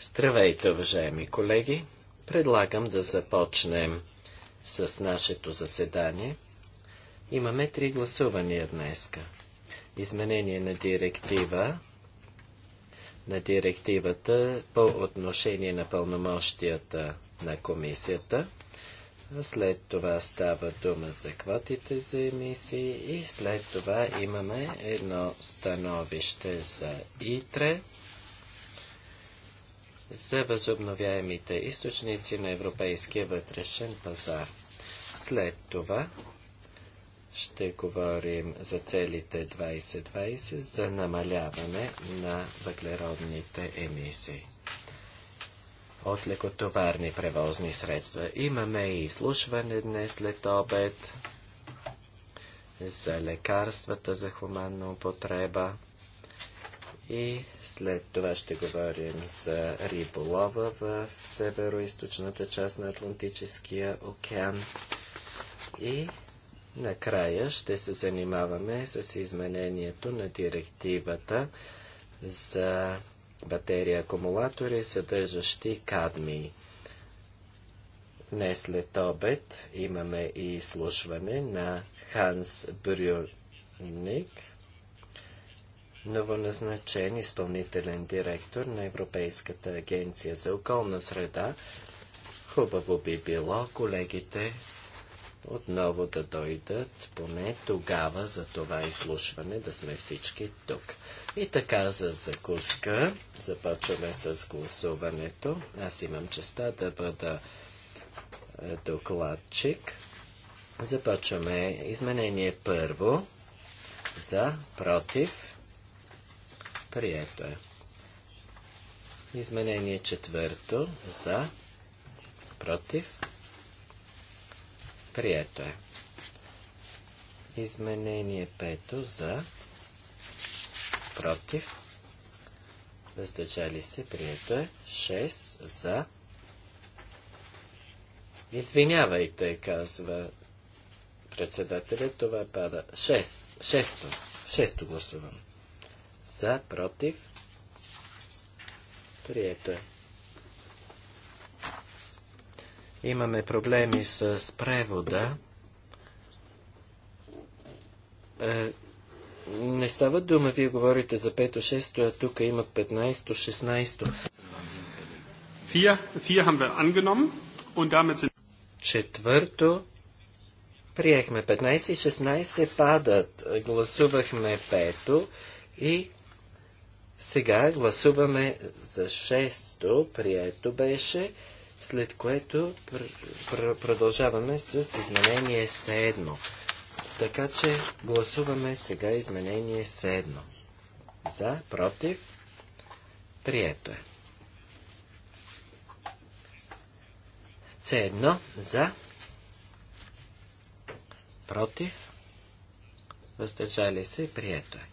Здравейте, уважаеми колеги! Предлагам да започнем с нашето заседание. Имаме три гласувания днеска. Изменение на директива на директивата по отношение на пълномощията на комисията – след това става дума за квотите за емисии и след това имаме едно становище за ИТРЕ за възобновяемите източници на европейския вътрешен пазар. След това ще говорим за целите 2020 за намаляване на въглеродните емисии от лекотоварни превозни средства. Имаме и изслушване днес след обед за лекарствата за хуманна употреба. И след това ще говорим за риболова в северо-источната част на Атлантическия океан. И накрая ще се занимаваме с изменението на директивата за батерии акумулатори, съдържащи кадмии. Днес след обед имаме и изслушване на Ханс Брюник, новоназначен изпълнителен директор на Европейската агенция за околна среда. Хубаво би било колегите отново да дойдат, поне тогава за това изслушване да сме всички тук. И така за закуска започваме с гласуването. Аз имам честа да бъда е, докладчик. Започваме изменение първо за против. Прието е. Изменение четвърто за против. Прието е. Изменение пето за против, въздържали се, прието е. 6 за. Извинявайте, казва председателя, това пада. 6. 6. 6 гласувам. За, против, прието е. Имаме проблеми с превода. Е, не става дума, вие говорите за 5-6, а тук има 15-16. 4, Четвърто, приехме 15 и 16 е, падат. Гласувахме пето и сега гласуваме за шесто, прието беше, след което пр- пр- продължаваме с изменение седмо. Така че гласуваме сега изменение едно. За, против, прието е. С 1 за, против, въздържали се, прието е.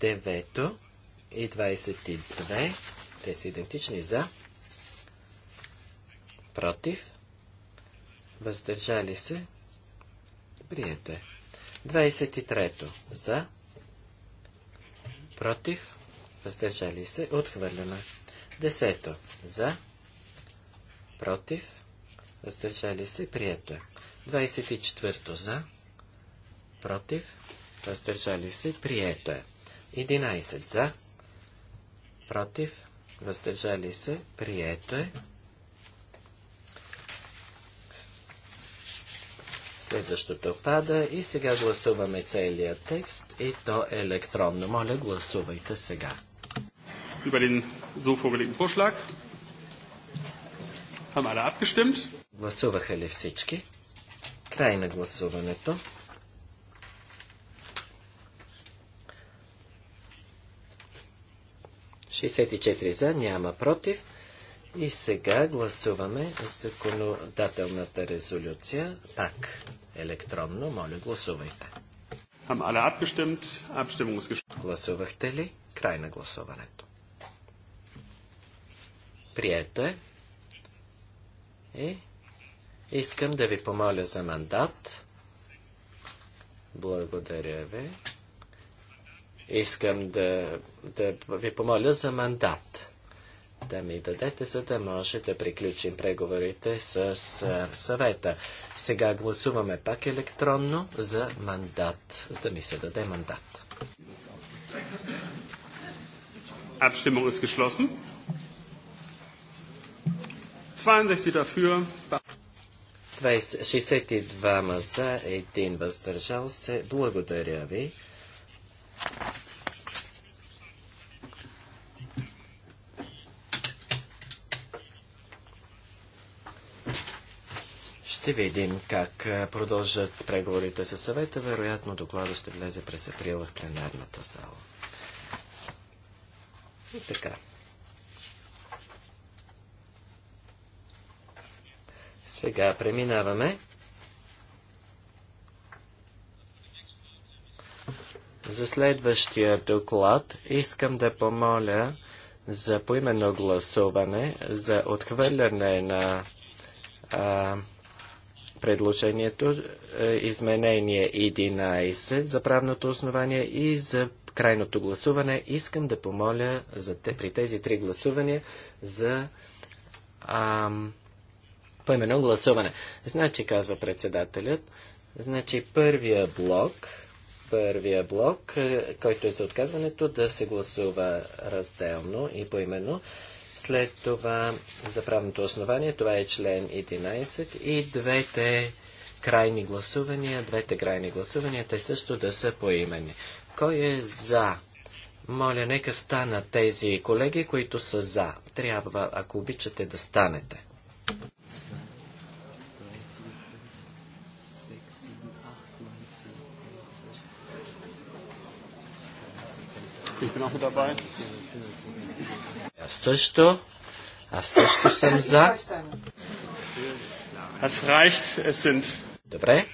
Девето и 22, те са идентични за, против, въздържали се, Прието е. 23. За. Против. Въздържали се. Отхвърлено е. 10. За. Против. Въздържали се. Прието е. 24. За. Против. Въздържали се. Прието е. 11. За. Против. Въздържали се. Прието е. Следващото пада и сега гласуваме целият текст и то е електронно. Моля, гласувайте сега. Гласуваха ли всички? Край на гласуването. за, няма против. И сега гласуваме законодателната резолюция пак електронно. Моля, гласувайте. Гласувахте ли? Край на гласуването. Прието е. И искам да ви помоля за мандат. Благодаря ви. Искам да, да ви помоля за мандат да ми дадете, за да може да приключим преговорите с съвета. Сега гласуваме пак електронно за мандат, за да ми се даде мандат. Abstimmung ist geschlossen. 62 dafür. 62 за, един въздържал се. Благодаря ви. Ще видим как продължат преговорите със съвета. Вероятно доклада ще влезе през април в пленарната зала. И така. Сега преминаваме За следващия доклад искам да помоля за поименно гласуване за отхвърляне на а, предложението, е, изменение 11 за правното основание и за крайното гласуване. Искам да помоля за те, при тези три гласувания за ам, поименно гласуване. Значи, казва председателят, значи първия блок, първия блок, е, който е за отказването, да се гласува разделно и поименно. След това за правното основание, това е член 11 и двете крайни гласувания, двете крайни гласувания, те също да са поименни. Кой е за? Моля, нека стана тези колеги, които са за. Трябва, ако обичате, да станете. Ich bin auch mit dabei. Аз също. Аз също съм за. Аз reicht, es sind. Добре.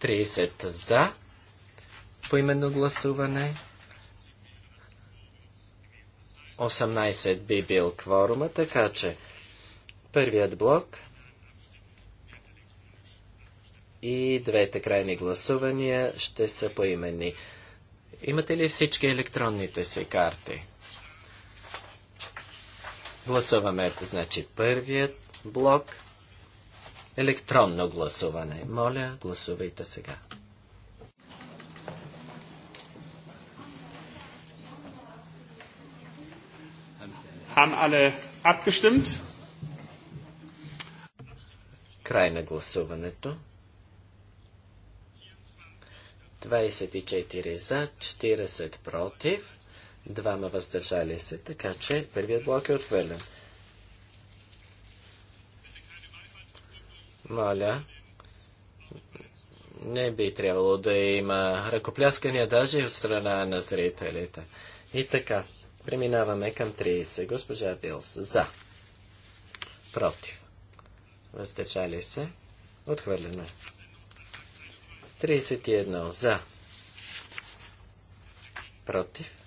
30 за. Поименно гласуване. 18 би бил кворума, така че първият блок и двете крайни гласувания ще са поименни. Имате ли всички електронните си карти? Гласуваме, значи, първият блок. Електронно гласуване. Моля, гласувайте сега. Край на гласуването. 24 за, 40 против двама въздържали се, така че първият блок е отхвърлен. Моля, не би трябвало да има ръкопляскания даже от страна на зрителите. И така, преминаваме към 30. Госпожа Билс, за. Против. Въздържали се. Отхвърлено. 31. Е. За. Против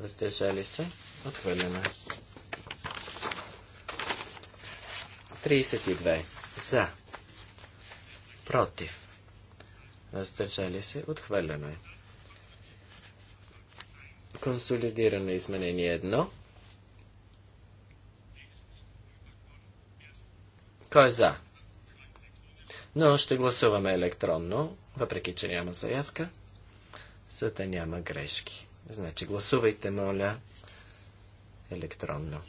въздържали се, отхвърлено. 32. За. Против. Въздържали се, отхвърлено е. Консолидирано изменение 1. Кой е за? Но ще гласуваме електронно, въпреки че няма заявка, за да няма грешки. Значи гласувайте, моля, електронно.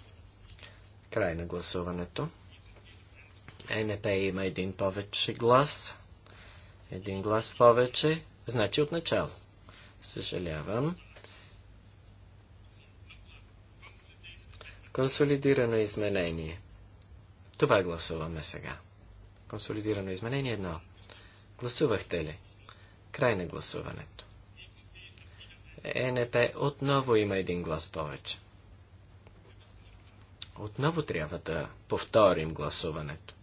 Край на гласуването. Е, НП има един повече глас. Един глас повече. Значи от начало. Съжалявам. Консолидирано изменение. Това гласуваме сега. Консолидирано изменение едно. Гласувахте ли? Край на гласуването. ЕНП отново има един глас повече. Отново трябва да повторим гласуването.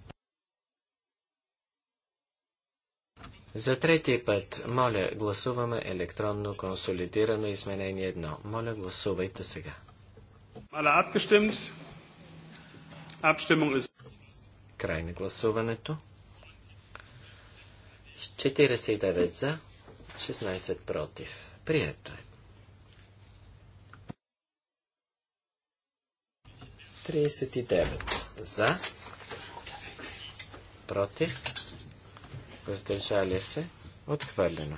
За трети път, моля, гласуваме електронно консолидирано изменение 1. Моля, гласувайте сега. Край на гласуването. 49 за, 16 против. Прието е. 39. За. Против. Въздържали се. Отхвърлено.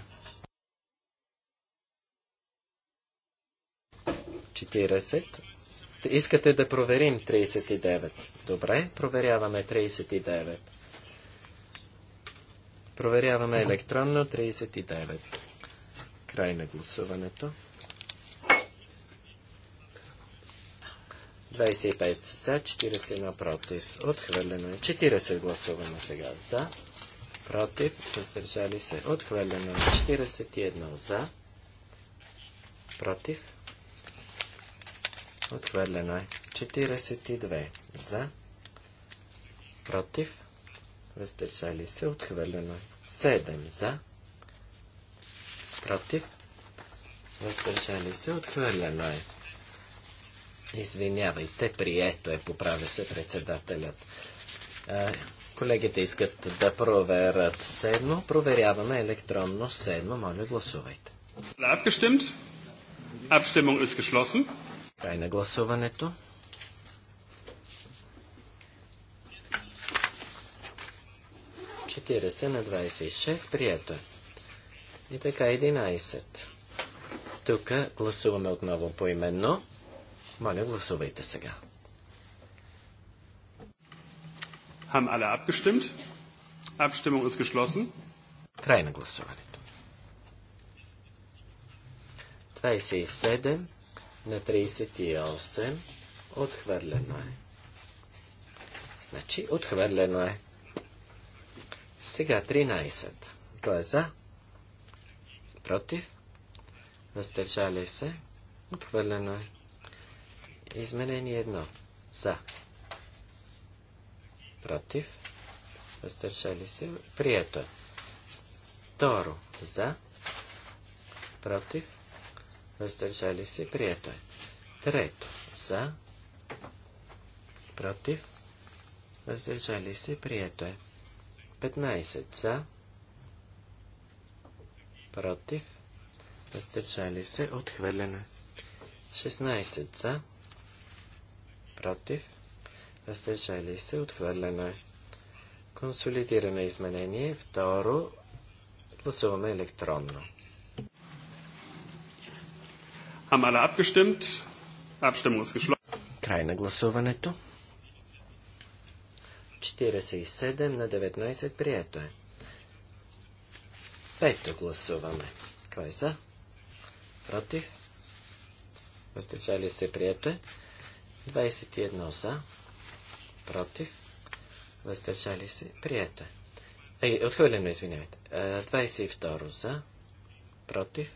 40. Искате да проверим 39. Добре, проверяваме 39. Проверяваме електронно 39. Край на гласуването. 25 за, 41 против. Отхвърлено е. 40 гласуваме сега за. Против. Въздържали се. Отхвърлено е. 41 за. Против. Отхвърлено е. 42 за. Против. Въздържали се. Отхвърлено е. 7 за. Против. Въздържали се. Отхвърлено е. Извинявайте, прието е, поправя се председателят. Колегите искат да проверят седно. Проверяваме електронно седно. Моля, гласувайте. Край на гласуването. Четиресе на 26. Прието е. И така 11. Тук гласуваме отново по именно. Моля, гласувайте сега. Haben alle abgestimmt? Abstimmung ist geschlossen. Край на гласуването. 27 на 38 отхвърлено е. Значи отхвърлено е. Сега 13. Кой е за? Против? Въздържали се? Отхвърлено е. Изменение едно. За. Против. Въздържали се. Прието е. Второ. За. Против. Въздържали се. Прието е. Трето. За. Против. Въздържали се. Прието е. 15. За. Против. Въздържали се. Отхвърлено е. 16. За против, въздържали се, отхвърлено е. Консолидирано изменение, второ, гласуваме електронно. Амала alle Край на гласуването. 47 на 19 прието е. Пето гласуваме. Кой е за? Против? Въздържали се прието е. 21 за, против, въздържали се, прието е. отхвърлено, извинявайте. 22 е, за, против,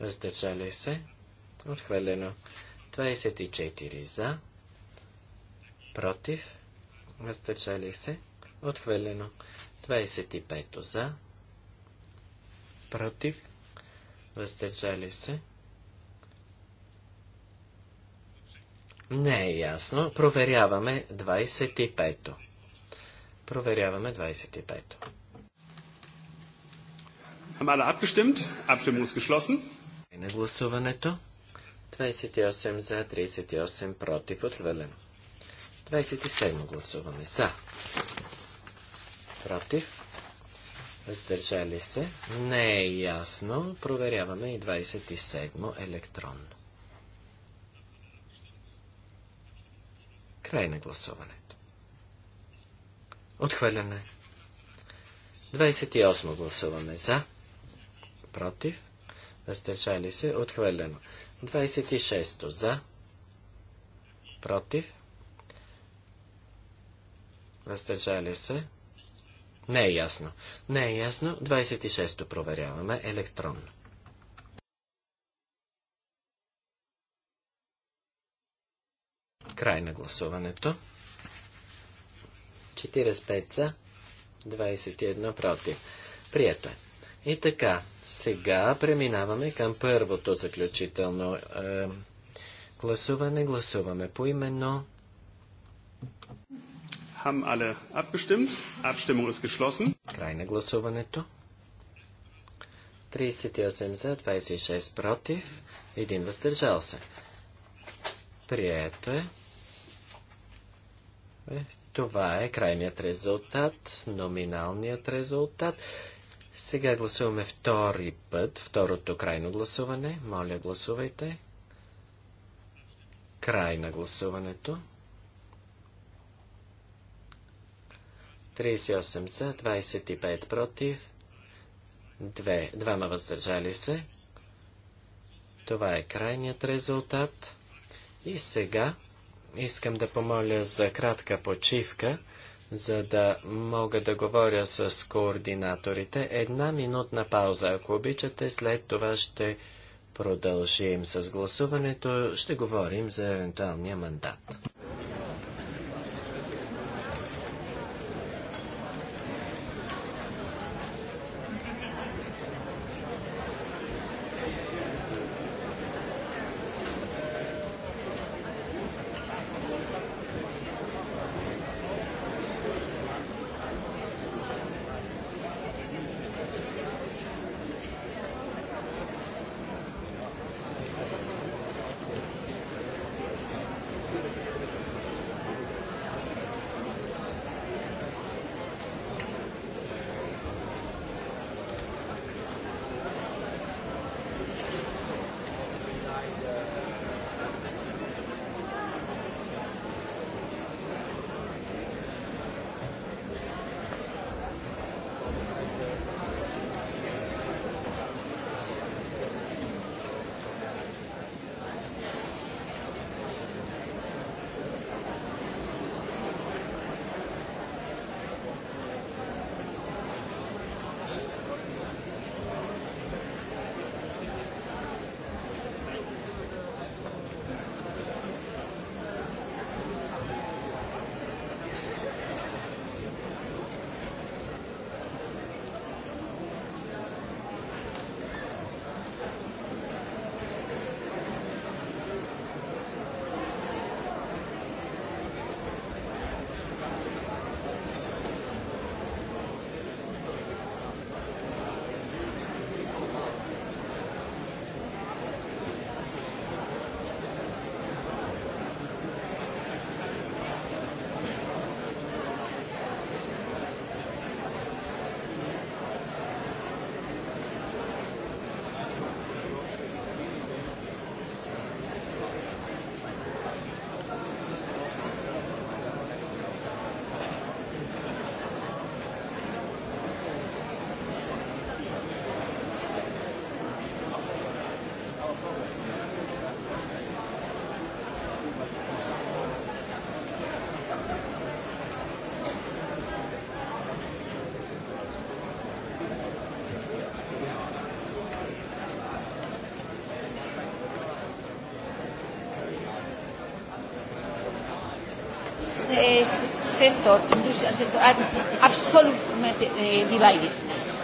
въздържали се, отхвърлено. 24 за, против, въздържали се, отхвърлено. 25 за, против, въздържали се, Не е ясно. Проверяваме 25-то. Проверяваме 25-то. Haben alle abgestimmt? Abstimmung ist geschlossen. На гласуването. 28 за, 38 против, отхвърлено. 27 гласуваме за. Против. Въздържали се. Не е ясно. Проверяваме и 27 електронно. Край на гласуването. Отхвърляне. 28 гласуваме за. Против. Въздържали се. Отхвърлено. 26 за. Против. Въздържали се. Не е ясно. Не е ясно. 26 проверяваме електронно. Край на гласуването. 45 за, 21 против. Прието е. И така, сега преминаваме към първото заключително е, гласуване. Гласуваме по именно. Haben alle abgestimmt. Abstimmung ist geschlossen. Край на гласуването. 38 за, 26 против, Един въздържал се. Прието е. е. Това е крайният резултат, номиналният резултат. Сега гласуваме втори път, второто крайно гласуване. Моля, гласувайте. Край на гласуването. 38 за, 25 против, 2, двама въздържали се. Това е крайният резултат. И сега искам да помоля за кратка почивка, за да мога да говоря с координаторите. Една минутна пауза, ако обичате, след това ще продължим с гласуването, ще говорим за евентуалния мандат. sector, industrial sector, are absolutely uh, divided.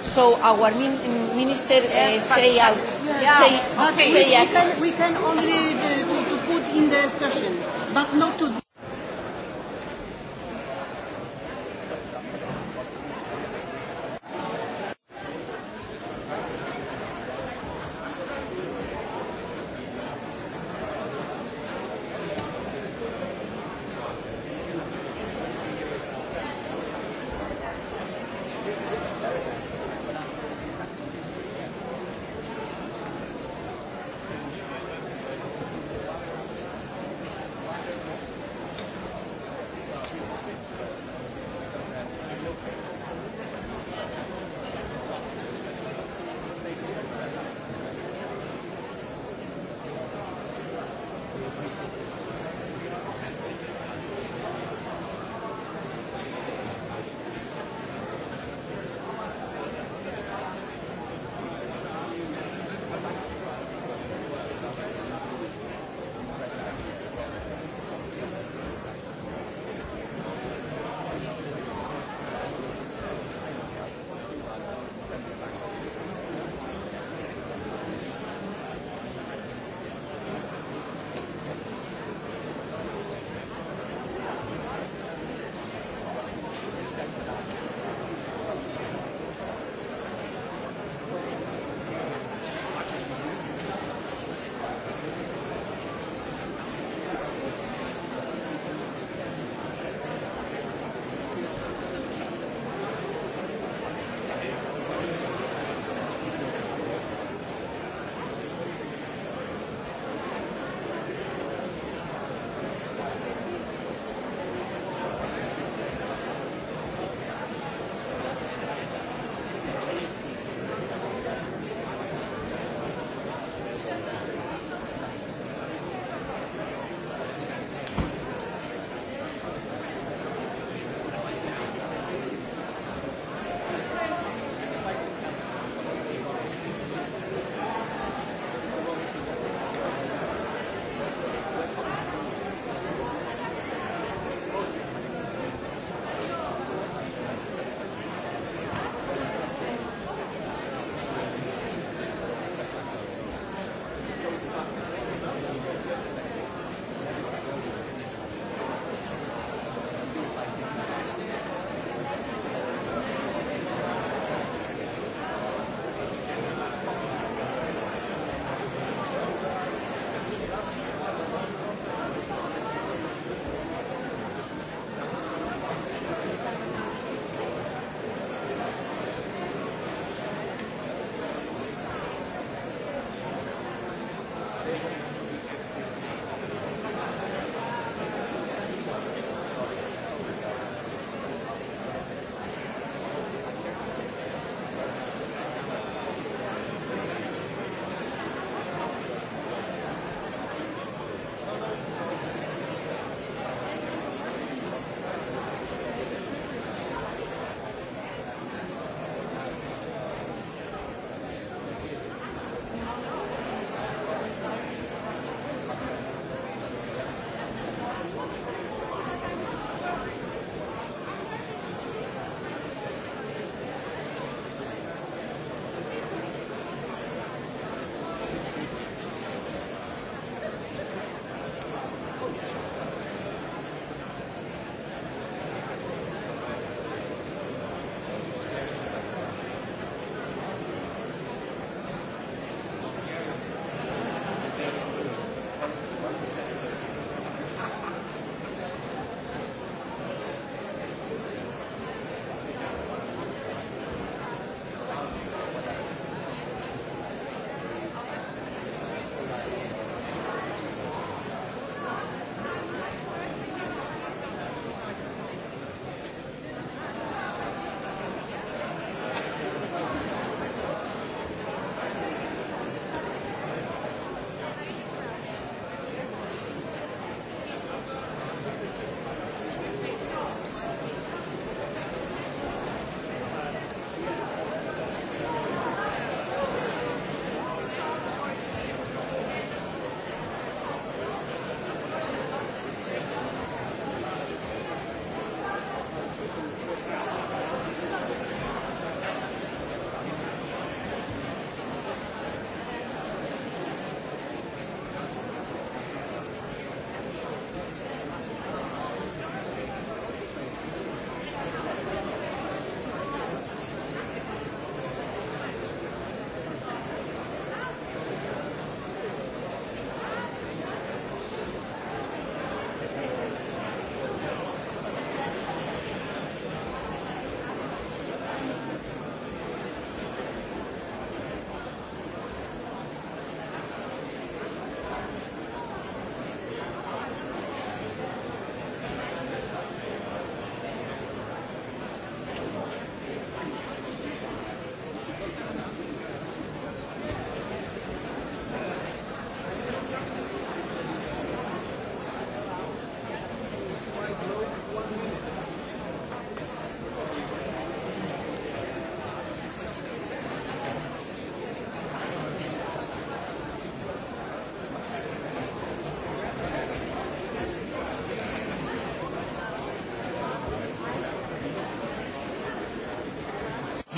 So our min minister uh, say us, yes. say, okay. say we, we, can, we can only to, to put in the session, but not to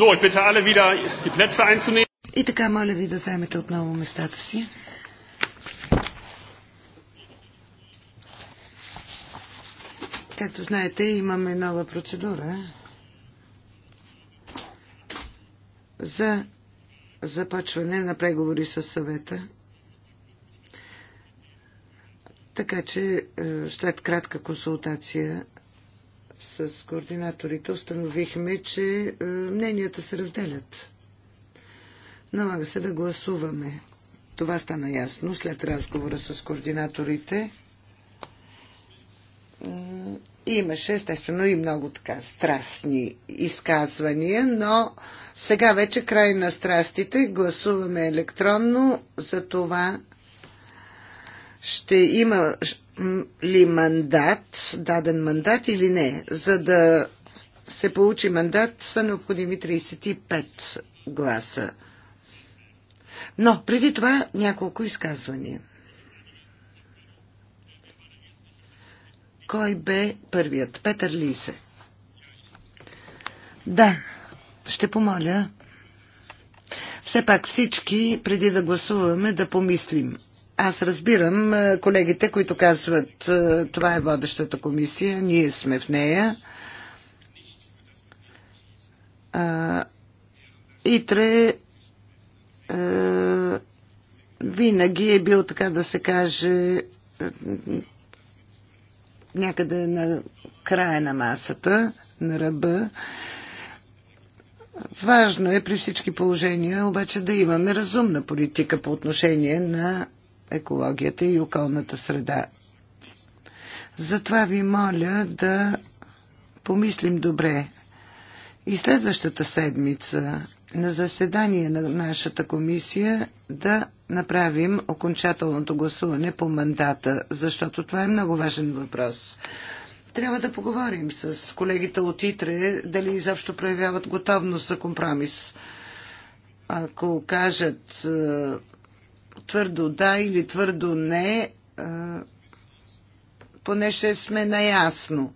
So, ich bitte alle wieder die Plätze einzunehmen. И така, моля ви да заемете отново местата си. Както знаете, имаме нова процедура за започване на преговори с съвета. Така че е, след кратка консултация с координаторите установихме, че е, мненията се разделят. Налага се да гласуваме. Това стана ясно след разговора с координаторите. Е, имаше, естествено, и много така страстни изказвания, но сега вече край на страстите гласуваме електронно за това ще има ли мандат, даден мандат или не. За да се получи мандат са необходими 35 гласа. Но преди това няколко изказвания. Кой бе първият? Петър Лисе. Да, ще помоля все пак всички, преди да гласуваме, да помислим аз разбирам е, колегите, които казват, е, това е водещата комисия, ние сме в нея. ИТРЕ е, винаги е бил, така да се каже, някъде на края на масата, на ръба. Важно е при всички положения обаче да имаме разумна политика по отношение на екологията и околната среда. Затова ви моля да помислим добре и следващата седмица на заседание на нашата комисия да направим окончателното гласуване по мандата, защото това е много важен въпрос. Трябва да поговорим с колегите от ИТРЕ, дали изобщо проявяват готовност за компромис. Ако кажат твърдо да или твърдо не, поне ще сме наясно.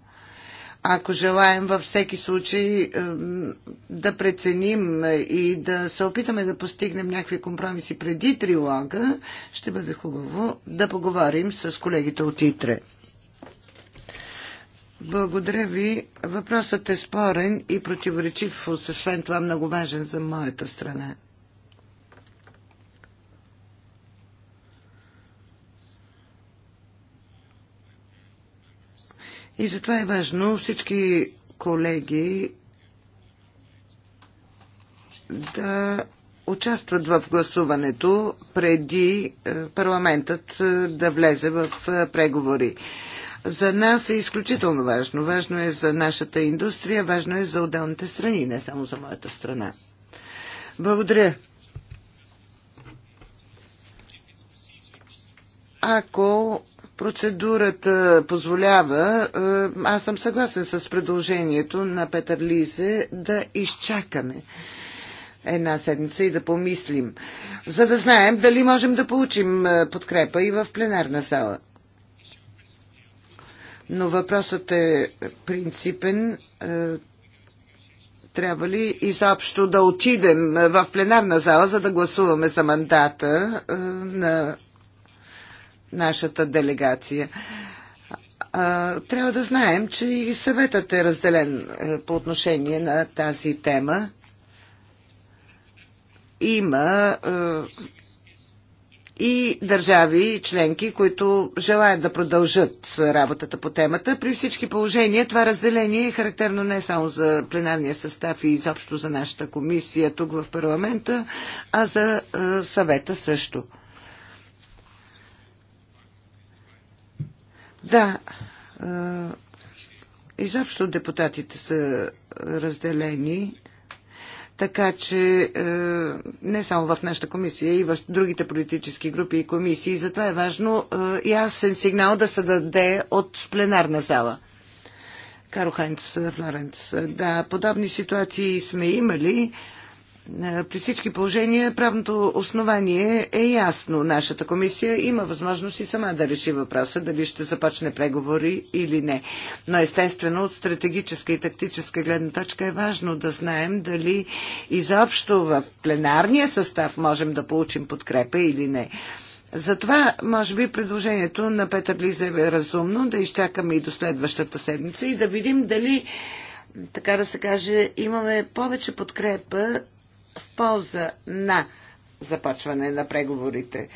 Ако желаем във всеки случай да преценим е, и да се опитаме да постигнем някакви компромиси преди трилога, ще бъде хубаво да поговорим с колегите от ИТРЕ. Благодаря ви. Въпросът е спорен и противоречив, освен това много важен за моята страна. И затова е важно всички колеги да участват в гласуването преди е, парламентът е, да влезе в е, преговори. За нас е изключително важно. Важно е за нашата индустрия, важно е за отделните страни, не само за моята страна. Благодаря. Ако процедурата позволява, е, аз съм съгласен с предложението на Петър Лизе да изчакаме една седмица и да помислим, за да знаем дали можем да получим е, подкрепа и в пленарна сала. Но въпросът е принципен. Е, трябва ли изобщо да отидем в пленарна зала, за да гласуваме за мандата на нашата делегация. Трябва да знаем, че и съветът е разделен е, по отношение на тази тема. Има е, и държави и членки, които желаят да продължат работата по темата. При всички положения това разделение е характерно не само за пленарния състав и изобщо за нашата комисия тук в парламента, а за е, съвета също. Да, изобщо депутатите са разделени, така че не само в нашата комисия, и в другите политически групи и комисии. Затова е важно ясен сигнал да се даде от пленарна зала. Каро Хайнц Флоренц. Да, подобни ситуации сме имали е, при всички положения правното основание е ясно. Нашата комисия има възможност и сама да реши въпроса дали ще започне преговори или не. Но естествено от стратегическа и тактическа гледна точка е важно да знаем дали изобщо в пленарния състав можем да получим подкрепа или не. Затова, може би, предложението на Петър Лиза е разумно да изчакаме и до следващата седмица и да видим дали така да се каже, имаме повече подкрепа в полза на започване на преговорите.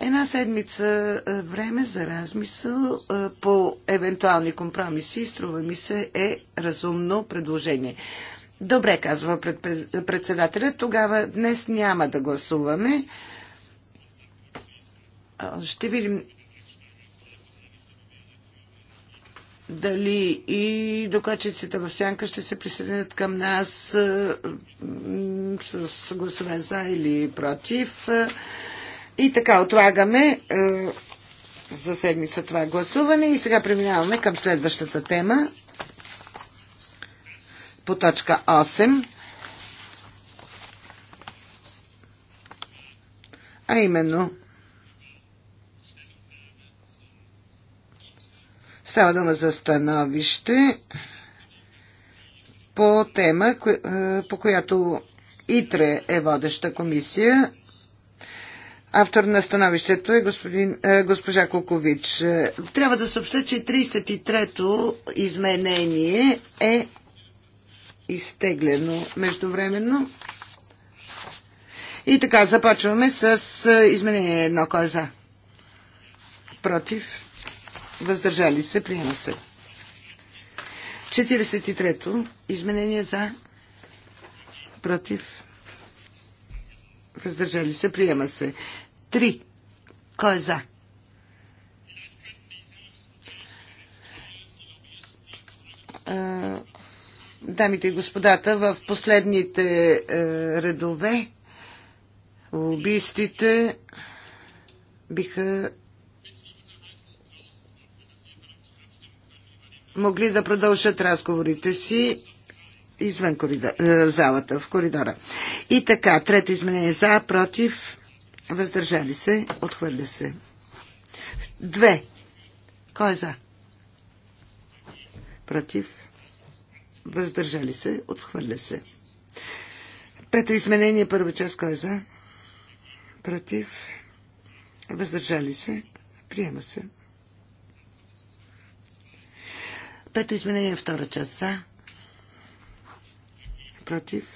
Една седмица е, време за размисъл е, по евентуални компромиси, струва ми се, е разумно предложение. Добре, казва председателя, тогава днес няма да гласуваме. Ще видим дали и докладчиците в сянка ще се присъединят към нас е, с гласове за или против. Е, и така, отлагаме е, за седмица това гласуване и сега преминаваме към следващата тема по точка 8. А именно Става дума за становище по тема, е, по която ИТРЕ е водеща комисия. Автор на становището е господин, е, госпожа Кокович. Трябва да съобща, че 33-то изменение е изтеглено междувременно. И така, започваме с е, изменение едно. Кой е за? Против? въздържали се, приема се. 43-то изменение за против въздържали се, приема се. 3. Кой е за? Дамите и господата, в последните редове лобистите биха могли да продължат разговорите си извън коридор, е, залата, в коридора. И така, трето изменение за, против, въздържали се, отхвърля се. Две. Кой е за? Против. Въздържали се, отхвърля се. Пето изменение, първа част, кой е за? Против. Въздържали се, приема се. Пето изменение, втора част за. Против.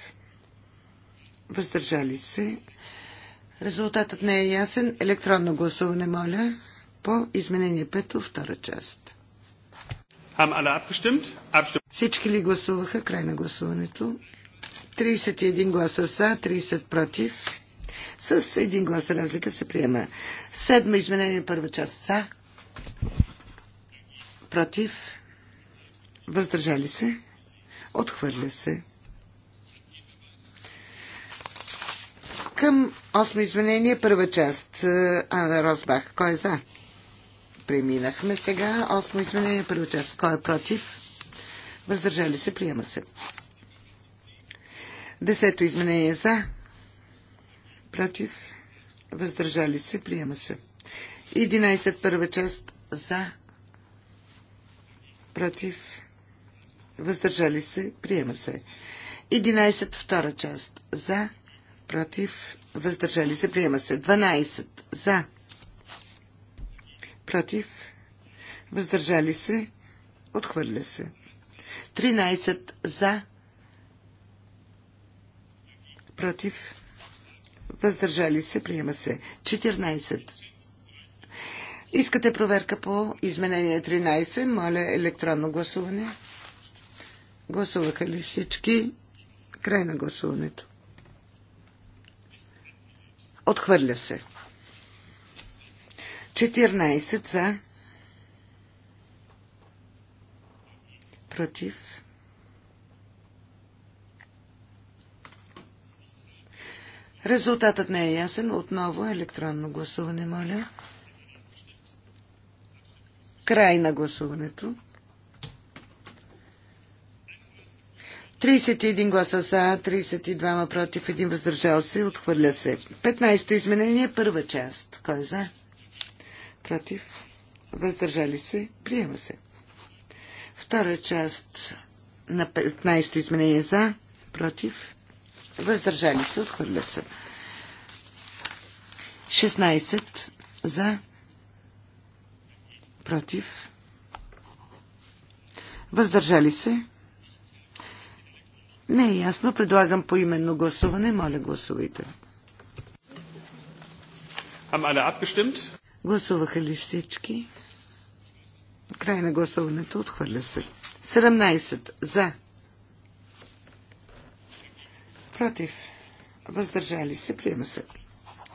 Въздържали се. Резултатът не е ясен. Електронно гласуване, моля, по изменение пето, втора част. Всички ли гласуваха? Край на гласуването. 31 гласа за, 30 против. С един глас разлика се приема. Седмо изменение, първа част за. Против. Въздържали се? Отхвърля се. Към осмо изменение, първа част. Е, Ана Росбах, кой е за? Преминахме сега. Осмо изменение, първа част. Кой е против? Въздържали се, приема се. Десето изменение за. Против. Въздържали се, приема се. 11 първа част за. Против въздържали се, приема се. 11 втора част за, против, въздържали се, приема се. 12 за, против, въздържали се, отхвърля се. 13 за, против, въздържали се, приема се. 14 Искате проверка по изменение 13? Моля електронно гласуване. Гласуваха ли всички? Край на гласуването. Отхвърля се. 14 за. Против. Резултатът не е ясен. Отново електронно гласуване, моля. Край на гласуването. 31 гласа за, 32 против, 1 въздържал се, отхвърля се. 15-то изменение, първа част. Кой е за? Против, въздържали се, приема се. Втора част на 15-то изменение за, против, въздържали се, отхвърля се. 16 за, против, въздържали се, не е ясно. Предлагам по именно гласуване. Моля, гласувайте. Гласуваха ли всички? Край на гласуването. Отхвърля се. 17 за. Против. Въздържали се. Приема се.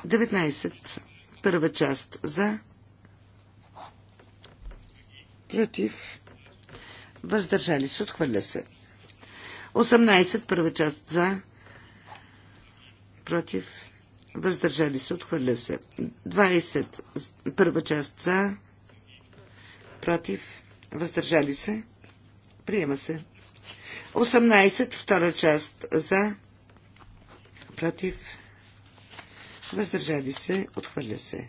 19. Първа част за. Против. Въздържали се. Отхвърля се. 18 първа част за, против, въздържали се, отхвърля се. 20 първа част за, против, въздържали се, приема се. 18 втора част за, против, въздържали се, отхвърля се.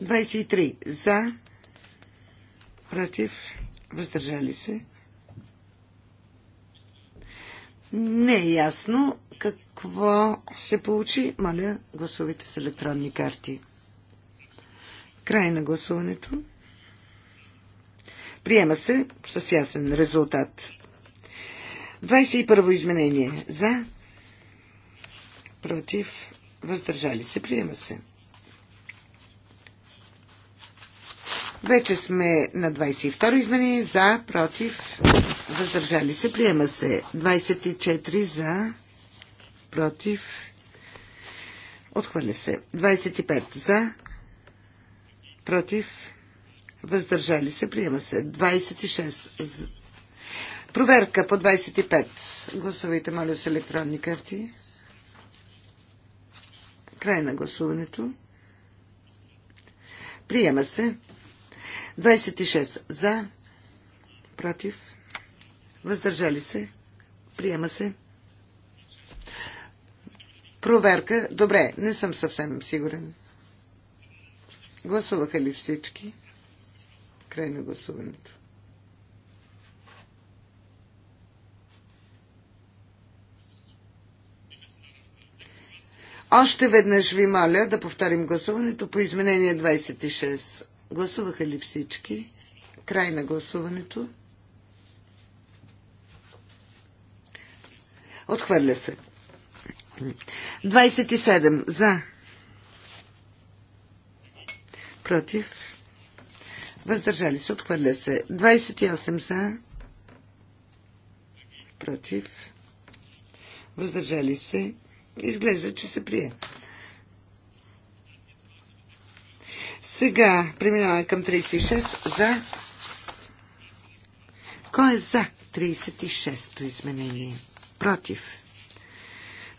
23 за, против, въздържали се, не е ясно какво се получи. Моля, гласувайте с електронни карти. Край на гласуването. Приема се с ясен резултат. 21 изменение. За. Против. Въздържали се. Приема се. Вече сме на 22 изменение. За. Против въздържали се, приема се. 24 за, против, отхвърля се. 25 за, против, въздържали се, приема се. 26 за. Проверка по 25. Гласувайте, моля, с електронни карти. Край на гласуването. Приема се. 26 за, против, Въздържали се. Приема се. Проверка. Добре, не съм съвсем сигурен. Гласуваха ли всички? Край на гласуването. Още веднъж ви моля да повторим гласуването по изменение 26. Гласуваха ли всички? Край на гласуването. Отхвърля се. 27 за. Против. Въздържали се. Отхвърля се. 28 за. Против. Въздържали се. Изглежда, че се прие. Сега преминаваме към 36 за. Кой е за 36-то изменение? против.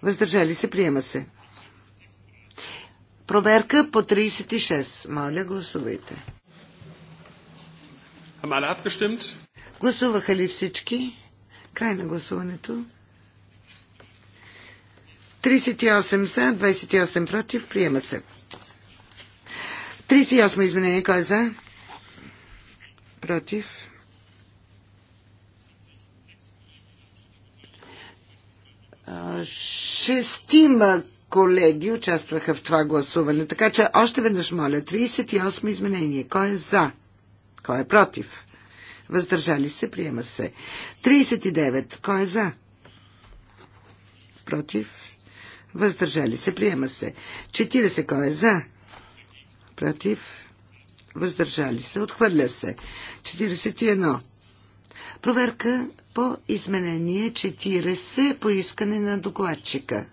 Въздържали се, приема се. Проверка по 36. Моля, гласувайте. Гласуваха ли всички? Край на гласуването. 38 са, 28 против. Приема се. 38 изменение. Кой е за? Против. Шестима колеги участваха в това гласуване. Така че още веднъж моля, 38 изменение. Кой е за? Кой е против? Въздържали се, приема се. 39. Кой е за? Против? Въздържали се, приема се. 40. Кой е за? Против? Въздържали се, отхвърля се. 41. Проверка по изменение 40 по искане на докладчика.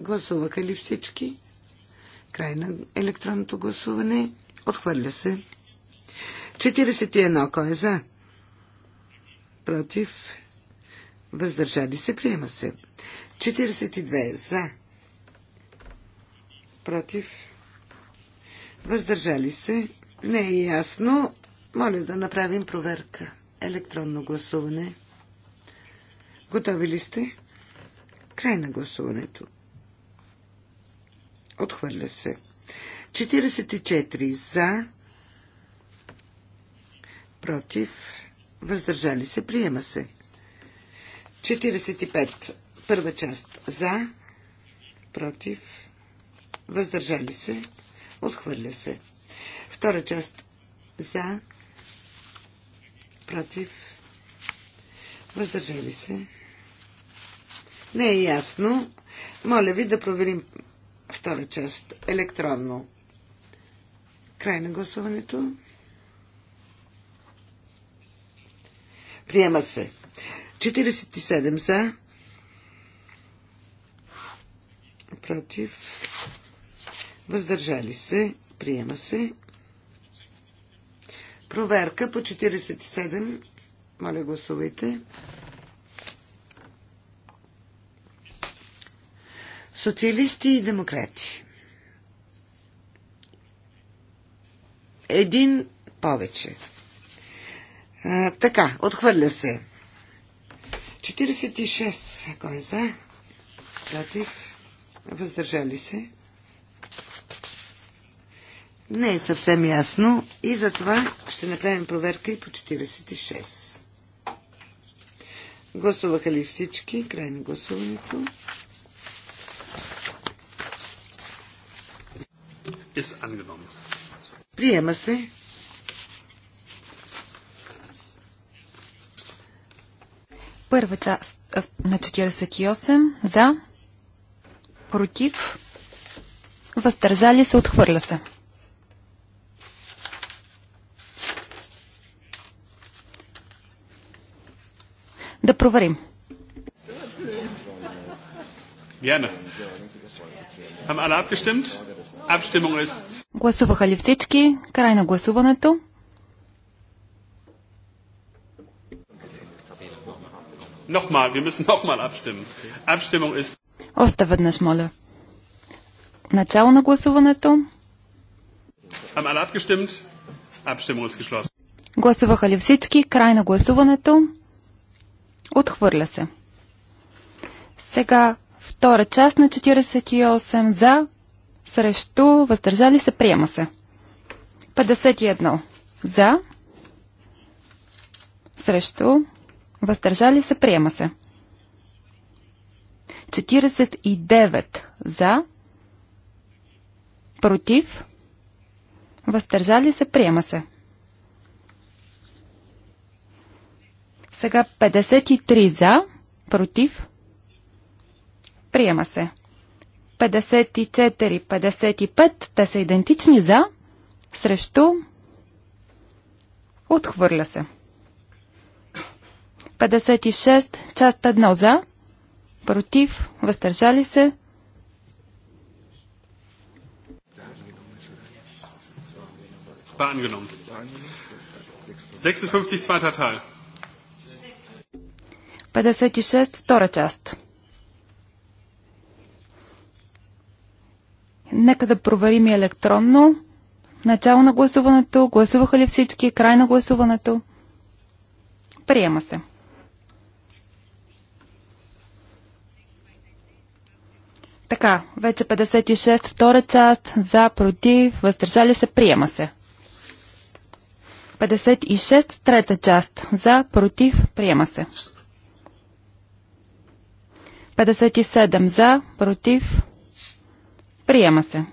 Гласуваха ли всички? Край на електронното гласуване. Отхвърля се. 41. Кой е за? Против. Въздържали се. Приема се. 42. За. Против. Въздържали се. Не е ясно. Моля да направим проверка електронно гласуване. Готови ли сте? Край на гласуването. Отхвърля се. 44 за, против, въздържали се, приема се. 45. Първа част за, против, въздържали се, отхвърля се. Втора част за, против, въздържали се. Не е ясно. Моля ви да проверим втора част електронно. Край на гласуването. Приема се. 47 за. Против. Въздържали се. Приема се. Проверка по 47. Моля, гласувайте. Социалисти и демократи. Един повече. А, така, отхвърля се. 46. Кой е за? Против. Въздържали се не е съвсем ясно и затова ще направим проверка и по 46. Гласуваха ли всички? Край на гласуването. Приема се. Първа част на 48 за, против, въздържали се, отхвърля се. Да проверим. Gerne. Haben alle abgestimmt? Abstimmung ist... Гласуваха ли всички? Край на гласуването. Nochmal, wir müssen nochmal abstimmen. Abstimmung ist... Още веднъж, моля. Начало на гласуването. Haben alle abgestimmt? Abstimmung ist geschlossen. Гласуваха ли всички? Край на гласуването. Отхвърля се. Сега втора част на 48 за, срещу, въздържали се, приема се. 51 за, срещу, въздържали се, приема се. 49 за, против, въздържали се, приема се. Сега 53 за, против, приема се. 54, 55, те са идентични за, срещу, отхвърля се. 56, част 1 за, против, въздържали се. Beangenommen. 56 zweiter Teil. 56, втора част. Нека да проверим и електронно. Начало на гласуването, гласуваха ли всички, край на гласуването. Приема се. Така, вече 56, втора част, за, против, въздържали се, приема се. 56, трета част, за, против, приема се. 57 за, против, приема се.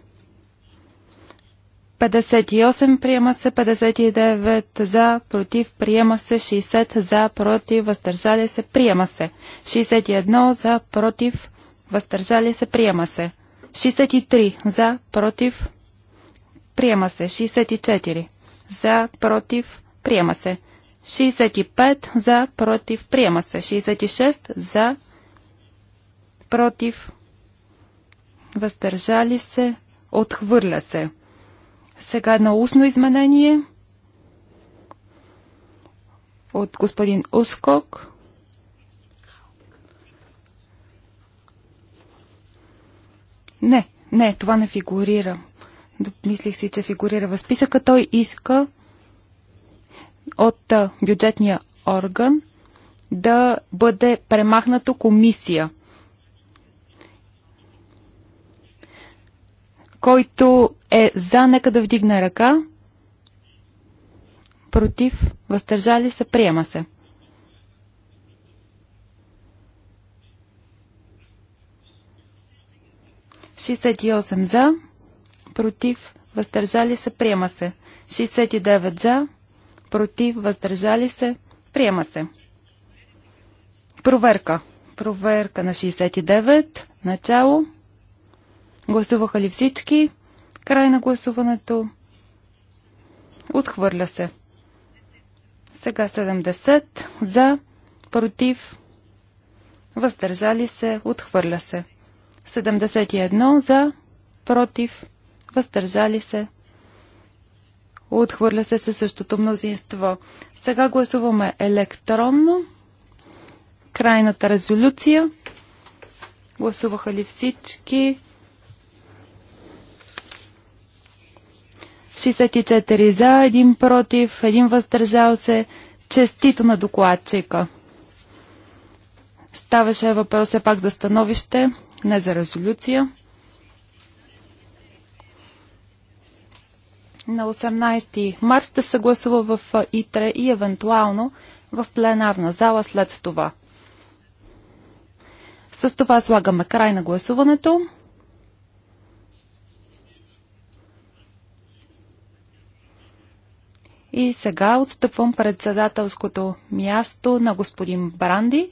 58 приема се, 59 за, против, приема се, 60 за, против, въздържали се, приема се. 61 за, против, въздържали се, приема се. 63 за, против, приема се. 64 за, против, приема се. 65 за, против, приема се. 66 за, против, въздържали се, отхвърля се. Сега едно устно изменение от господин Ускок. Не, не, това не фигурира. Мислих си, че фигурира в списъка. Той иска от бюджетния орган да бъде премахнато комисия. Който е за, нека да вдигне ръка. Против, въздържали се, приема се. Шестдесет и осем за, против, въздържали се, приема се. 69 за, против, въздържали се, приема се. Проверка. Проверка на 69. Начало. Гласуваха ли всички? Край на гласуването. Отхвърля се. Сега 70 за, против, въздържали се, отхвърля се. 71 за, против, въздържали се. Отхвърля се със същото мнозинство. Сега гласуваме електронно. Крайната резолюция. Гласуваха ли всички? 64 за, 1 против, 1 въздържал се. Честито на докладчика. Ставаше въпрос е пак за становище, не за резолюция. На 18 март да се гласува в ИТРЕ и евентуално в пленарна зала след това. С това слагаме край на гласуването. И сега отстъпвам председателското място на господин Бранди.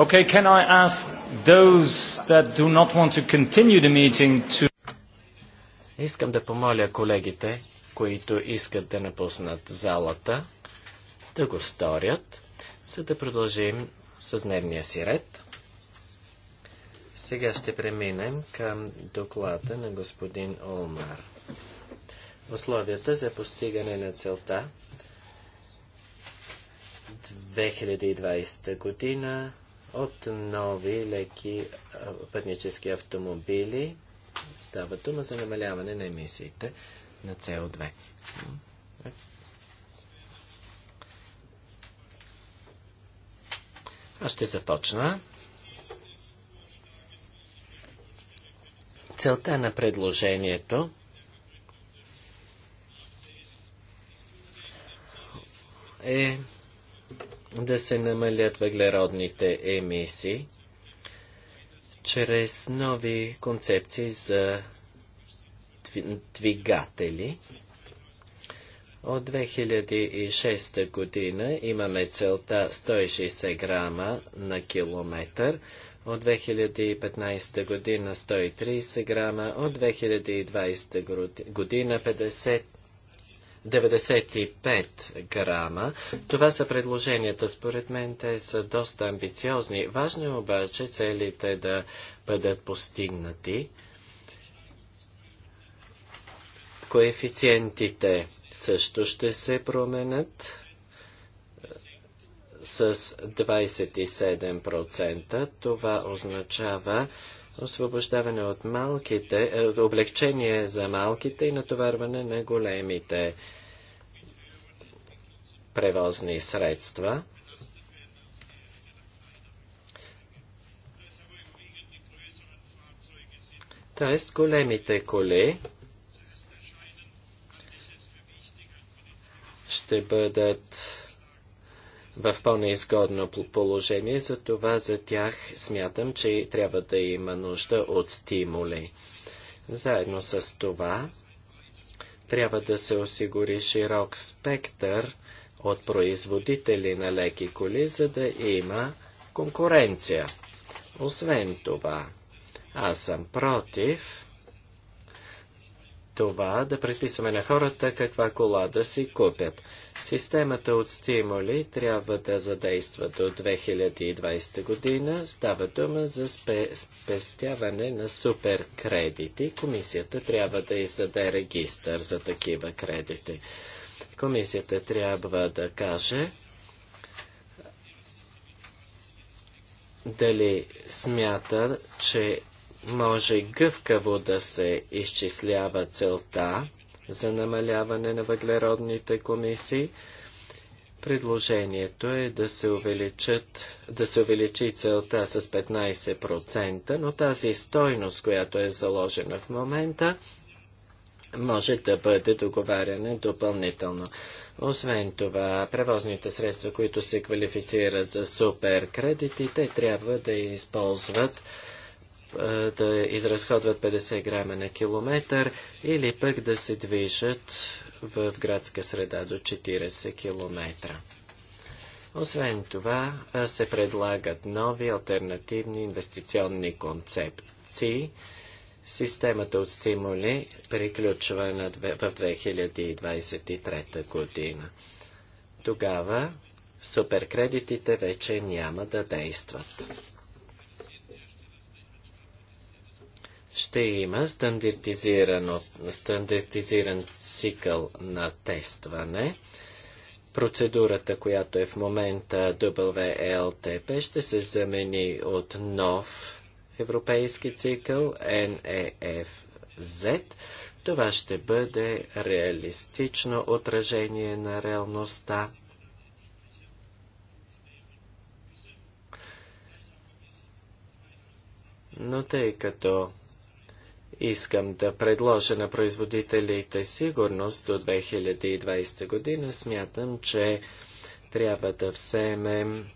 Okay, can I ask those that do not want to continue the meeting to... Искам да помоля колегите, които искат да напуснат залата, да го сторят, за да продължим с дневния си ред. Сега ще преминем към доклада на господин Олмар. Условията за постигане на целта 2020 година от нови леки пътнически автомобили. Става дума за намаляване на емисиите на CO2. Аз ще започна. Целта на предложението е да се намалят въглеродните емисии чрез нови концепции за двигатели. От 2006 година имаме целта 160 грама на километър, от 2015 година 130 грама, от 2020 година 50 грама. 95 грама. Това са предложенията. Според мен те са доста амбициозни. Важно е обаче целите да бъдат постигнати. Коефициентите също ще се променят с 27%. Това означава освобождаване от малките, е, облегчение за малките и натоварване на големите превозни средства. Тоест големите коли ще бъдат в по-неизгодно положение, затова за тях смятам, че трябва да има нужда от стимули. Заедно с това трябва да се осигури широк спектър от производители на леки коли, за да има конкуренция. Освен това, аз съм против това да предписваме на хората каква кола да си купят. Системата от стимули трябва да задейства до 2020 година. Става дума за спе, спестяване на суперкредити. Комисията трябва да издаде регистър за такива кредити. Комисията трябва да каже дали смята, че може гъвкаво да се изчислява целта за намаляване на въглеродните комисии. Предложението е да се, увеличат, да се увеличи целта с 15%, но тази стойност, която е заложена в момента, може да бъде договаряне допълнително. Освен това, превозните средства, които се квалифицират за суперкредити, те трябва да използват е, да изразходват 50 грама на километър или пък да се движат в градска среда до 40 км. Освен това, е, се предлагат нови альтернативни инвестиционни концепции. Системата от стимули приключва в 2023 година. Тогава суперкредитите вече няма да действат. ще има стандартизиран цикъл на тестване. Процедурата, която е в момента WLTP, ще се замени от нов европейски цикъл NEFZ. Е Това ще бъде реалистично отражение на реалността. Но тъй като Искам да предложа на производителите сигурност до 2020 година. Смятам, че трябва да вземем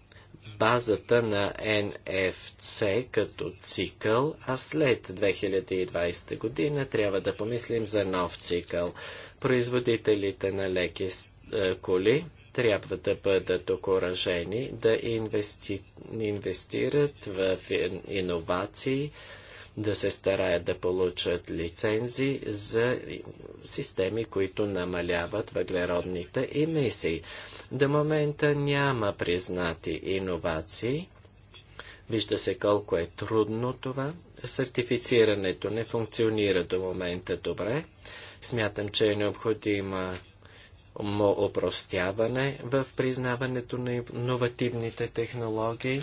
базата на NFC като цикъл, а след 2020 година трябва да помислим за нов цикъл. Производителите на леки е, коли трябва да бъдат окоръжени да инвести... инвестират в иновации, да се стараят да получат лицензи за системи, които намаляват въглеродните емисии. До момента няма признати иновации. Вижда се колко е трудно това. Сертифицирането не функционира до момента добре. Смятам, че е необходимо му опростяване в признаването на иновативните технологии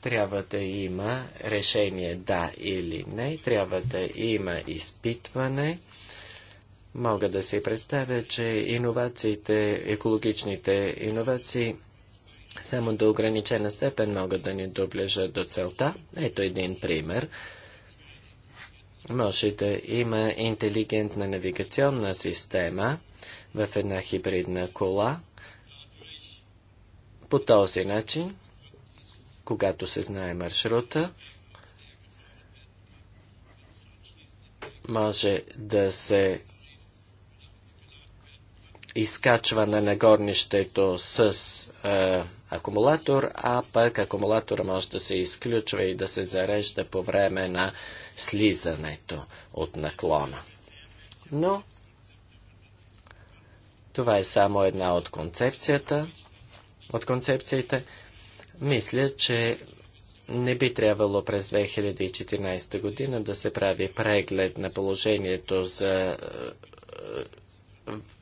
трябва да има решение да или не, трябва да има изпитване. Мога да си представя, че иновациите, екологичните иновации само до ограничена степен могат да ни доближат до целта. Ето един пример. Може да има интелигентна навигационна система в една хибридна кола. По този начин когато се знае маршрута, може да се изкачване на нагорнището с е, акумулатор, а пък акумулатора може да се изключва и да се зарежда по време на слизането от наклона. Но това е само една от концепцията, от концепциите. Мисля, че не би трябвало през 2014 година да се прави преглед на положението за е,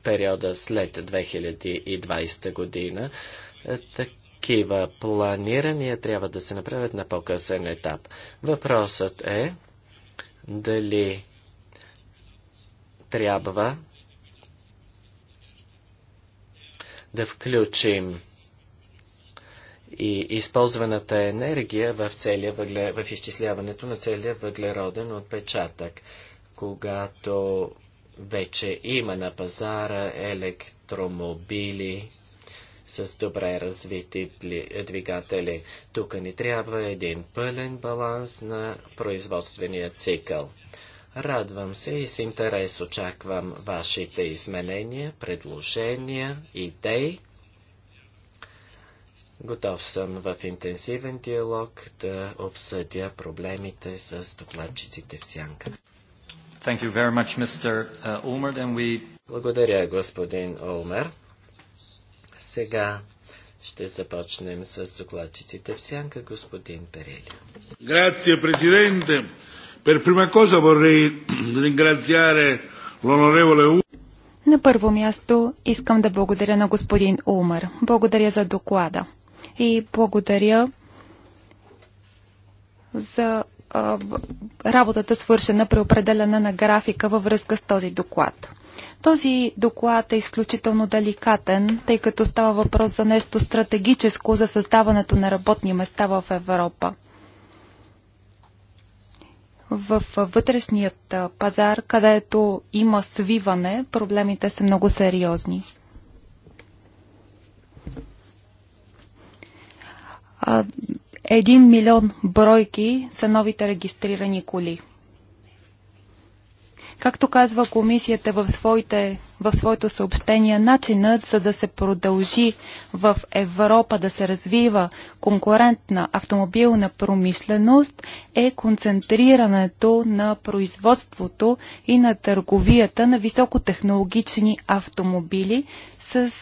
периода след 2020 година. Е, такива планирания трябва да се направят на по-късен етап. Въпросът е дали трябва да включим и използваната енергия в, целия въгле... в изчисляването на целия въглероден отпечатък. Когато вече има на пазара електромобили с добре развити двигатели. Тук ни трябва един пълен баланс на производствения цикъл. Радвам се и с интерес очаквам вашите изменения, предложения, идеи Готов съм в интенсивен диалог да обсъдя проблемите с докладчиците в Сянка. Thank you very much, Mr. Uh, Ulmer. And we... Благодаря, господин Олмер. Сега ще започнем с докладчиците в Сянка, господин Перели. Grazie, Presidente. Per prima cosa vorrei ringraziare l'onorevole На първо място искам да благодаря на господин Умър. Благодаря за доклада и благодаря за а, работата свършена при определена на графика във връзка с този доклад. Този доклад е изключително деликатен, тъй като става въпрос за нещо стратегическо за създаването на работни места в Европа. В вътрешният пазар, където има свиване, проблемите са много сериозни. Един милион бройки са новите регистрирани коли. Както казва комисията в, своите, в своето съобщение, начинът за да се продължи в Европа да се развива конкурентна автомобилна промишленост е концентрирането на производството и на търговията на високотехнологични автомобили с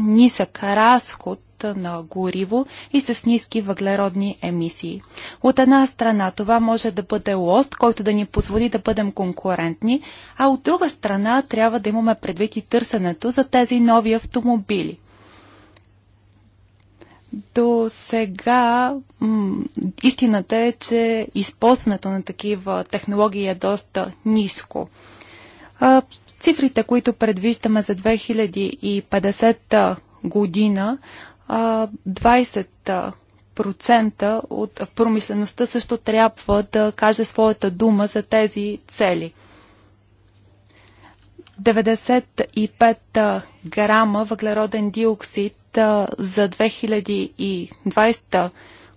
нисък разход на гориво и с ниски въглеродни емисии. От една страна това може да бъде лост, който да ни позволи да бъдем конкурентни, а от друга страна трябва да имаме предвид и търсенето за тези нови автомобили. До сега истината е, че използването на такива технологии е доста ниско. А, цифрите, които предвиждаме за 2050 година, 20 от промишлеността също трябва да каже своята дума за тези цели. 95 грама въглероден диоксид за 2020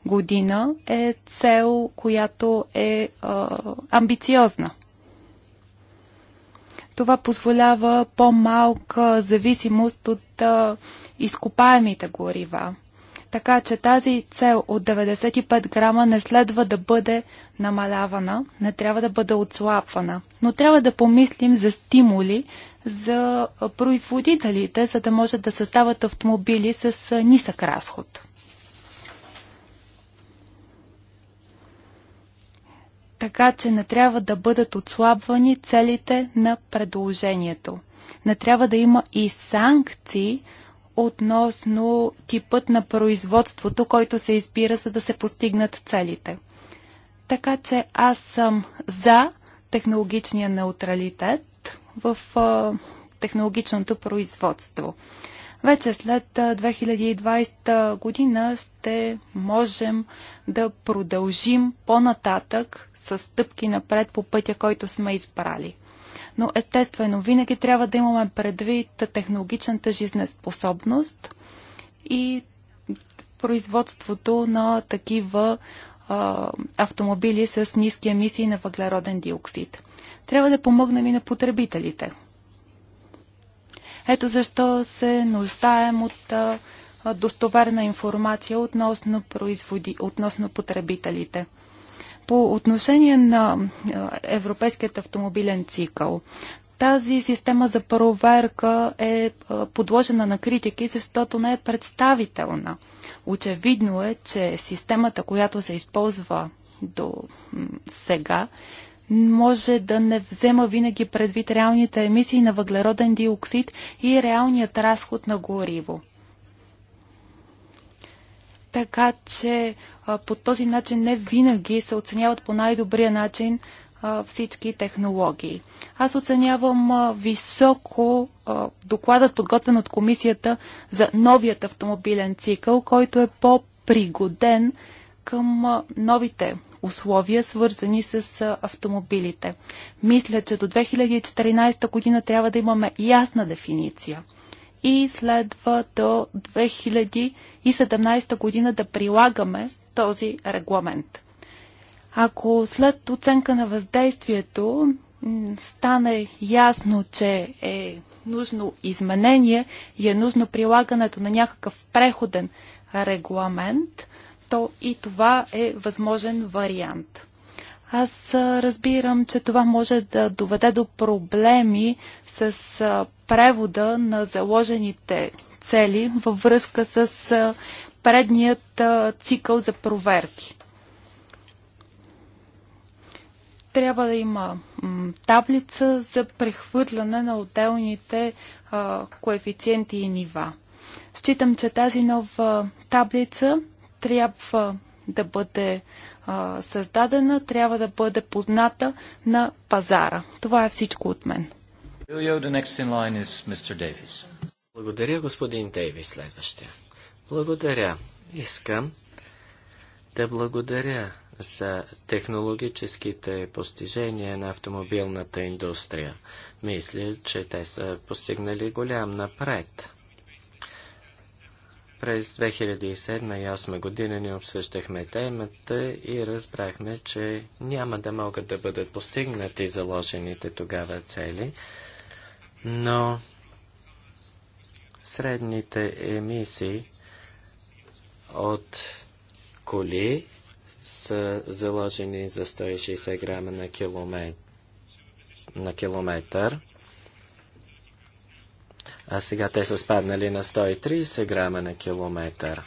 година е цел, която е а, амбициозна. Това позволява по-малка зависимост от а, изкопаемите горива. Така че тази цел от 95 грама не следва да бъде намалявана, не трябва да бъде отслабвана. Но трябва да помислим за стимули за производителите, за да може да създават автомобили с нисък разход. така че не трябва да бъдат отслабвани целите на предложението. Не трябва да има и санкции относно типът на производството, който се избира, за да се постигнат целите. Така че аз съм за технологичния неутралитет в технологичното производство. Вече след 2020 година ще можем да продължим по-нататък с стъпки напред по пътя, който сме избрали. Но естествено, винаги трябва да имаме предвид технологичната жизнеспособност и производството на такива а, автомобили с ниски емисии на въглероден диоксид. Трябва да помогнем и на потребителите – ето защо се нуждаем от достоверна информация относно, производи, относно потребителите. По отношение на европейският автомобилен цикъл, тази система за проверка е подложена на критики, защото не е представителна. Очевидно е, че системата, която се използва до сега, може да не взема винаги предвид реалните емисии на въглероден диоксид и реалният разход на гориво. Така че по този начин не винаги се оценяват по най-добрия начин всички технологии. Аз оценявам високо докладът, подготвен от комисията за новият автомобилен цикъл, който е по-пригоден към новите условия, свързани с автомобилите. Мисля, че до 2014 година трябва да имаме ясна дефиниция и следва до 2017 година да прилагаме този регламент. Ако след оценка на въздействието стане ясно, че е нужно изменение и е нужно прилагането на някакъв преходен регламент, то и това е възможен вариант. Аз разбирам, че това може да доведе до проблеми с превода на заложените цели във връзка с предният цикъл за проверки. Трябва да има таблица за прехвърляне на отделните коефициенти и нива. Считам, че тази нова таблица трябва да бъде а, създадена, трябва да бъде позната на пазара. Това е всичко от мен. Благодаря, господин Дейвис, следващия. Благодаря. Искам да благодаря за технологическите постижения на автомобилната индустрия. Мисля, че те са постигнали голям напред. През 2007 и 2008 година ни обсъждахме темата и разбрахме, че няма да могат да бъдат постигнати заложените тогава цели, но средните емисии от коли са заложени за 160 грама на километър, на километър а сега те са спаднали на 130 грама на километър.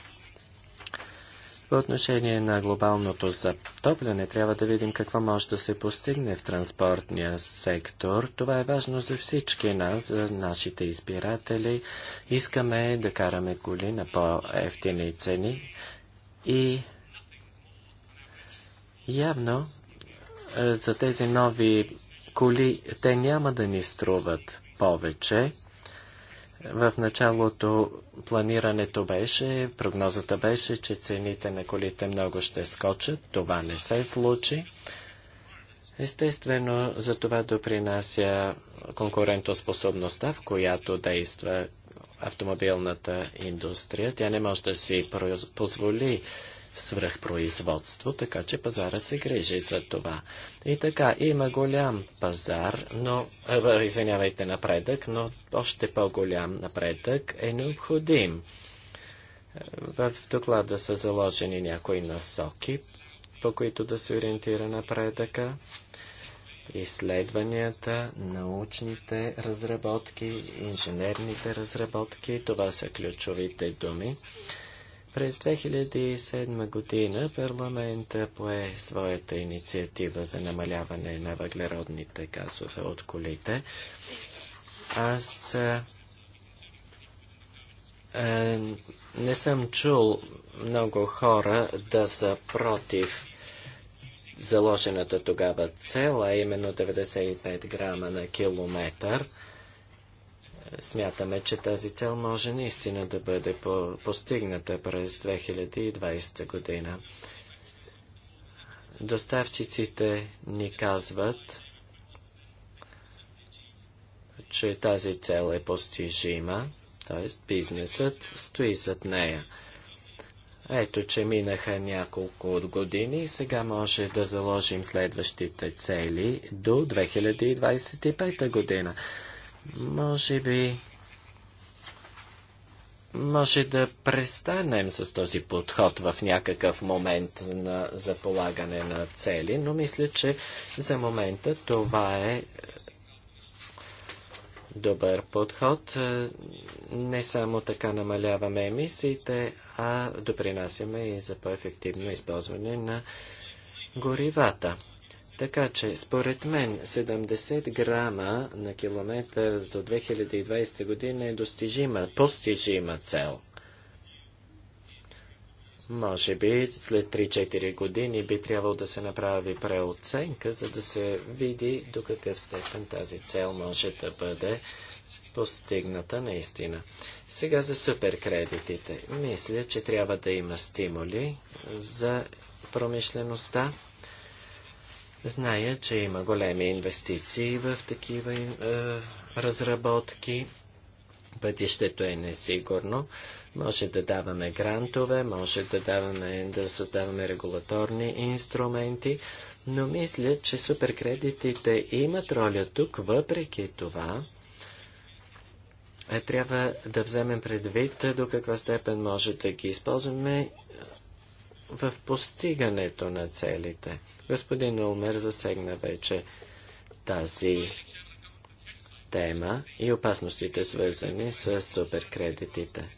По отношение на глобалното затопляне трябва да видим какво може да се постигне в транспортния сектор. Това е важно за всички нас, за нашите избиратели. Искаме да караме коли на по-ефтини цени и явно е, за тези нови коли те няма да ни струват повече. В началото планирането беше, прогнозата беше, че цените на колите много ще скочат. Това не се случи. Естествено, за това допринася конкурентоспособността, в която действа автомобилната индустрия. Тя не може да си позволи свръхпроизводство, така че пазара се грижи за това. И така, има голям пазар, но, е, извинявайте, напредък, но още по-голям напредък е необходим. В доклада са заложени някои насоки, по които да се ориентира напредъка изследванията, научните разработки, инженерните разработки. Това са ключовите думи. През 2007 година парламента пое своята инициатива за намаляване на въглеродните газове от колите. Аз а, е, а, е, не съм чул много хора да са против заложената тогава цела, а именно 95 грама на километър – смятаме, че тази цел може наистина да бъде постигната през 2020 година. Доставчиците ни казват, че тази цел е постижима, т.е. бизнесът стои зад нея. Ето, че минаха няколко от години и сега може да заложим следващите цели до 2025 година. Може би може да престанем с този подход в някакъв момент на, за полагане на цели, но мисля, че за момента това е, е добър подход. Е, не само така намаляваме емисиите, а допринасяме и за по-ефективно използване на горивата. Така че, според мен, 70 грама на километър до 2020 година е достижима, постижима цел. Може би след 3-4 години би трябвало да се направи преоценка, за да се види до какъв степен тази цел може да бъде постигната наистина. Сега за суперкредитите. Мисля, че трябва да има стимули за промишлеността. Зная, че има големи инвестиции в такива е, разработки. Пътището е несигурно. Може да даваме грантове, може да, даваме, да създаваме регулаторни инструменти, но мисля, че суперкредитите имат роля тук, въпреки това е, трябва да вземем предвид до каква степен може да ги използваме в постигането на целите. Господин Олмер засегна вече тази тема и опасностите свързани с суперкредитите.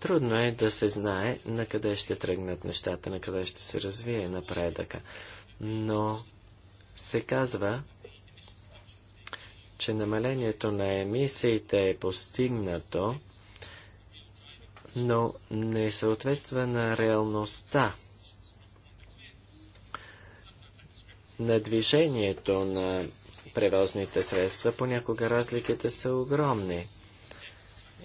Трудно е да се знае на къде ще тръгнат нещата, на къде ще се развие напредъка. Но се казва, че намалението на емисиите е постигнато но не съответства на реалността. На движението на превозните средства понякога разликите са огромни.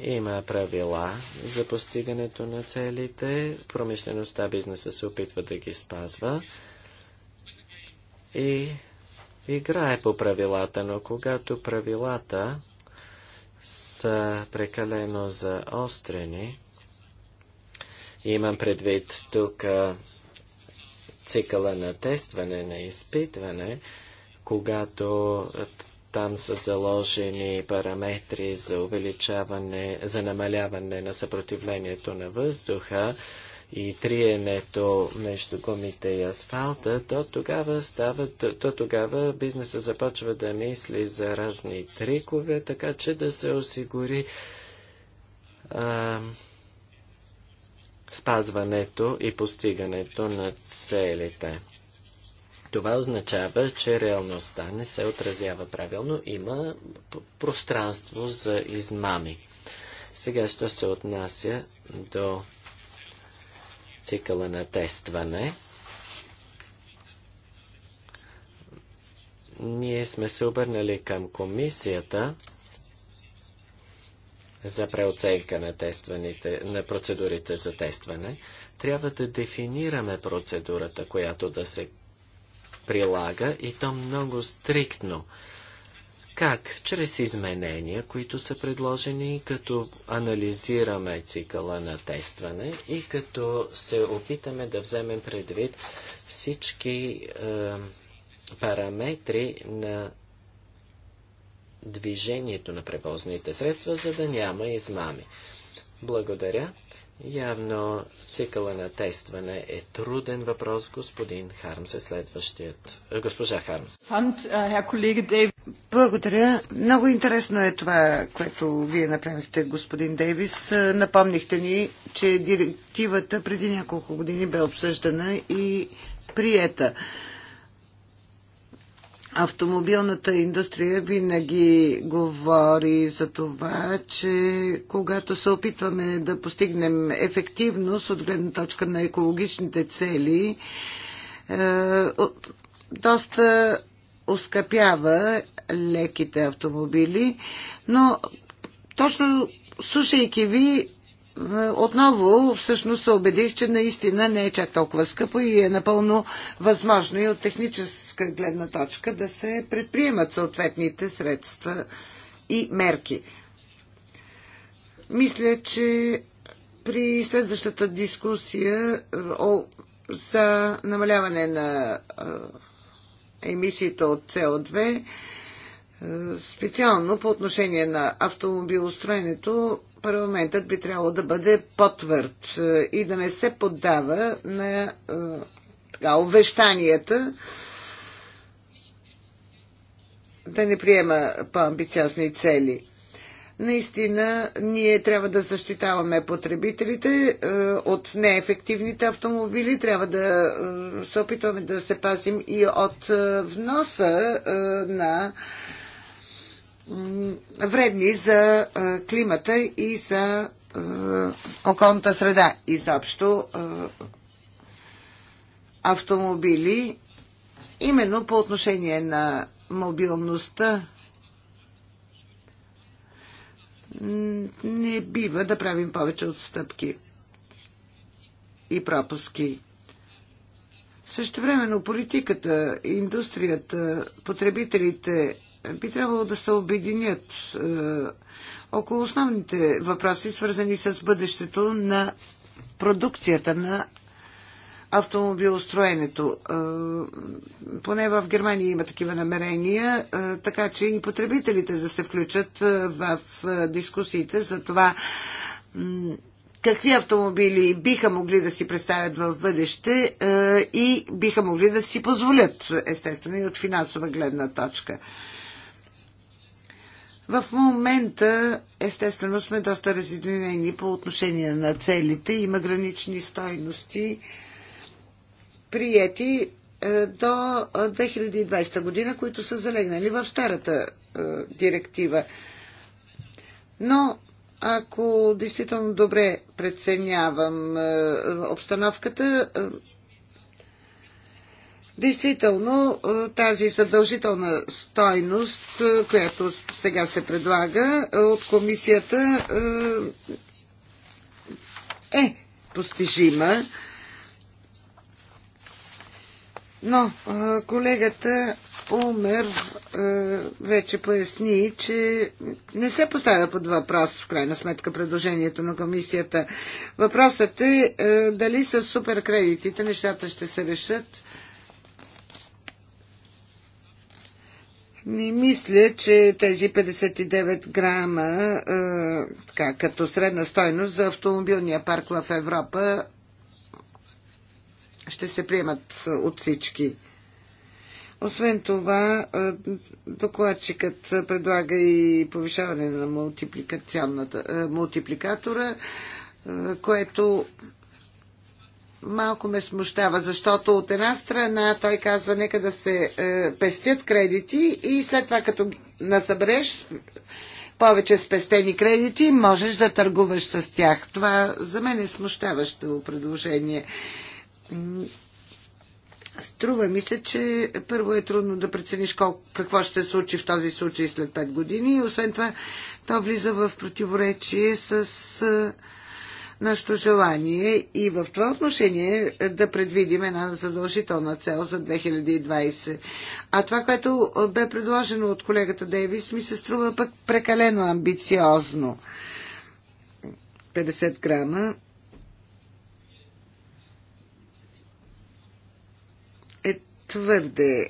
Има правила за постигането на целите, промишлеността, бизнеса се опитва да ги спазва и играе по правилата, но когато правилата са прекалено заострени, Имам предвид тук цикъла на тестване, на изпитване, когато там са заложени параметри за увеличаване, за намаляване на съпротивлението на въздуха и триенето между гумите и асфалта, то тогава, става, то, то тогава бизнеса започва да мисли за разни трикове, така че да се осигури а, спазването и постигането на целите. Това означава, че реалността не се отразява правилно, има пространство за измами. Сега, що се отнася до цикъла на тестване, ние сме се обърнали към комисията, за преоценка на, тестваните, на процедурите за тестване, трябва да дефинираме процедурата, която да се прилага и то много стриктно. Как? Чрез изменения, които са предложени, като анализираме цикъла на тестване и като се опитаме да вземем предвид всички е, параметри на движението на превозните средства, за да няма измами. Благодаря. Явно цикъла на тестване е труден въпрос, господин Хармс е следващият. Е, госпожа Хармс. Е, Благодаря. Много интересно е това, което вие направихте, господин Дейвис. Е, напомнихте ни, че директивата преди няколко години бе обсъждана и приета. Автомобилната индустрия винаги говори за това, че когато се опитваме да постигнем ефективност от гледна точка на екологичните цели, е, доста оскъпява леките автомобили, но точно слушайки ви, е, отново всъщност се убедих, че наистина не е чак толкова скъпо и е напълно възможно и от техническа гледна точка да се предприемат съответните средства и мерки. Мисля, че при следващата дискусия е, о, за намаляване на е, емисиите от СО2, специално по отношение на автомобилостроенето, парламентът би трябвало да бъде потвърд е, и да не се поддава на е, така, увещанията да не приема по-амбициозни цели. Наистина, ние трябва да защитаваме потребителите е, от неефективните автомобили, трябва да се опитваме да се пазим и от вноса на вредни за климата и за околната среда. Изобщо автомобили, именно по отношение на мобилността, не бива да правим повече отстъпки и пропуски. Също времено политиката, индустрията, потребителите би трябвало да се обединят е, около основните въпроси, свързани с бъдещето на продукцията на автомобилостроенето. Е, поне в Германия има такива намерения, е, така че и потребителите да се включат в дискусиите за това какви автомобили биха могли да си представят в бъдеще и биха могли да си позволят, естествено и от финансова гледна точка. В момента, естествено, сме доста разединени по отношение на целите. Има гранични стойности, приети е, до 2020 е, година, които са залегнали в старата е, директива. Но ако действително добре преценявам обстановката, Действително, е, тази съдължителна стойност, е, която сега се предлага е, от комисията, е постижима. Но колегата Умер вече поясни, че не се поставя под въпрос, в крайна сметка, предложението на комисията. Въпросът е дали с суперкредитите нещата ще се решат Не, мисля, че тези 59 грама е, така, като средна стойност за автомобилния парк в Европа ще се приемат от всички. Освен това, е, докладчикът предлага и повишаване на мултипликационната, е, мултипликатора, което малко ме смущава, защото от една страна той казва нека да се е, пестят кредити и след това като насъбреш повече спестени кредити, можеш да търгуваш с тях. Това за мен е смущаващо предложение. Струва ми се, че първо е трудно да прецениш колко, какво ще се случи в този случай след 5 години. И освен това, то влиза в противоречие с е, нашето желание и в това отношение да предвидим една задължителна цел за 2020. А това, което бе предложено от колегата Дейвис, ми се струва пък прекалено амбициозно. 50 грама е твърде е,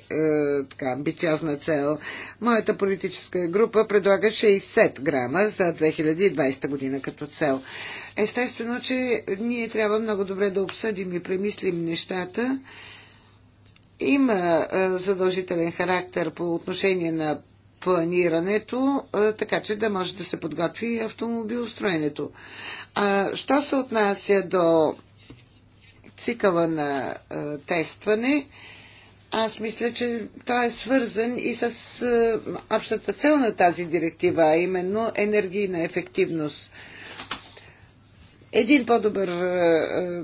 така, амбициозна цел. Моята политическа група предлага 60 грама за 2020 година като цел. Естествено, че ние трябва много добре да обсъдим и премислим нещата. Има задължителен характер по отношение на планирането, така че да може да се подготви автомобилостроенето. А, що се отнася до цикъла на а, тестване, аз мисля, че той е свързан и с а, общата цел на тази директива, а именно енергийна ефективност – един по-добър е, е,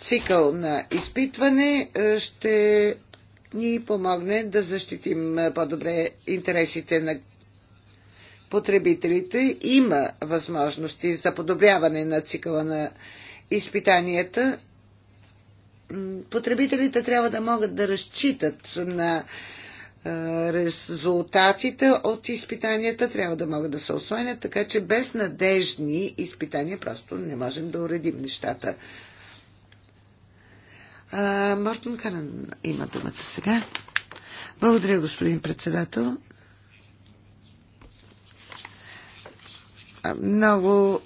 цикъл на изпитване е, ще ни помогне да защитим по-добре интересите на потребителите. Има възможности за подобряване на цикъла на изпитанията. Потребителите трябва да могат да разчитат на резултатите от изпитанията трябва да могат да се освоенят, така че без надежни изпитания просто не можем да уредим нещата. Мартон Мортон Канан има думата сега. Благодаря, господин председател. Много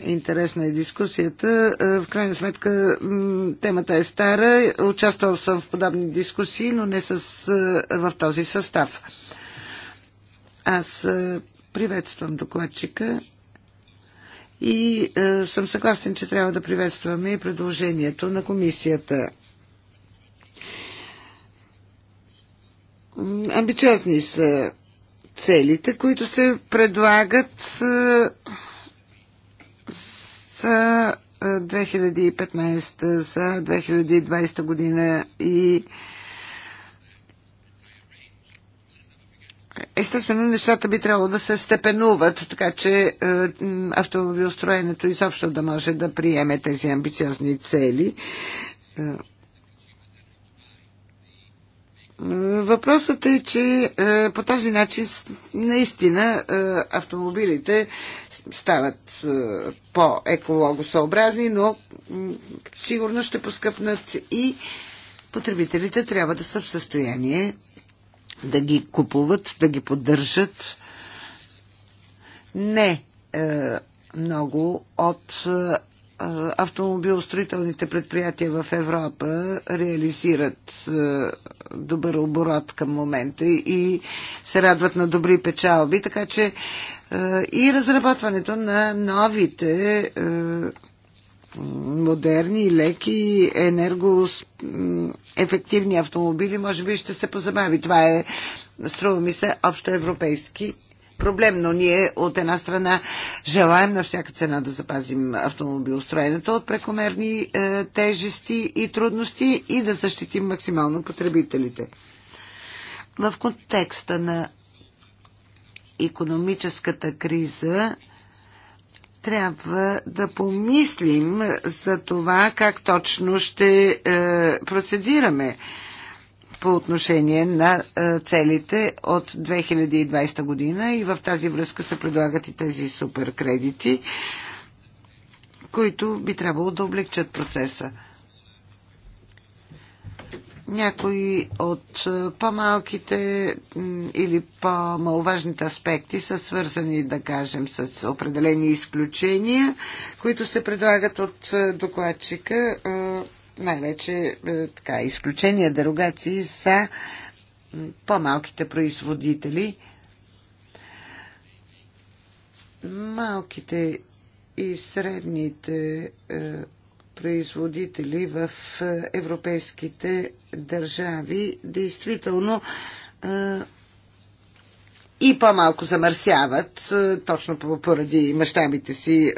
Интересна е дискусията. Е, в крайна сметка темата е стара. Участвал съм в подобни дискусии, но не с, е, в този състав. Аз е, приветствам докладчика и съм съгласен, че трябва да приветстваме и предложението на комисията. Амбициозни са целите, които се предлагат за 2015, за 2020 година и Естествено, нещата би трябвало да се степенуват, така че автомобилостроенето изобщо да може да приеме тези амбициозни цели. Въпросът е, че по този начин наистина автомобилите стават е, по-екологосъобразни, но сигурно ще поскъпнат и потребителите трябва да са в състояние да ги купуват, да ги поддържат. Не е, много от е, е автомобилостроителните предприятия в Европа реализират е, добър оборот към момента и се радват на добри печалби, така че е, и разработването на новите е, модерни, леки, енергоефективни автомобили, може би ще се позабави. Това е, струва ми се, общоевропейски проблем, но ние от една страна желаем на всяка цена да запазим автомобилостроенето от прекомерни е, тежести и трудности и да защитим максимално потребителите. В контекста на економическата криза трябва да помислим за това как точно ще е, процедираме по отношение на е, целите от 2020 година и в тази връзка се предлагат и тези суперкредити, които би трябвало да облегчат процеса. Някои от е, по-малките или по-маловажните аспекти са свързани, да кажем, с определени изключения, които се предлагат от е, докладчика. Е, най-вече така, изключения, дерогации са по-малките производители. Малките и средните производители в е, европейските държави действително е, и по-малко замърсяват, е, точно поради мащабите си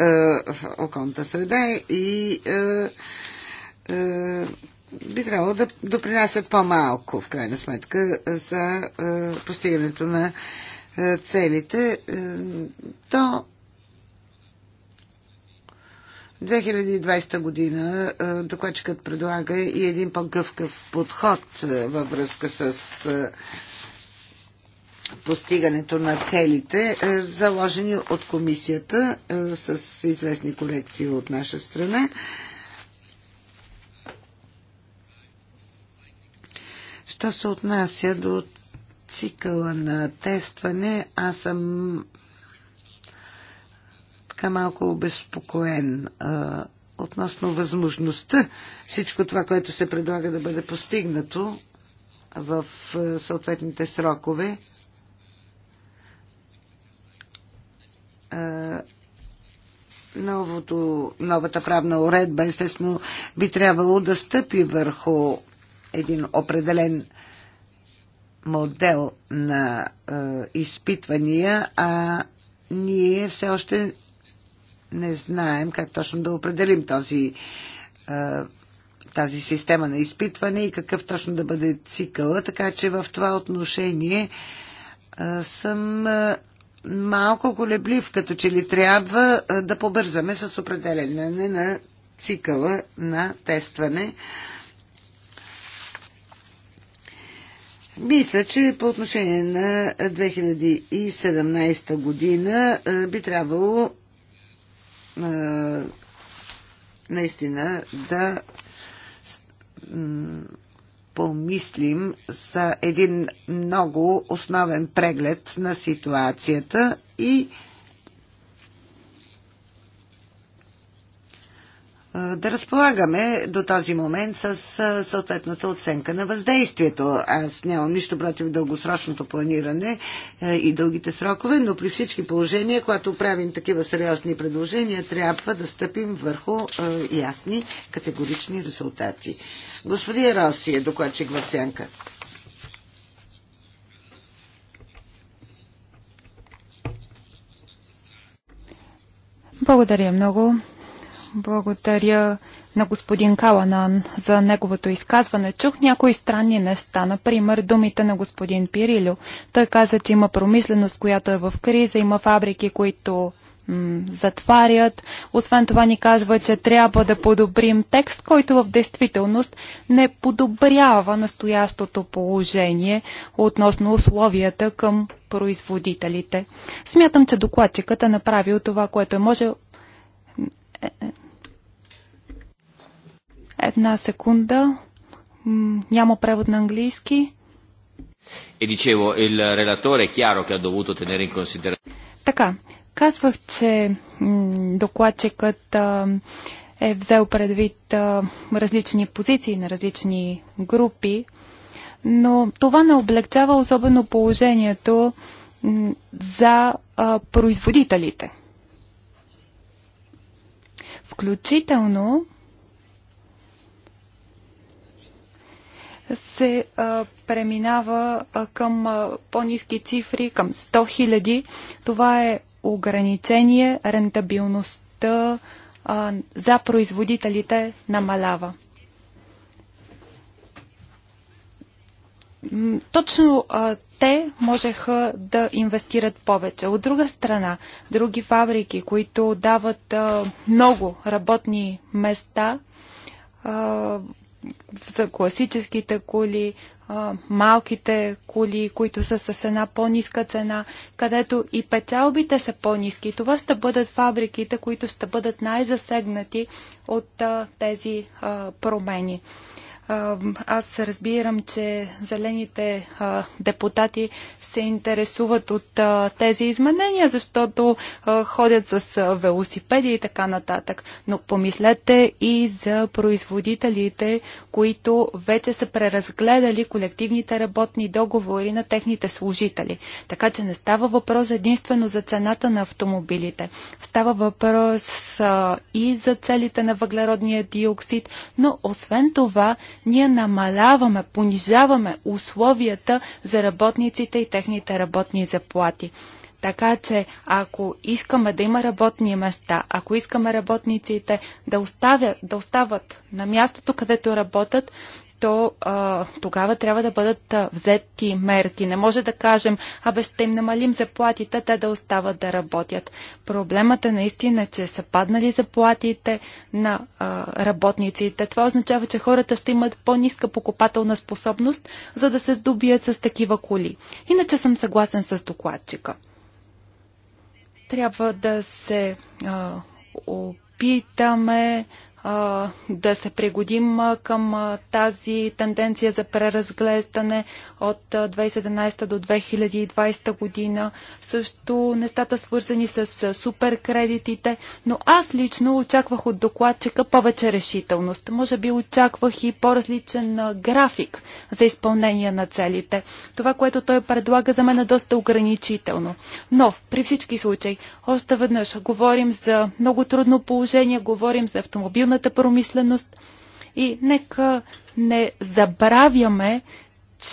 в околната среда и би трябвало да допринасят по-малко, в крайна сметка, за постигането на целите. То 2020 година е, докладчикът предлага и един по-гъвкав подход е, във връзка с е, постигането на целите, заложени от комисията с известни корекции от наша страна. Що се отнася до цикъла на тестване, аз съм така малко обезпокоен а, относно възможността всичко това, което се предлага да бъде постигнато в а, съответните срокове. А, новото, новата правна уредба, естествено, би трябвало да стъпи върху един определен модел на а, изпитвания, а ние все още не знаем как точно да определим този, тази система на изпитване и какъв точно да бъде цикъла, така че в това отношение съм малко колеблив, като че ли трябва да побързаме с определене на цикъла на тестване. Мисля, че по отношение на 2017 година би трябвало е, наистина да помислим за един много основен преглед на ситуацията и да разполагаме до този момент с съответната оценка на въздействието. Аз нямам нищо против дългосрочното планиране и дългите срокове, но при всички положения, когато правим такива сериозни предложения, трябва да стъпим върху ясни категорични резултати. Господин Роси е докладчик в оценка. Благодаря много. Благодаря на господин Каланан за неговото изказване. Чух някои странни неща, например думите на господин Пирилю. Той каза, че има промисленост, която е в криза, има фабрики, които затварят. Освен това ни казва, че трябва да подобрим текст, който в действителност не подобрява настоящото положение относно условията към производителите. Смятам, че докладчикът е направил това, което е може Една секунда. Няма превод на английски. E dicevo, il relatore è chiaro che ha dovuto tenere in considerazione. Така, казвах, че докладчикът е взел предвид различни позиции на различни групи, но това не облегчава особено положението за производителите. Включително се а, преминава а, към по-низки цифри, към 100 хиляди. Това е ограничение, рентабилността а, за производителите намалява. Точно а, те можеха да инвестират повече. От друга страна, други фабрики, които дават а, много работни места а, за класическите коли, а, малките коли, които са с една по-ниска цена, където и печалбите са по-низки. Това ще бъдат фабриките, които ще бъдат най-засегнати от а, тези а, промени. Аз разбирам, че зелените депутати се интересуват от тези изменения, защото ходят с велосипеди и така нататък. Но помислете и за производителите, които вече са преразгледали колективните работни договори на техните служители. Така че не става въпрос единствено за цената на автомобилите. Става въпрос и за целите на въглеродния диоксид, но освен това ние намаляваме, понижаваме условията за работниците и техните работни заплати. Така че, ако искаме да има работни места, ако искаме работниците да, оставят, да остават на мястото, където работят, то а, тогава трябва да бъдат а, взети мерки. Не може да кажем, абе ще им намалим заплатите, те да остават да работят. Проблемът е наистина, че са паднали заплатите на а, работниците. Това означава, че хората ще имат по-ниска покупателна способност, за да се здобият с такива коли. Иначе съм съгласен с докладчика. Трябва да се а, опитаме да се пригодим към тази тенденция за преразглеждане от 2017 до 2020 година. Също нещата свързани с суперкредитите, но аз лично очаквах от докладчика повече решителност. Може би очаквах и по-различен график за изпълнение на целите. Това, което той предлага за мен е доста ограничително. Но при всички случаи, още веднъж, говорим за много трудно положение, говорим за автомобилна своята промисленост. И нека не забравяме,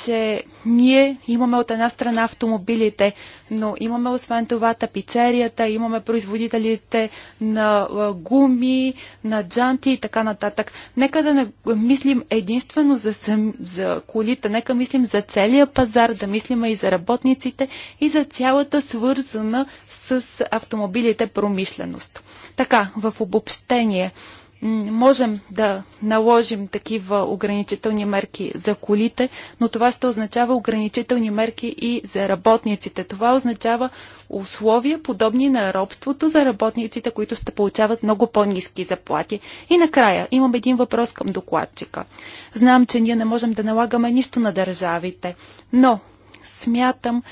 че ние имаме от една страна автомобилите, но имаме освен това тапицерията, имаме производителите на гуми, на джанти и така нататък. Нека да не мислим единствено за, съм, за колите, нека мислим за целия пазар, да мислим и за работниците и за цялата свързана с автомобилите промишленост. Така, в обобщение – можем да наложим такива ограничителни мерки за колите, но това ще означава ограничителни мерки и за работниците. Това означава условия, подобни на робството за работниците, които ще получават много по-низки заплати. И накрая имам един въпрос към докладчика. Знам, че ние не можем да налагаме нищо на държавите, но смятам,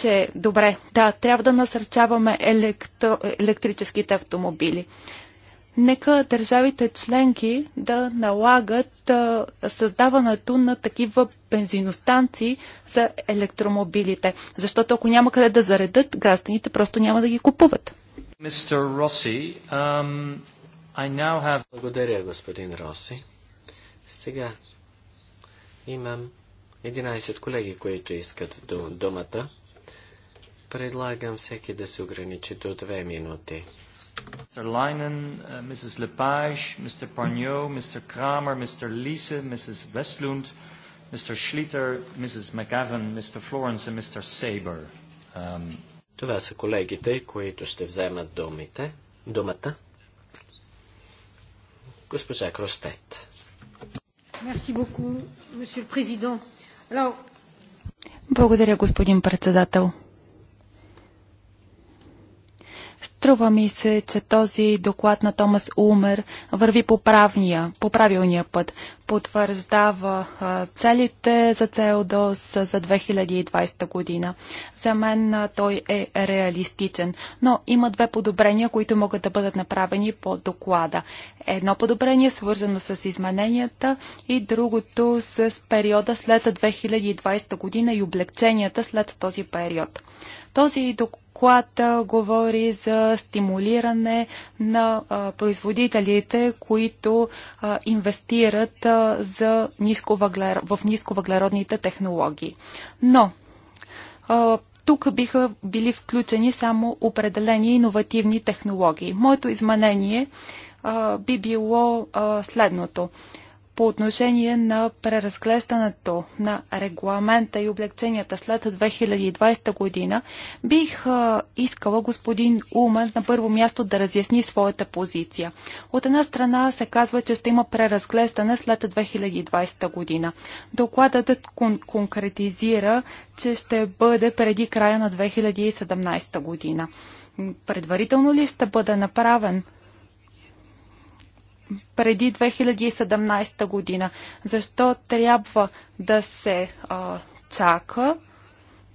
че добре, да, трябва да насърчаваме електро, електрическите автомобили нека държавите членки да налагат създаването на такива бензиностанции за електромобилите. Защото ако няма къде да заредат, гражданите просто няма да ги купуват. um, have... Благодаря, господин Роси. Сега имам 11 колеги, които искат думата. Предлагам всеки да се ограничи до 2 минути. Mr. Leinen, uh, Mrs. Lepage, Mr. Parnot, Mr. Kramer, Mr. Liese, Mrs. Westlund, Mr. Schlitter, Mrs. McGavin, Mr. Florence and Mr. Saber. Um... Това са колегите, които ще вземат думите, думата. Госпожа Кростет. Merci beaucoup, monsieur le président. Alors... Благодаря, господин председател. Струва ми се, че този доклад на Томас Умер върви по, правния, по правилния път. Потвърждава целите за ЦЕОДОС за 2020 година. За мен той е реалистичен, но има две подобрения, които могат да бъдат направени по доклада. Едно подобрение свързано с измененията и другото с периода след 2020 година и облегченията след този период. Този доклад доклад говори за стимулиране на производителите, които инвестират за въглер... в нисковъглеродните технологии. Но тук биха били включени само определени иновативни технологии. Моето изменение би било следното по отношение на преразглеждането на регламента и облегченията след 2020 година, бих искала господин Умен на първо място да разясни своята позиция. От една страна се казва, че ще има преразглеждане след 2020 година. Докладът кон- конкретизира, че ще бъде преди края на 2017 година. Предварително ли ще бъде направен преди 2017 година. Защо трябва да се а, чака?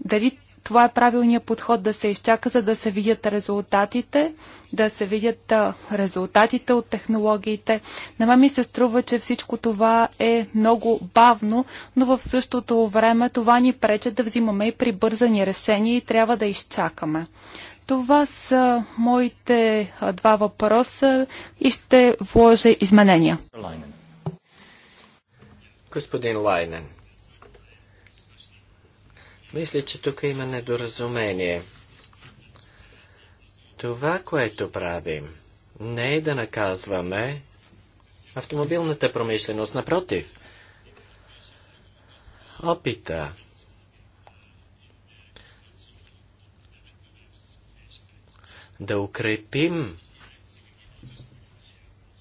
Дали това е правилният подход да се изчака, за да се видят резултатите, да се видят а, резултатите от технологиите. На мен ми се струва, че всичко това е много бавно, но в същото време това ни прече да взимаме и прибързани решения и трябва да изчакаме. Това са моите два въпроса и ще вложа изменения. Господин Лайнен, мисля, че тук има недоразумение. Това, което правим, не е да наказваме автомобилната промишленост. Напротив, опита да укрепим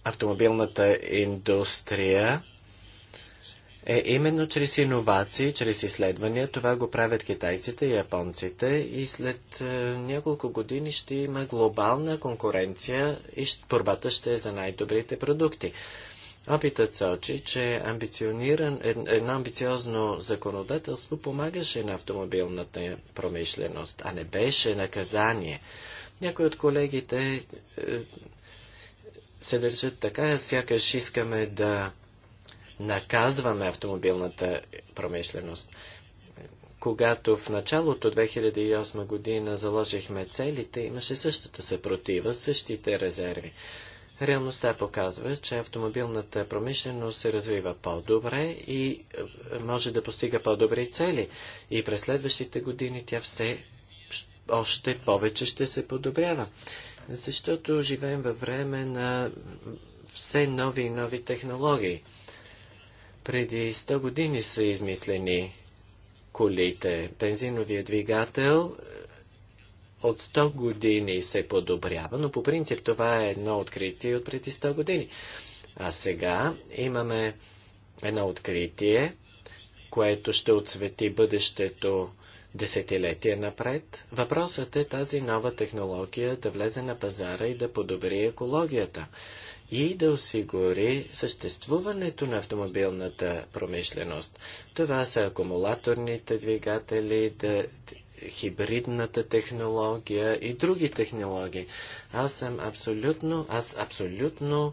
автомобилната индустрия е именно чрез иновации, чрез изследвания. Това го правят китайците и японците и след е, няколко години ще има глобална конкуренция и борбата ще е за най-добрите продукти. Опитът сочи, че амбициониран, едно амбициозно законодателство помагаше на автомобилната промишленост, а не беше наказание. Някои от колегите е, се държат така, сякаш искаме да наказваме автомобилната промишленост. Когато в началото 2008 година заложихме целите, имаше същата съпротива, същите резерви. Реалността показва, че автомобилната промишленост се развива по-добре и е, може да постига по-добри цели. И през следващите години тя все още повече ще се подобрява. Защото живеем във време на все нови и нови технологии. Преди 100 години са измислени колите. Бензиновия двигател е, от 100 години се подобрява, но по принцип това е едно откритие от преди 100 години. А сега имаме едно откритие, което ще отсвети бъдещето десетилетия напред. Въпросът е тази нова технология да влезе на пазара и да подобри екологията и да осигури съществуването на автомобилната промишленост. Това са акумулаторните двигатели, да, хибридната технология и други технологии. Аз съм абсолютно, аз абсолютно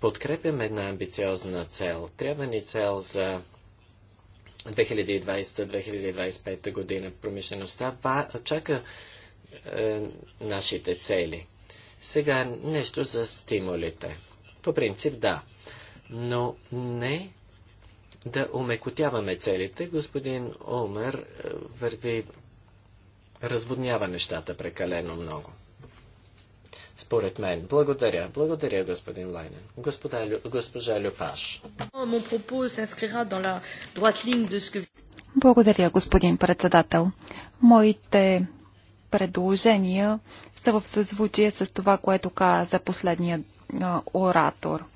подкрепям една амбициозна цел. Трябва ни цел за 2020-2025 година промишлеността чака е, нашите цели. Сега нещо за стимулите. По принцип да, но не да умекотяваме целите. Господин Омер е, върви разводнява нещата прекалено много според мен. Благодаря. Благодаря, господин Лайнен. госпожа Люпаш. Благодаря, господин председател. Моите предложения са в съзвучие с това, което каза последният оратор –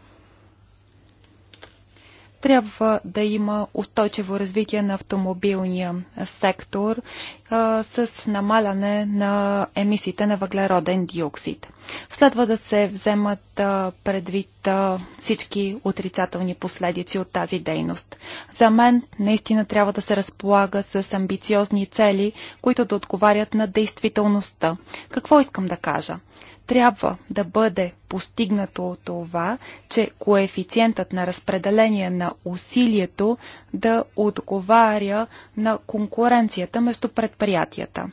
трябва да има устойчиво развитие на автомобилния сектор а, с намаляне на емисиите на въглероден диоксид. Следва да се вземат а, предвид а, всички отрицателни последици от тази дейност. За мен наистина трябва да се разполага с амбициозни цели, които да отговарят на действителността. Какво искам да кажа? трябва да бъде постигнато това, че коефициентът на разпределение на усилието да отговаря на конкуренцията между предприятията.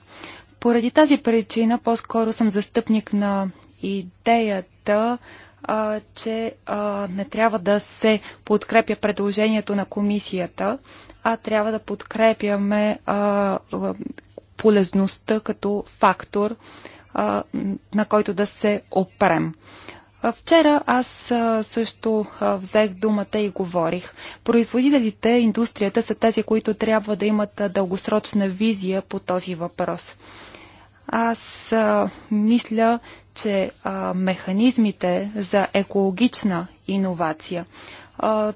Поради тази причина по-скоро съм застъпник на идеята, а, че а, не трябва да се подкрепя предложението на комисията, а трябва да подкрепяме а, полезността като фактор на който да се опрем. Вчера аз също взех думата и говорих. Производителите, индустрията са тези, които трябва да имат дългосрочна визия по този въпрос. Аз мисля, че механизмите за екологична иновация,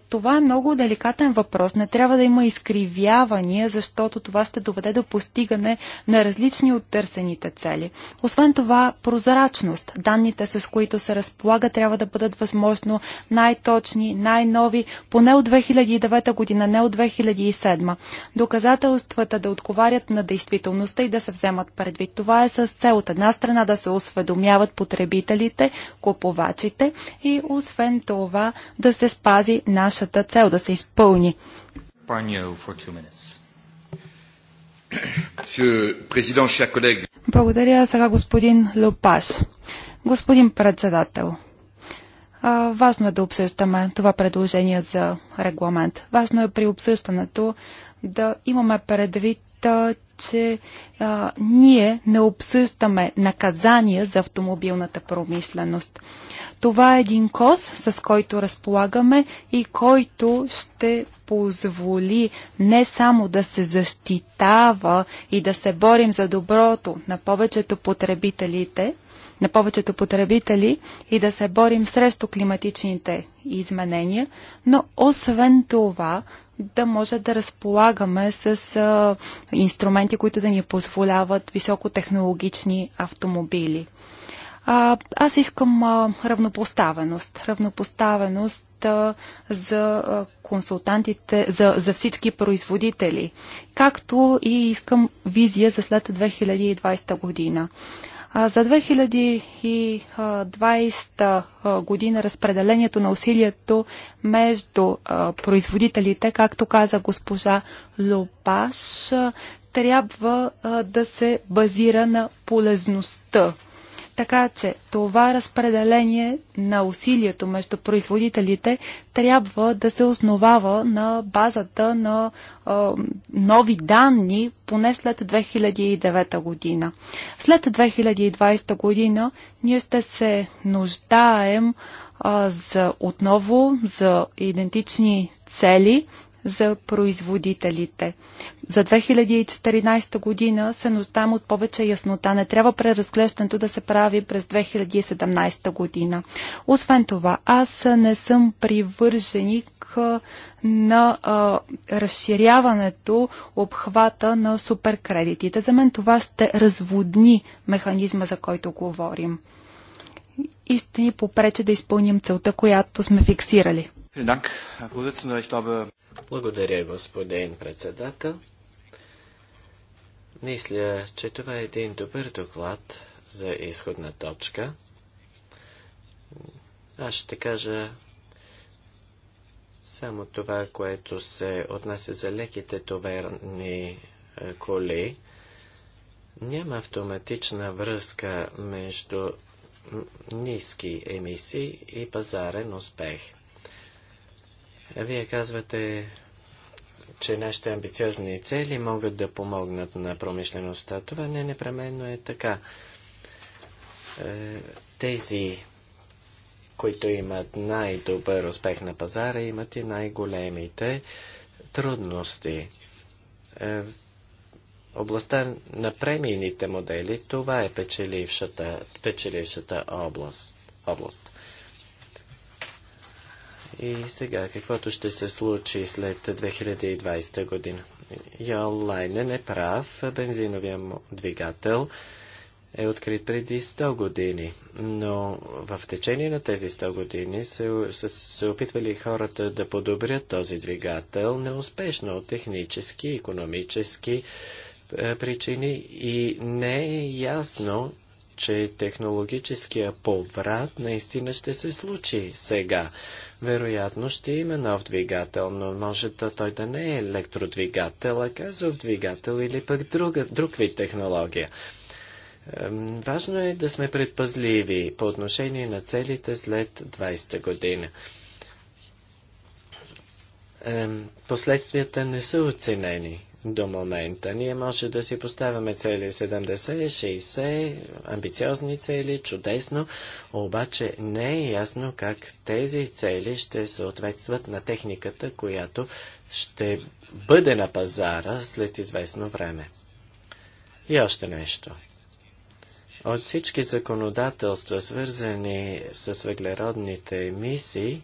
това е много деликатен въпрос. Не трябва да има изкривявания, защото това ще доведе до постигане на различни от търсените цели. Освен това, прозрачност. Данните, с които се разполага, трябва да бъдат възможно най-точни, най-нови, поне от 2009 година, не от 2007. Доказателствата да отговарят на действителността и да се вземат предвид. Това е с цел от една страна да се осведомяват потребителите, купувачите и освен това да се спази нашата цел да се изпълни. Благодаря сега господин Лопаш. Господин председател, важно е да обсъждаме това предложение за регламент. Важно е при обсъждането да имаме предвид, че а, ние не обсъждаме наказания за автомобилната промишленост. Това е един кос, с който разполагаме и който ще позволи не само да се защитава и да се борим за доброто на повечето потребителите, на повечето потребители и да се борим срещу климатичните изменения, но освен това да може да разполагаме с а, инструменти, които да ни позволяват високотехнологични автомобили. А, аз искам а, равнопоставеност. Равнопоставеност а, за а, консултантите, за, за всички производители, както и искам визия за след 2020 година. За 2020 година разпределението на усилието между производителите, както каза госпожа Лопаш, трябва да се базира на полезността така че това разпределение на усилието между производителите трябва да се основава на базата на е, нови данни поне след 2009 година. След 2020 година ние ще се нуждаем е, за, отново за идентични цели – за производителите. За 2014 година се нуждаем от повече яснота. Не трябва преразглеждането да се прави през 2017 година. Освен това, аз не съм привърженик на а, разширяването обхвата на суперкредитите. За мен това ще разводни механизма, за който говорим и ще ни попрече да изпълним целта, която сме фиксирали. Благодаря, господин председател. Мисля, че това е един добър доклад за изходна точка. Аз ще кажа само това, което се отнася за леките товарни е, коли. Няма автоматична връзка между ниски емисии и пазарен успех. Вие казвате, че нашите амбициозни цели могат да помогнат на промишлеността. Това не непременно е така. Е, тези, които имат най-добър успех на пазара, имат и най-големите трудности. Е, областта на премийните модели, това е печелившата, печелившата област. област. И сега, каквото ще се случи след 2020 година? Йол Лайнен е прав, бензиновия двигател е открит преди 100 години, но в течение на тези 100 години се, се, се опитвали хората да подобрят този двигател неуспешно от технически, економически е, причини и не е ясно че технологическия поврат наистина ще се случи сега. Вероятно ще има нов двигател, но може да той да не е електродвигател, а газов двигател или пък друг, друг вид технология. Важно е да сме предпазливи по отношение на целите след 20-та година. Последствията не са оценени до момента. Ние може да си поставяме цели 70, 60, амбициозни цели, чудесно, обаче не е ясно как тези цели ще съответстват на техниката, която ще бъде на пазара след известно време. И още нещо. От всички законодателства, свързани с въглеродните емисии,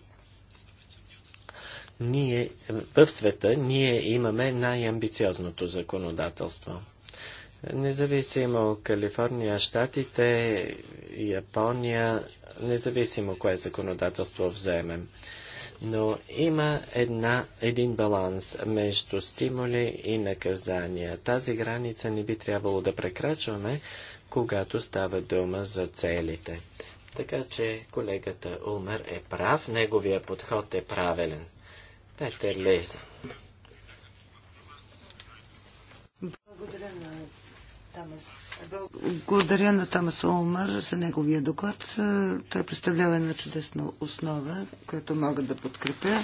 ние, в света ние имаме най-амбициозното законодателство. Независимо Калифорния, Штатите, Япония, независимо кое законодателство вземем. Но има една, един баланс между стимули и наказания. Тази граница не би трябвало да прекрачваме, когато става дума за целите. Така че колегата Умър е прав, неговия подход е правилен. Петър Лейза. Благодаря на Тамас. Благодаря на Тамас Олмар за неговия доклад. Той представлява една чудесна основа, която мога да подкрепя. Е,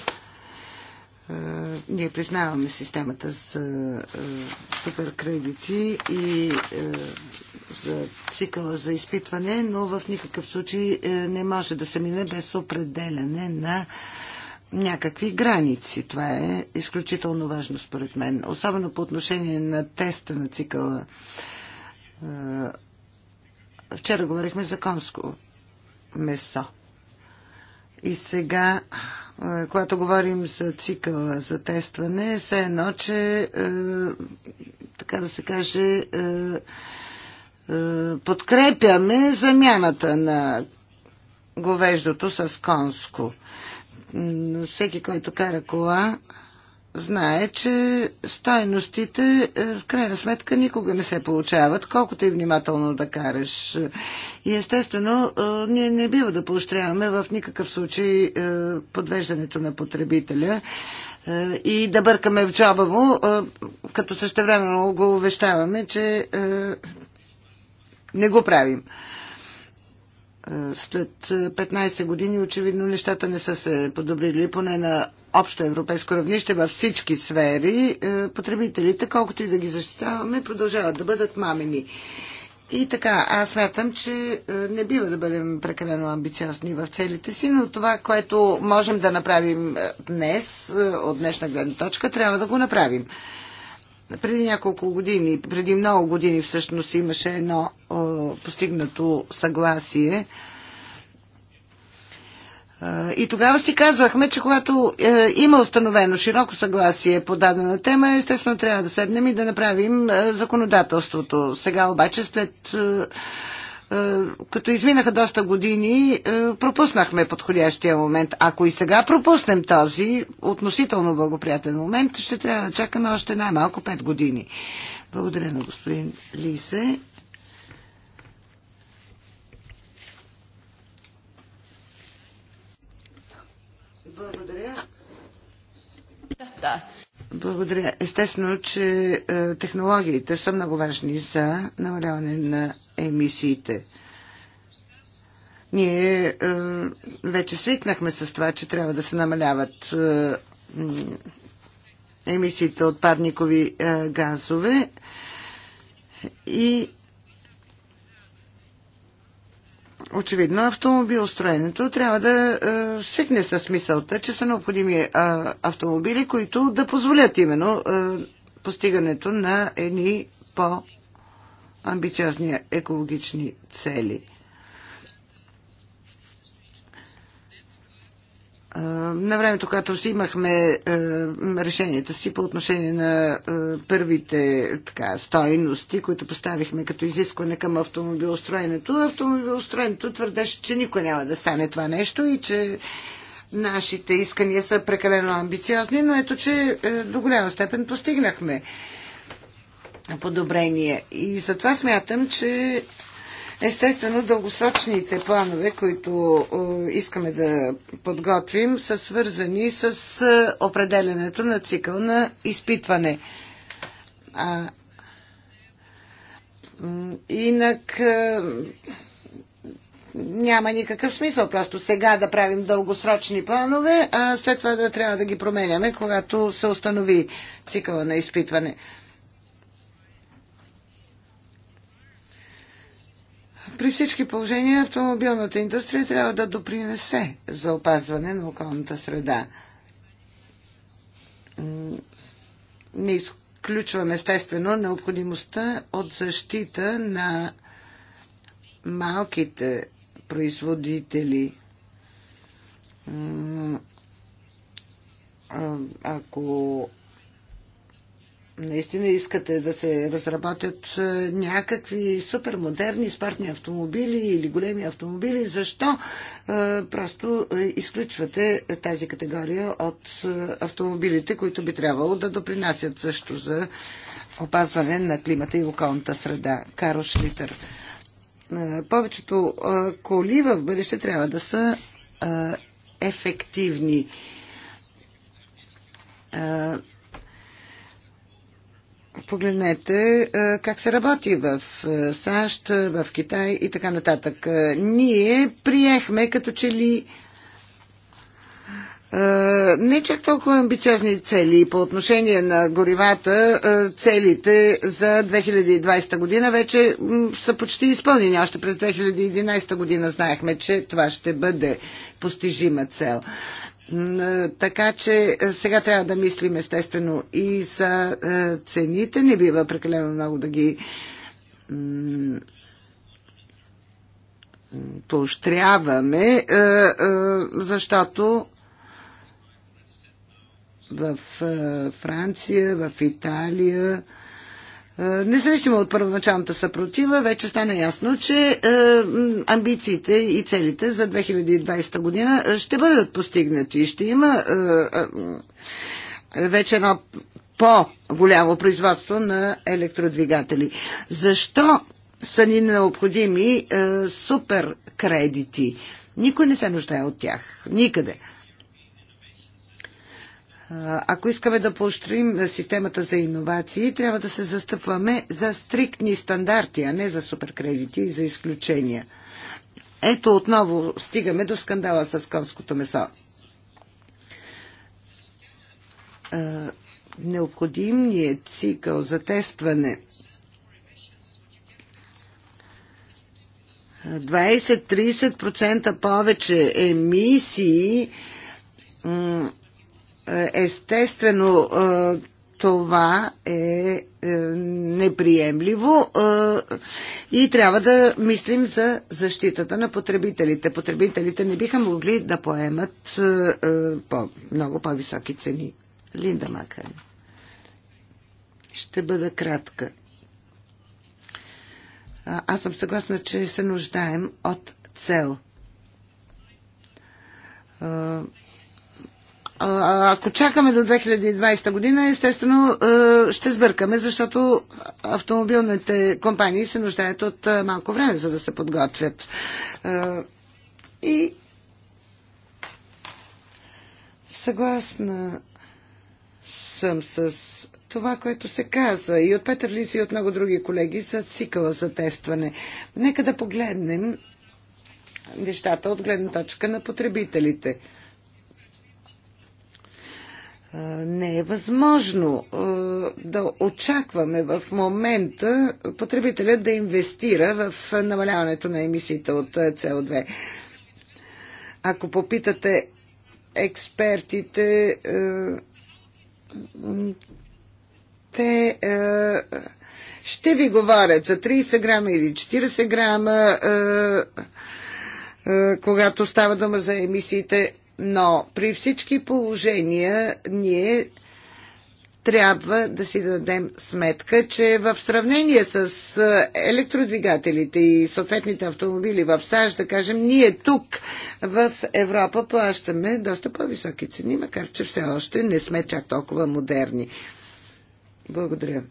Ние признаваме системата за е, суперкредити и е, за цикъла за изпитване, но в никакъв случай не може да се мине без определяне на някакви граници. Това е изключително важно според мен. Особено по отношение на теста на цикъла. Е, вчера говорихме за конско месо. И сега, е, когато говорим за цикъла за тестване, се все едно, че е, така да се каже, подкрепяме замяната на говеждото с конско всеки, който кара кола, знае, че стойностите е, в крайна сметка никога не се получават, колкото и внимателно да караш. И естествено, е, ние не бива да поощряваме в никакъв случай е, подвеждането на потребителя и да бъркаме в джоба му, като същевременно го увещаваме, че не го правим. След 15 е, години очевидно нещата не са се подобрили, поне на общо европейско равнище във всички сфери. Е, потребителите, колкото и да ги защитаваме, продължават да бъдат мамени. И така, аз смятам, че е, не бива да бъдем прекалено амбициозни в целите си, но това, което можем да направим днес, от днешна гледна точка, трябва да го направим. Преди няколко години, преди много години всъщност имаше едно постигнато съгласие. И тогава си казвахме, че когато е, има установено широко съгласие по дадена тема, естествено трябва да седнем и да направим е, законодателството. Сега обаче след е, е, като изминаха доста години, е, пропуснахме подходящия момент. Ако и сега пропуснем този относително благоприятен момент, ще трябва да чакаме още най-малко 5 години. Благодаря на господин Лисе. Благодаря. Благодаря. Естествено, че е, технологиите са много важни за намаляване на емисиите. Ние е, вече свикнахме с това, че трябва да се намаляват е, емисиите от парникови газове и очевидно автомобилостроенето трябва да е, свикне с мисълта, че са необходими е, автомобили, които да позволят именно е, постигането на едни по-амбициозни екологични цели – Е, на времето, когато взимахме е, решенията си по отношение на е, първите така, стойности, които поставихме като изискване към автомобилостроенето, автомобилостроенето твърдеше, че никой няма да стане това нещо и че нашите искания са прекалено амбициозни, но ето, че до голяма степен постигнахме подобрение. И затова смятам, че Естествено, дългосрочните планове, които е, искаме да подготвим, са свързани с е, определенето на цикъл на изпитване. инак е, няма никакъв смисъл просто сега да правим дългосрочни планове, а след това да трябва да ги променяме, когато се установи цикъла на изпитване. При всички положения автомобилната индустрия трябва да допринесе за опазване на околната среда. Не изключвам естествено необходимостта от защита на малките производители. Ако наистина искате да се разработят е, някакви супермодерни спортни автомобили или големи автомобили, защо е, просто е, изключвате тази категория от автомобилите, които би трябвало да допринасят също за опазване на климата и околната среда? Каро Шлитър. Повечето коли в бъдеще трябва да са ефективни Погледнете е, как се работи в е, САЩ, в Китай и така нататък. Е, ние приехме като че ли не чак толкова амбициозни цели по отношение на горивата, целите за 2020 година вече са почти изпълнени. Още през 2011 година знаехме, че това ще бъде постижима цел. Така че сега трябва да мислим естествено и за цените. Не бива прекалено много да ги поощряваме, защото в Франция, в Италия, е, независимо от първоначалната съпротива, вече стана ясно, че е, амбициите и целите за 2020 година е, ще бъдат постигнати. Ще има вече едно по-голямо производство на електродвигатели. Защо са ни необходими супер кредити? Никой не се нуждае от тях. Никъде. Ако искаме да поощрим системата за иновации, трябва да се застъпваме за стриктни стандарти, а не за суперкредити и за изключения. Ето отново стигаме до скандала с конското месо. Необходимният е цикъл за тестване 20-30% повече емисии Естествено, е, това е, е неприемливо е, и трябва да мислим за защитата на потребителите. Потребителите не биха могли да поемат по, много по-високи цени. Линда Макарен. Ще бъда кратка. Аз съм съгласна, че се нуждаем от цел ако чакаме до 2020 година, естествено ще сбъркаме, защото автомобилните компании се нуждаят от малко време, за да се подготвят. И съгласна съм с това, което се каза и от Петър Лис и от много други колеги за цикъла за тестване. Нека да погледнем нещата от гледна точка на потребителите – не е възможно да очакваме в момента потребителя да инвестира в намаляването на емисиите от CO2. Ако попитате експертите, те ще ви говорят за 30 грама или 40 грама, когато става дума за емисиите но при всички положения ние трябва да си дадем сметка, че в сравнение с е, електродвигателите и съответните автомобили в САЩ, да кажем, ние тук в Европа плащаме доста по-високи цени, макар че все още не сме чак толкова модерни. Благодаря.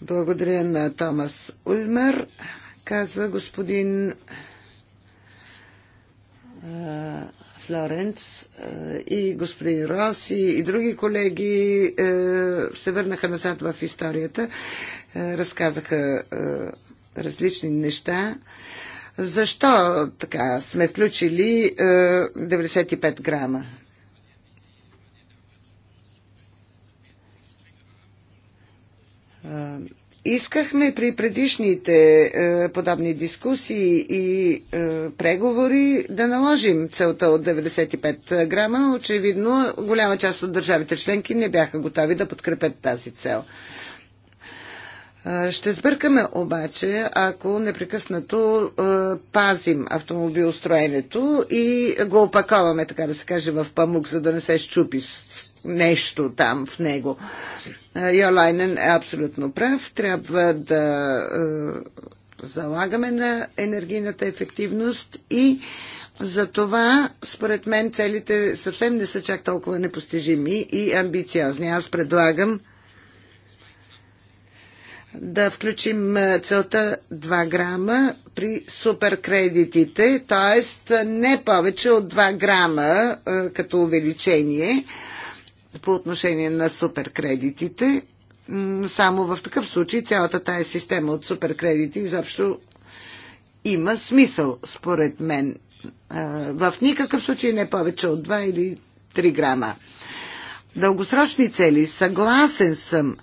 Благодаря на Томас Ульмер, казва господин е, Флоренц е, и господин Рос и други колеги е, се върнаха назад в историята, разказаха различни неща. Защо така сме включили 95 грама? Искахме при предишните е, подобни дискусии и е, преговори да наложим целта от 95 грама. Очевидно, голяма част от държавите членки не бяха готови да подкрепят тази цел. Ще сбъркаме обаче, ако непрекъснато пазим автомобилостроенето и го опаковаме, така да се каже, в памук, за да не се щупи нещо там в него. Йолайнен е абсолютно прав. Трябва да залагаме на енергийната ефективност и за това, според мен, целите съвсем не са чак толкова непостижими и амбициозни. Аз предлагам да включим целта 2 грама при суперкредитите, т.е. не повече от 2 грама като увеличение по отношение на суперкредитите. Само в такъв случай цялата тая система от суперкредити изобщо има смисъл, според мен. В никакъв случай не повече от 2 или 3 грама. Дългосрочни цели. Съгласен съм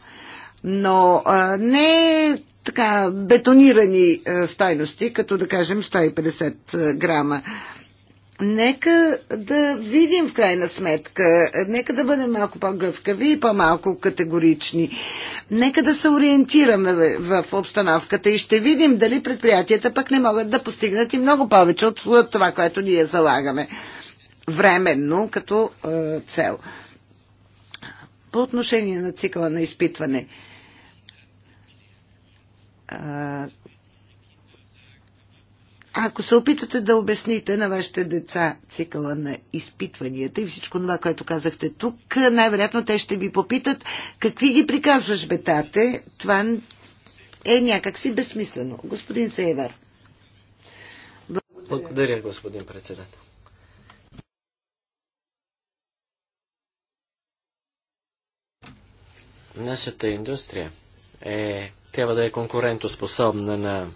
но не така бетонирани стойности, като да кажем 150 грама. Нека да видим в крайна сметка, нека да бъдем малко по-гъвкави и по-малко категорични. Нека да се ориентираме в обстановката и ще видим дали предприятията пък не могат да постигнат и много повече от това, което ние залагаме временно като е, цел. По отношение на цикъла на изпитване – ако се опитате да обясните на вашите деца цикъла на изпитванията и всичко това, което казахте тук, най-вероятно те ще ви попитат какви ги приказваш, бетате. Това е някакси безсмислено. Господин Сейвер. Благодаря. Благодаря, господин председател. Нашата индустрия е трябва да е конкурентоспособна на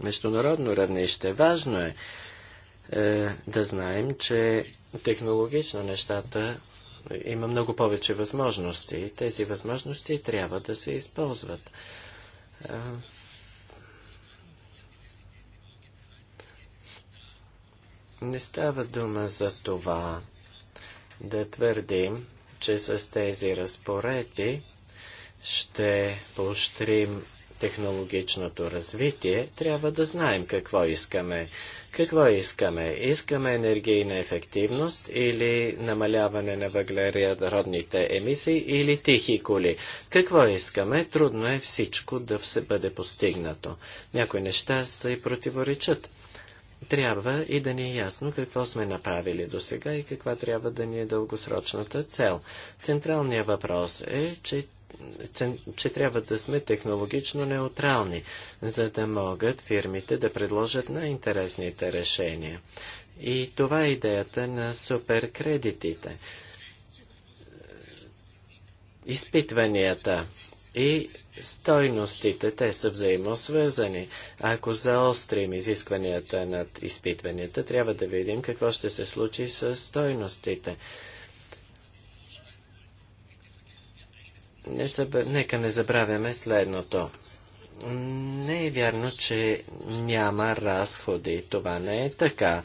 международно равнище. Важно е, е да знаем, че технологично нещата има много повече възможности и тези възможности трябва да се използват. не става дума за това да твърдим, че с тези разпоредби ще поощрим технологичното развитие, трябва да знаем какво искаме. Какво искаме? Искаме енергийна ефективност или намаляване на въглеродните емисии или тихи коли? Какво искаме? Трудно е всичко да се бъде постигнато. Някои неща се противоречат. Трябва и да ни е ясно какво сме направили до сега и каква трябва да ни е дългосрочната цел. Централният въпрос е, че че трябва да сме технологично неутрални, за да могат фирмите да предложат най-интересните решения. И това е идеята на суперкредитите. Изпитванията и стойностите, те са взаимосвързани. Ако заострим изискванията над изпитванията, трябва да видим какво ще се случи с стойностите. не заб... нека не забравяме следното. Не е вярно, че няма разходи. Това не е така.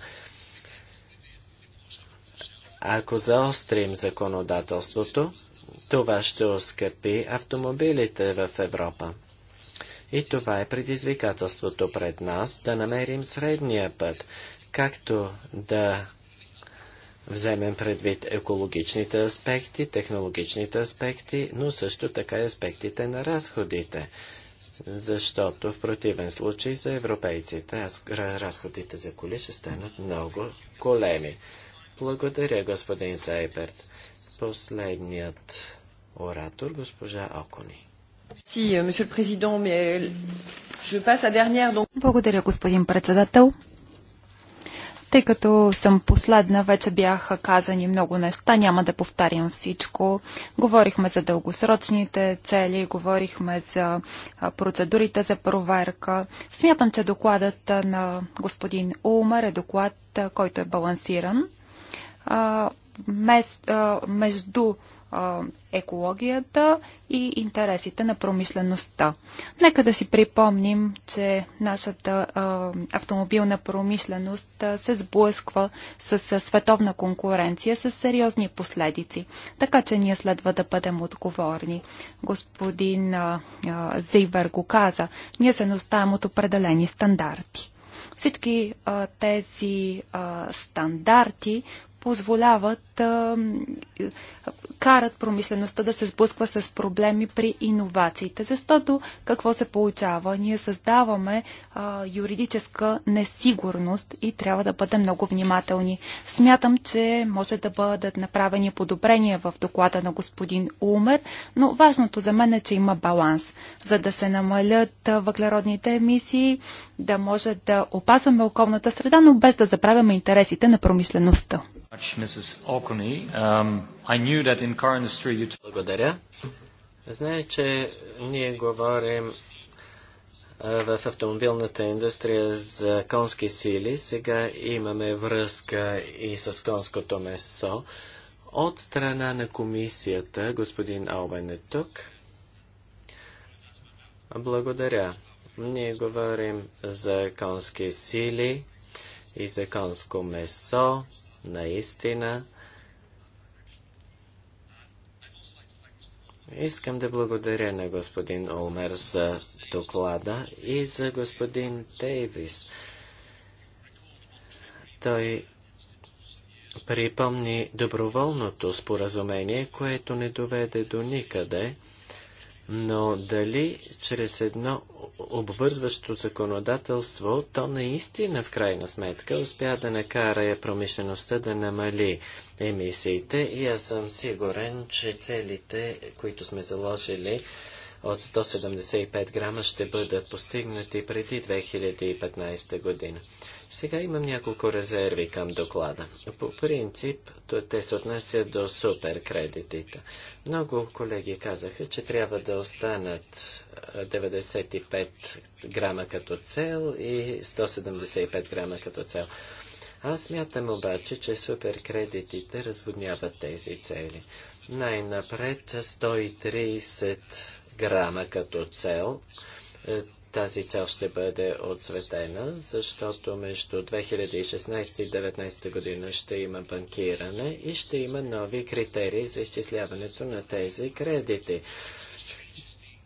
Ако заострим законодателството, това ще оскъпи автомобилите в Европа. И това е предизвикателството пред нас да намерим средния път, както да вземем предвид екологичните аспекти, технологичните аспекти, но също така и аспектите на разходите. Защото в противен случай за европейците разходите за коли ще станат много големи. Благодаря, господин Сайберт. Последният оратор, госпожа Окони. Euh, euh, Благодаря, господин председател. Тъй като съм последна, вече бяха казани много неща, няма да повтарям всичко. Говорихме за дългосрочните цели, говорихме за процедурите за проверка. Смятам, че докладът на господин Улмер е доклад, който е балансиран между екологията и интересите на промишлеността. Нека да си припомним, че нашата а, автомобилна промишленост а, се сблъсква с а, световна конкуренция, с сериозни последици. Така че ние следва да бъдем отговорни. Господин а, а, Зейбер го каза, ние се нуждаем от определени стандарти всички а, тези а, стандарти, позволяват, а, карат промишлеността да се сблъсква с проблеми при иновациите. Защото какво се получава? Ние създаваме а, юридическа несигурност и трябва да бъдем много внимателни. Смятам, че може да бъдат направени подобрения в доклада на господин Умер, но важното за мен е, че има баланс. За да се намалят въглеродните емисии, да може да опазваме околната среда, но без да забравяме интересите на промишлеността. Um, Благодаря. Знае, че ние говорим в автомобилната индустрия за конски сили. Сега имаме връзка и с конското месо. От страна на комисията, господин Албен е тук. Благодаря. Ние говорим за конски сили и за конско месо наистина. Искам да благодаря на господин Олмер за доклада и за господин Дейвис. Той припомни доброволното споразумение, което не доведе до никъде но дали чрез едно обвързващо законодателство, то наистина в крайна сметка успя да накара промишлеността да намали емисиите и аз съм сигурен, че целите, които сме заложили, от 175 грама ще бъдат постигнати преди 2015 година. Сега имам няколко резерви към доклада. По принцип, те се отнасят до суперкредитите. Много колеги казаха, че трябва да останат 95 грама като цел и 175 грама като цел. Аз мятам обаче, че суперкредитите разводняват тези цели. Най-напред 130 програма като цел. Е, тази цел ще бъде отсветена, защото между 2016 и 2019 година ще има банкиране и ще има нови критерии за изчисляването на тези кредити.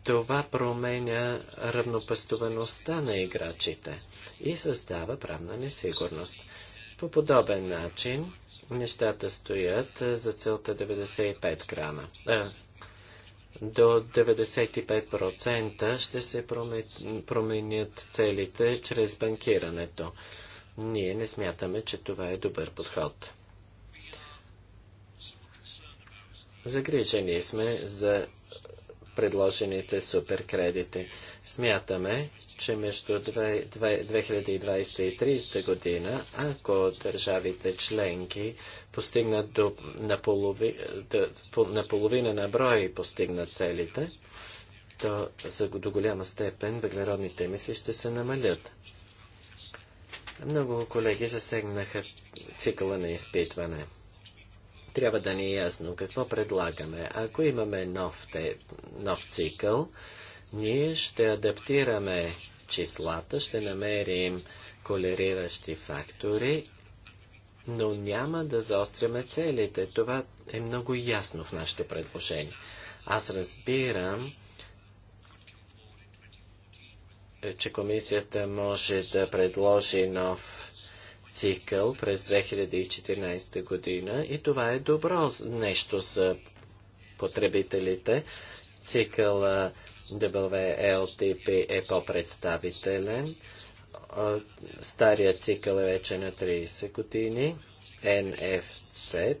Това променя равнопъстоваността на играчите и създава правна несигурност. По подобен начин нещата стоят за целта 95 грама. Е, до 95% ще се променят целите чрез банкирането. Ние не смятаме, че това е добър подход. Загрижени сме за предложените суперкредити. Смятаме, че между 2020 и 2030 година, ако държавите членки постигнат до наполовина на брой и постигнат целите, то за, до голяма степен въглеродните емисии ще се намалят. Много колеги засегнаха цикъла на изпитване – трябва да ни е ясно какво предлагаме. Ако имаме нов, те, нов цикъл, ние ще адаптираме числата, ще намерим колериращи фактори, но няма да заостряме целите. Това е много ясно в нашето предложение. Аз разбирам, е, че комисията може да предложи нов цикъл през 2014 година и това е добро нещо за потребителите. Цикъл WLTP е по-представителен. Стария цикъл е вече на 30 години. NFC.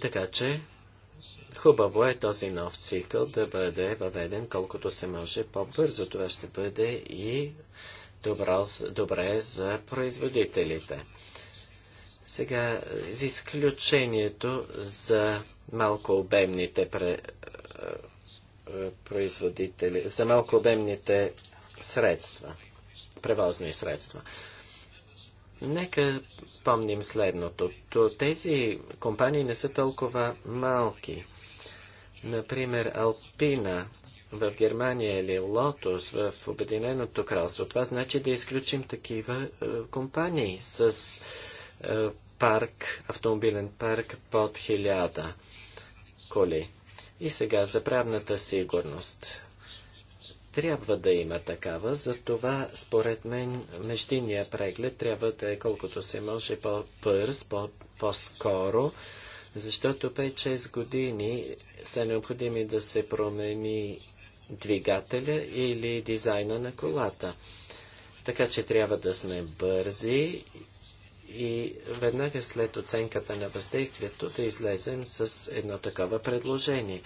Така че Хубаво е този нов цикъл да бъде въведен колкото се може по-бързо. Това ще бъде и добро, добре за производителите. Сега, с изключението за малко обемните пре, е, е, производители, за малко обемните средства, превозни средства. Нека помним следното. тези компании не са толкова малки. Например, Алпина в Германия или Лотос в Обединеното кралство. Това значи да изключим такива е, компании с е, парк, автомобилен парк под хиляда коли. И сега за правната сигурност. Трябва да има такава, затова според мен междинния преглед трябва да е колкото се може по пърз по-скоро, -по защото 5-6 години са необходими да се промени двигателя или дизайна на колата. Така че трябва да сме бързи и веднага след оценката на въздействието да излезем с едно такова предложение.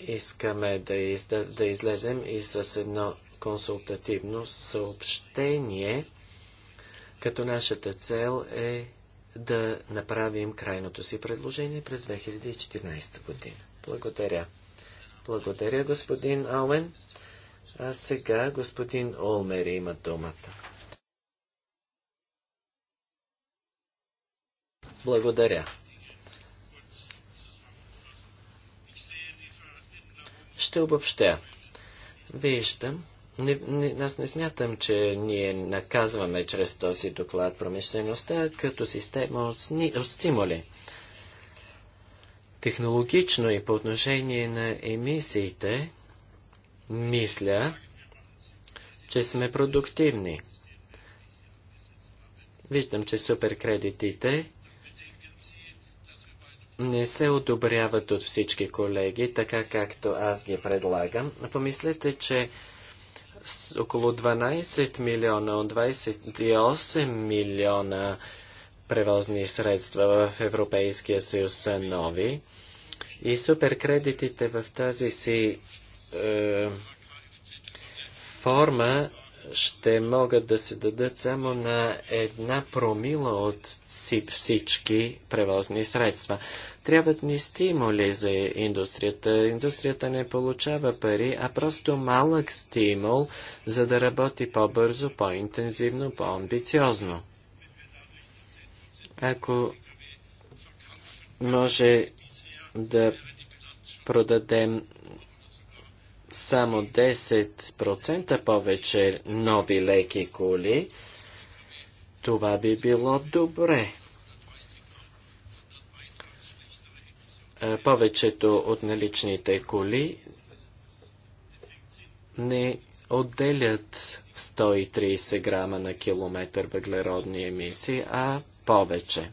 Искаме да, изда, да излезем и с едно консултативно съобщение, като нашата цел е да направим крайното си предложение през 2014 година. Благодаря. Благодаря, господин Ауен. А сега господин Олмер има думата. Благодаря. Ще обобщя. Виждам, не, не, аз не смятам, че ние наказваме чрез този доклад промишлеността като система от, сни, от стимули. Технологично и по отношение на емисиите, мисля, че сме продуктивни. Виждам, че суперкредитите не се одобряват от всички колеги, така както аз ги предлагам. Помислете, че около 12 милиона от 28 милиона превозни средства в Европейския съюз са нови. И суперкредитите в тази си е, форма ще могат да се дадат само на една промила от всички превозни средства. Трябват ни стимули за индустрията. Индустрията не получава пари, а просто малък стимул, за да работи по-бързо, по-интензивно, по-амбициозно. Ако може да продадем само 10% повече нови леки коли, това би било добре. Повечето от наличните коли не отделят 130 грама на километър въглеродни емисии, а повече.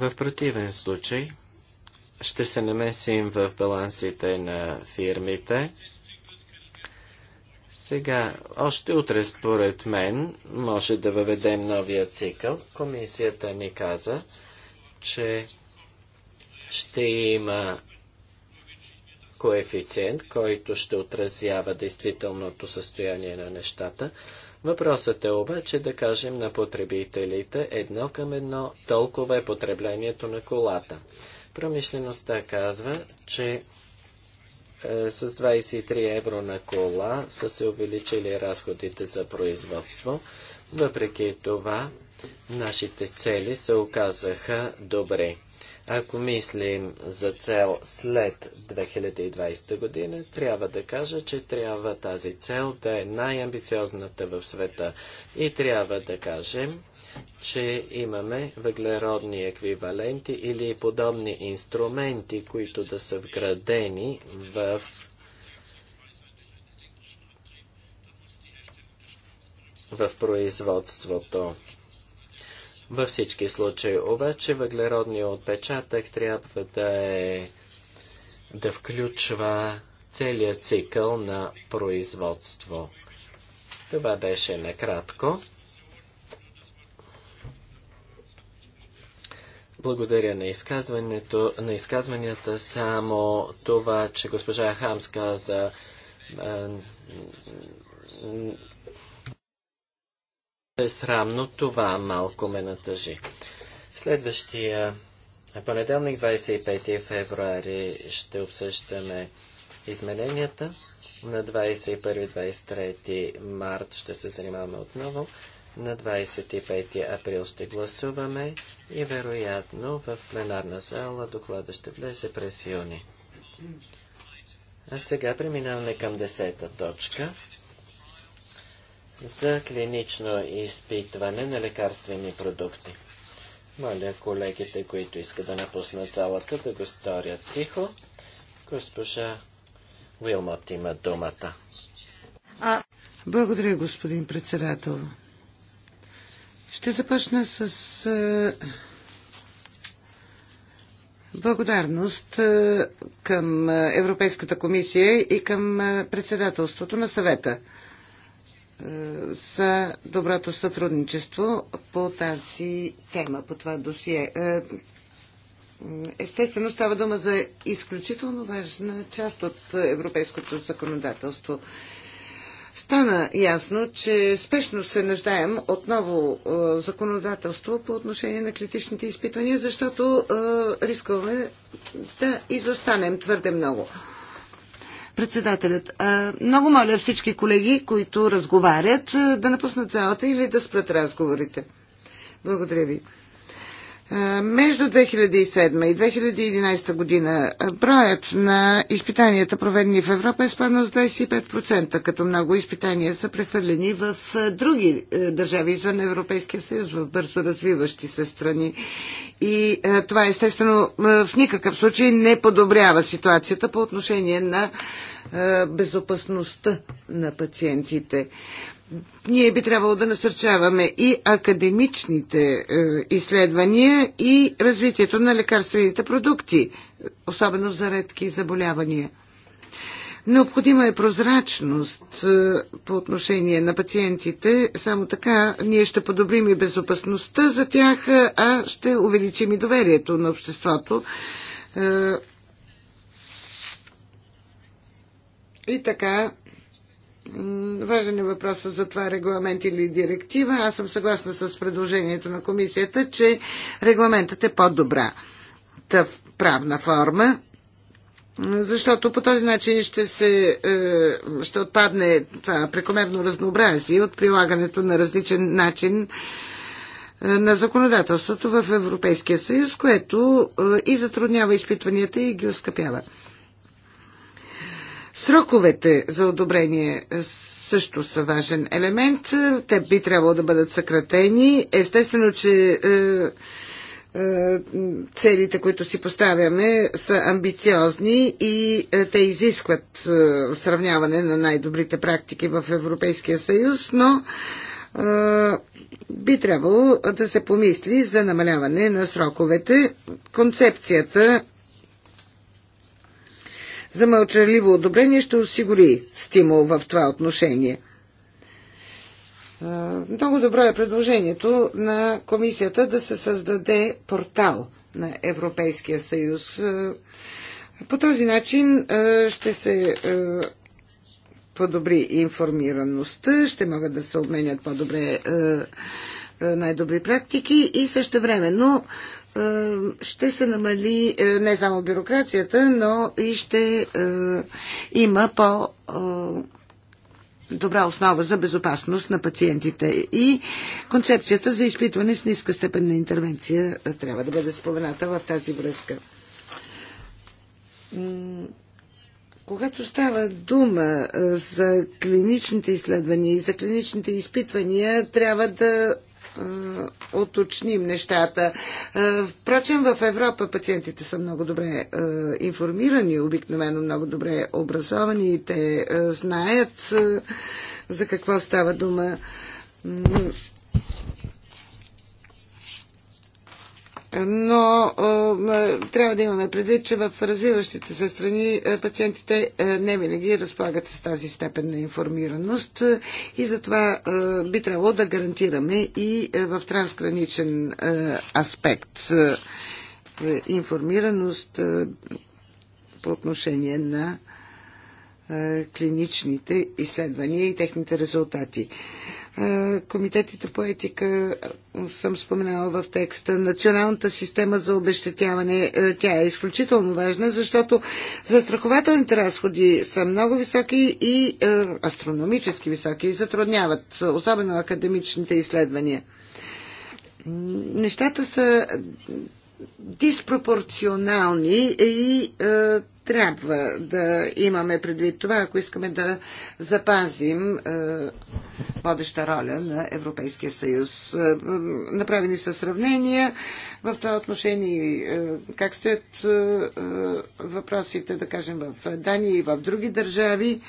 В противен случай ще се намесим в балансите на фирмите. Сега, още утре, според мен, може да въведем новия цикъл. Комисията ни каза, че ще има коефициент, който ще отразява действителното състояние на нещата. Въпросът е обаче да кажем на потребителите едно към едно, толкова е потреблението на колата. Промишлеността казва, че е, с 23 евро на кола са се увеличили разходите за производство. Въпреки това, нашите цели се оказаха добре. Ако мислим за цел след 2020 година, трябва да кажа, че трябва тази цел да е най-амбициозната в света. И трябва да кажем, че имаме въглеродни еквиваленти или подобни инструменти, които да са вградени в в производството. Във всички случаи обаче въглеродния отпечатък трябва да е да включва целият цикъл на производство. Това беше накратко. Благодаря на, изказването, на изказванията, само това, че госпожа Хамс каза е срамно, това малко ме натъжи. Следващия понеделник, 25 февруари, ще обсъждаме измененията. На 21-23 март ще се занимаваме отново. На 25 април ще гласуваме и вероятно в пленарна зала доклада ще влезе през юни. А сега преминаваме към 10 точка за клинично изпитване на лекарствени продукти. Моля колегите, които искат да напуснат залата, да го сторят тихо. Госпожа Уилмот има думата. Благодаря, господин председател. Ще започна с благодарност към Европейската комисия и към председателството на съвета за доброто сътрудничество по тази тема, по това досие. Е, естествено става дума за изключително важна част от европейското законодателство. Стана ясно, че спешно се нуждаем от ново е, законодателство по отношение на критичните изпитвания, защото е, рискуваме да изостанем твърде много. Председателят, много моля всички колеги, които разговарят, да напуснат залата или да спрат разговорите. Благодаря ви. Между 2007 и 2011 година броят на изпитанията, проведени в Европа, е спаднал с 25%, като много изпитания са прехвърлени в други държави извън Европейския съюз, в бързо развиващи се страни. И това естествено в никакъв случай не подобрява ситуацията по отношение на е, безопасността на пациентите. Ние би трябвало да насърчаваме и академичните е, изследвания и развитието на лекарствените продукти, особено за редки заболявания. Необходима е прозрачност е, по отношение на пациентите. Само така ние ще подобрим и безопасността за тях, а ще увеличим и доверието на обществото И така, важен е въпросът за това регламент или директива. Аз съм съгласна с предложението на комисията, че регламентът е по-добра правна форма, защото по този начин ще, се, е, ще отпадне това прекомерно разнообразие от прилагането на различен начин е, на законодателството в Европейския съюз, което е, и затруднява изпитванията и ги оскъпява. Сроковете за одобрение е, също са важен елемент. Те би трябвало да бъдат съкратени. Естествено, че е, е, целите, които си поставяме, са амбициозни и те изискват сравняване на най-добрите практики в Европейския съюз, но би трябвало да се помисли за намаляване на сроковете. Концепцията за мълчаливо одобрение ще осигури стимул в това отношение. Много добро е предложението на комисията да се създаде портал на Европейския съюз. По този начин ще се подобри информираността, ще могат да се обменят по-добре най-добри практики и също времено е, ще се намали е, не само бюрокрацията, но и ще е, има по- добра основа за безопасност на пациентите. И концепцията за изпитване с ниска степен на интервенция трябва да бъде спомената в тази връзка. Когато става дума за клиничните изследвания и за клиничните изпитвания, трябва да е, уточним нещата. Е, впрочем, в Европа пациентите са много добре е, информирани, обикновено много добре образовани и те знаят за какво става дума. но трябва да имаме предвид, че в развиващите се страни пациентите не винаги разполагат с тази степен на информираност и затова би трябвало да гарантираме и в трансграничен аспект информираност по отношение на клиничните изследвания и техните резултати. Е, комитетите по етика съм споменала в текста. Националната система за обещетяване, е, тя е изключително важна, защото застрахователните разходи са много високи и е, астрономически високи и затрудняват, особено академичните изследвания. Нещата са диспропорционални и трябва да имаме предвид това, ако искаме да запазим е, водеща роля на Европейския съюз. Е, направени са сравнения в това отношение е, как стоят е, е, въпросите, да кажем, в Дания и в други държави.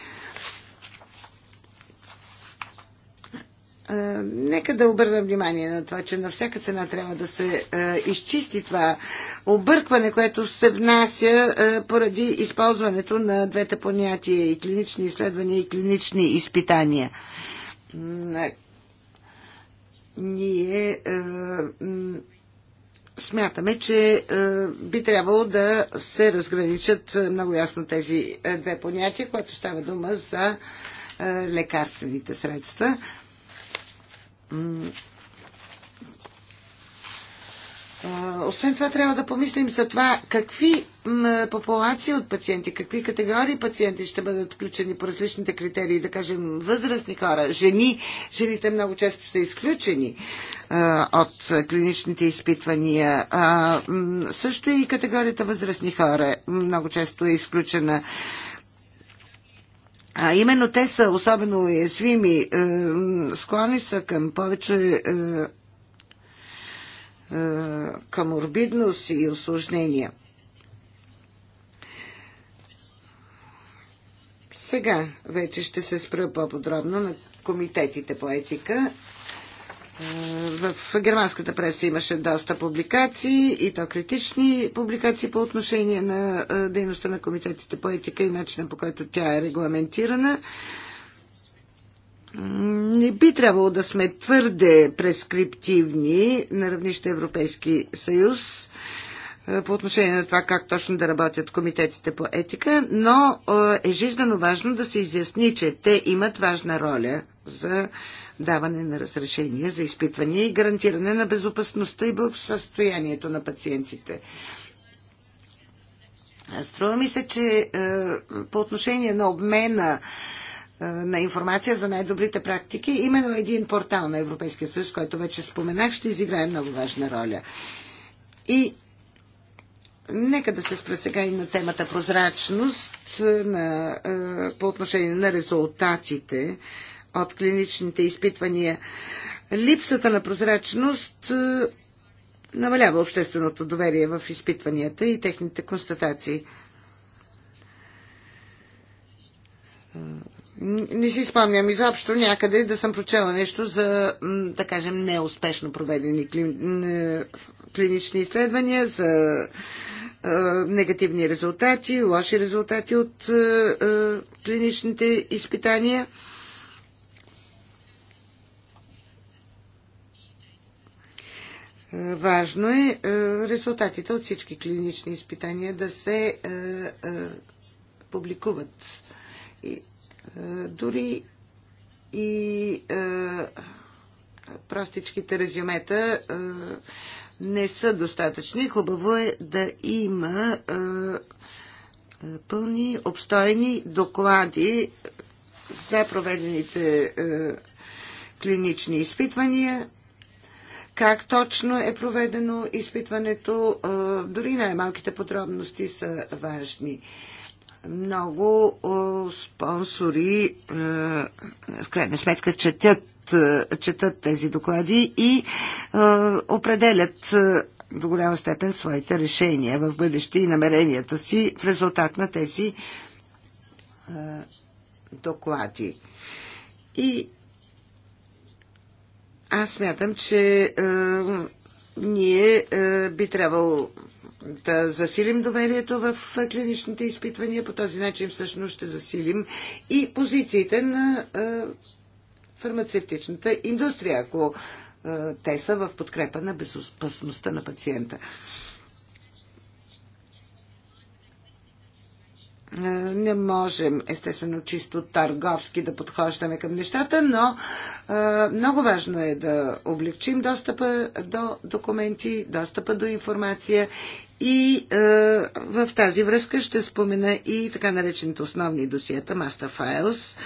Е, нека да обърна внимание на това, че на всяка цена трябва да се е, изчисти това объркване, което се внася е, поради използването на двете понятия и клинични изследвания и клинични изпитания. Ние смятаме, че би трябвало да се разграничат много ясно тези две понятия, което става дума за лекарствените средства. Освен това, трябва да помислим за това какви популации от пациенти, какви категории пациенти ще бъдат включени по различните критерии, да кажем възрастни хора, жени. Жените много често са изключени от клиничните изпитвания. също и категорията възрастни хора много често е изключена. А именно те са особено уязвими, е, склони са към повече е, е, към орбидност и осложнения. Сега вече ще се спра по-подробно на комитетите по етика е, в германската преса имаше доста публикации и то критични публикации по отношение на е, дейността на комитетите по етика и начина по който тя е регламентирана. Не би трябвало да сме твърде прескриптивни на равнище Европейски съюз е, по отношение на това как точно да работят комитетите по етика, но е жизненно важно да се изясни, че те имат важна роля за даване на разрешение за изпитвания и гарантиране на безопасността и благосъстоянието на пациентите. Струва ми се, че е, по отношение на обмена е, на информация за най-добрите практики, именно един портал на Европейския съюз, който вече споменах, ще изиграе много важна роля. И нека да се спра сега и на темата прозрачност на, е, по отношение на резултатите от клиничните изпитвания. Липсата на прозрачност е, намалява общественото доверие в изпитванията и техните констатации. Е, не си спомням изобщо някъде да съм прочела нещо за, да кажем, неуспешно проведени кли... Е, клинични изследвания, за негативни резултати, лоши резултати от клиничните изпитания – Важно е, е резултатите от всички клинични изпитания да се е, е, публикуват. дори и простичките резюмета не са достатъчни. Хубаво е да има пълни, обстойни доклади за проведените клинични изпитвания как точно е проведено изпитването. Дори най-малките подробности са важни. Много спонсори в крайна сметка четят, четат тези доклади и определят до голяма степен своите решения в бъдеще и намеренията си в резултат на тези доклади. И аз смятам, че е, ние е, би трябвало да засилим доверието в клиничните изпитвания. По този начин всъщност ще засилим и позициите на е, фармацевтичната индустрия, ако е, те са в подкрепа на безопасността на пациента. не можем, естествено, чисто търговски да подхождаме към нещата, но много важно е да облегчим достъпа до документи, достъпа до информация и в тази връзка ще спомена и така наречените основни досиета, Master Files,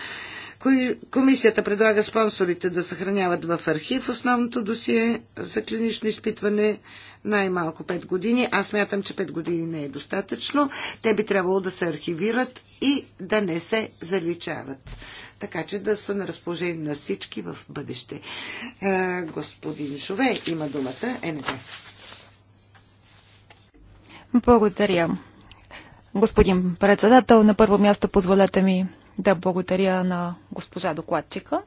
Комисията предлага спонсорите да съхраняват в архив основното досие за клинично изпитване най-малко 5 години. Аз мятам, че 5 години не е достатъчно. Те би трябвало да се архивират и да не се заличават. Така че да са на разположение на всички в бъдеще. А, е, господин Шове има думата. Е, НД. Благодаря. Господин председател, на първо място позволете ми да благодаря на госпожа докладчика.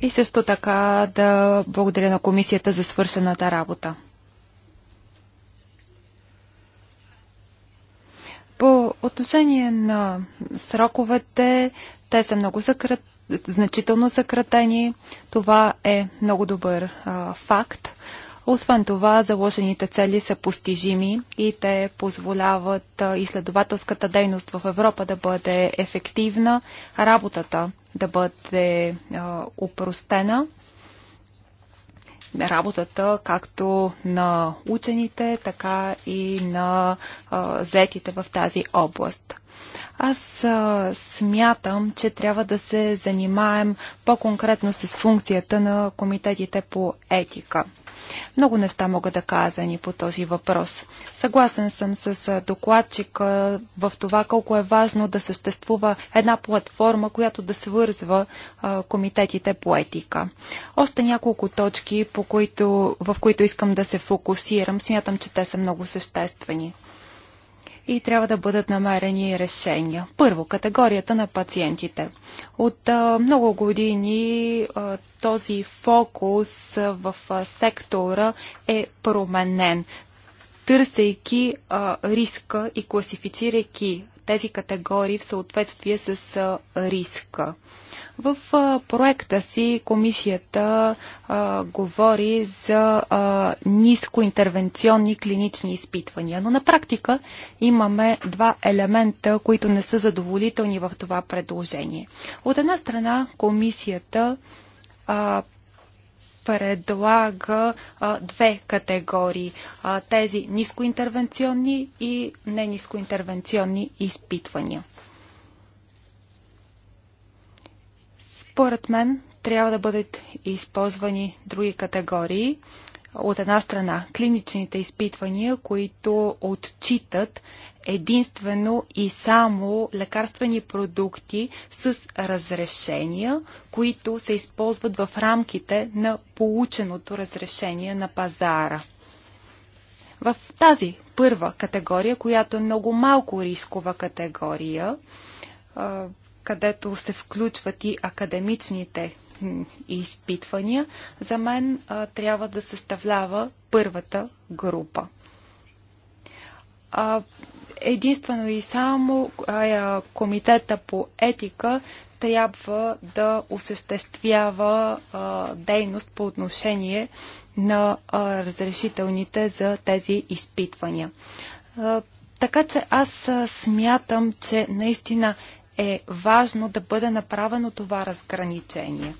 И също така да благодаря на комисията за свършената работа. По отношение на сроковете, те са много съкрат, значително съкратени. Това е много добър а, факт. Освен това, заложените цели са постижими и те позволяват изследователската дейност в Европа да бъде ефективна, работата да бъде а, упростена работата както на учените, така и на а, заетите в тази област. Аз а, смятам, че трябва да се занимаем по-конкретно с функцията на комитетите по етика. Много неща мога да кажа ни по този въпрос. Съгласен съм с докладчика в това колко е важно да съществува една платформа, която да свързва комитетите по етика. Още няколко точки, по които, в които искам да се фокусирам. Смятам, че те са много съществени и трябва да бъдат намерени решения. Първо, категорията на пациентите. От а, много години а, този фокус а, в а, сектора е променен. Търсейки а, риска и класифицирайки тези категории в съответствие с риска. В проекта си комисията а, говори за а, нискоинтервенционни клинични изпитвания, но на практика имаме два елемента, които не са задоволителни в това предложение. От една страна комисията а, предлага а, две категории. А, тези нискоинтервенционни и ненискоинтервенционни изпитвания. Според мен трябва да бъдат използвани други категории, от една страна, клиничните изпитвания, които отчитат единствено и само лекарствени продукти с разрешения, които се използват в рамките на полученото разрешение на пазара. В тази първа категория, която е много малко рискова категория, където се включват и академичните изпитвания, за мен а, трябва да съставлява първата група. А, единствено и само а, комитета по етика трябва да осъществява а, дейност по отношение на а, разрешителните за тези изпитвания. А, така че аз смятам, че наистина е важно да бъде направено това разграничение.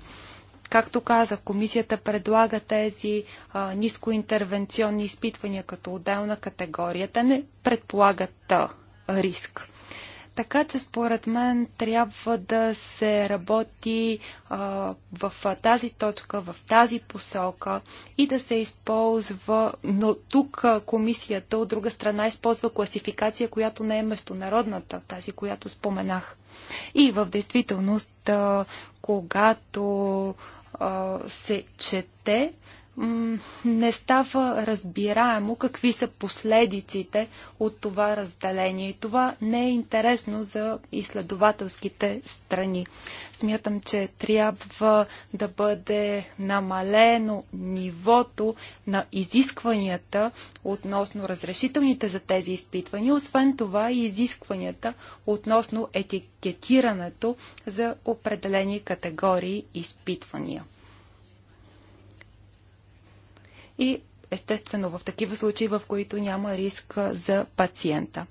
Както казах, комисията предлага тези а, нискоинтервенционни изпитвания като отделна категория. Те не предполагат риск. Така че според мен трябва да се работи а, в тази точка, в тази посока и да се използва, но тук комисията от друга страна използва класификация, която не е международната, тази, която споменах. И в действителност, а, когато а, се чете, не става разбираемо какви са последиците от това разделение. И това не е интересно за изследователските страни. Смятам, че трябва да бъде намалено нивото на изискванията относно разрешителните за тези изпитвания, освен това и изискванията относно етикетирането за определени категории изпитвания и естествено в такива случаи, в които няма риск за пациента.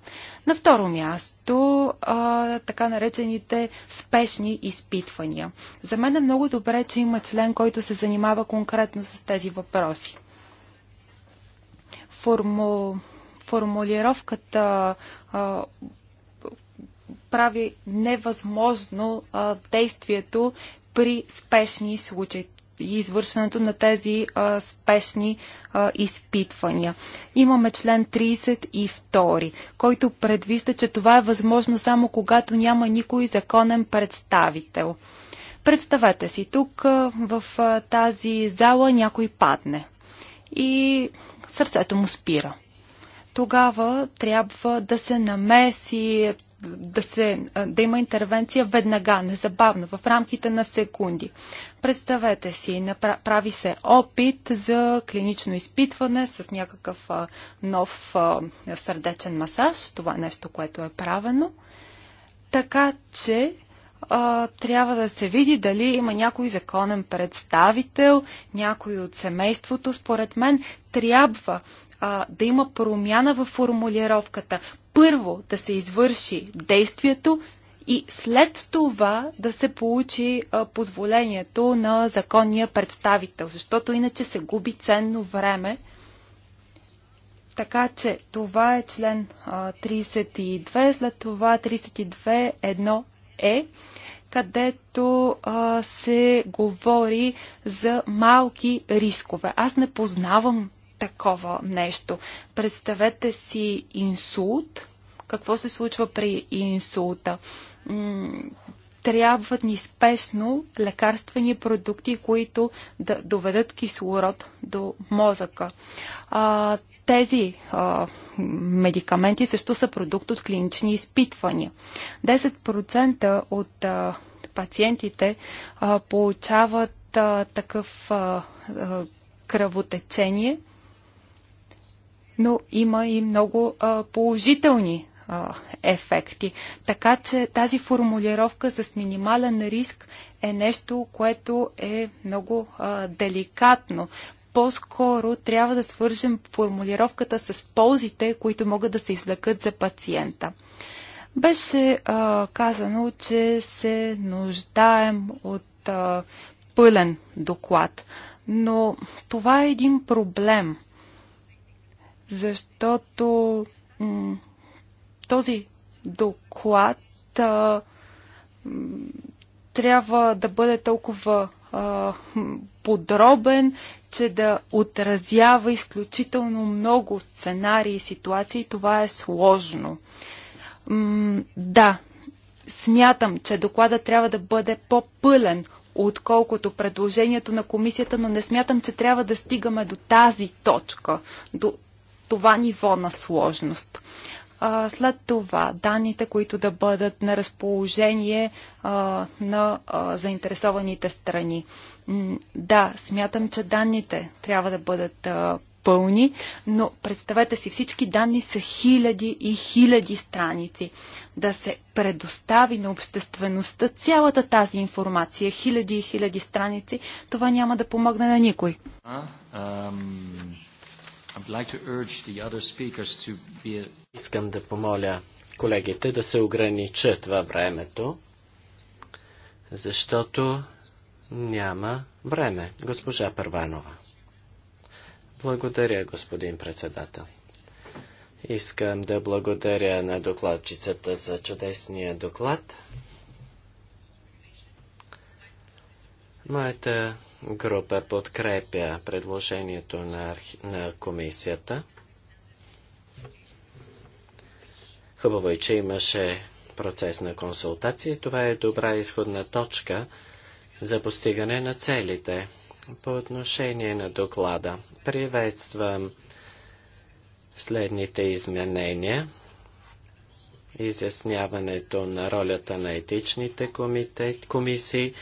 На второ място, а, така наречените спешни изпитвания. За мен е много добре, че има член, който се занимава конкретно с тези въпроси. Форму... Формулировката а, прави невъзможно а, действието при спешни случаи и извършването на тези а, спешни а, изпитвания. Имаме член 32, който предвижда, че това е възможно само когато няма никой законен представител. Представете си, тук а, в а, тази зала някой падне и сърцето му спира. Тогава трябва да се намеси да, се, да има интервенция веднага, незабавно, в рамките на секунди. Представете си, прави се опит за клинично изпитване с някакъв нов сърдечен масаж. Това е нещо, което е правено. Така че трябва да се види дали има някой законен представител, някой от семейството. Според мен трябва а, да има промяна в формулировката. Първо да се извърши действието и след това да се получи а, позволението на законния представител, защото иначе се губи ценно време. Така че това е член а, 32, след това 32.1 е, където а, се говори за малки рискове. Аз не познавам такова нещо. Представете си инсулт. Какво се случва при инсулта? трябват ни спешно лекарствени продукти, които да доведат кислород до мозъка. А, тези а, медикаменти също са продукт от клинични изпитвания. 10% от а, пациентите а, получават а, такъв а, кръвотечение – но има и много а, положителни а, ефекти. Така че тази формулировка с минимален риск е нещо, което е много а, деликатно. По-скоро трябва да свържем формулировката с ползите, които могат да се излекат за пациента. Беше а, казано, че се нуждаем от а, пълен доклад, но това е един проблем защото този доклад а, трябва да бъде толкова а, подробен, че да отразява изключително много сценарии и ситуации. Това е сложно. М- да, смятам, че доклада трябва да бъде по-пълен, отколкото предложението на комисията, но не смятам, че трябва да стигаме до тази точка, до това ниво на сложност. след това данните, които да бъдат на разположение на заинтересованите страни. да, смятам, че данните трябва да бъдат пълни, но представете си, всички данни са хиляди и хиляди страници. Да се предостави на обществеността цялата тази информация, хиляди и хиляди страници, това няма да помогне на никой. А, ам... Искам да помоля колегите да се ограничат във времето, защото няма време. Госпожа Първанова. Благодаря, господин председател. Искам да благодаря на докладчицата за чудесния доклад. Моята група подкрепя предложението на, на комисията. Хубаво е, че имаше процес на консултации. Това е добра изходна точка за постигане на целите. По отношение на доклада, приветствам следните изменения. Изясняването на ролята на етичните комитет, комисии,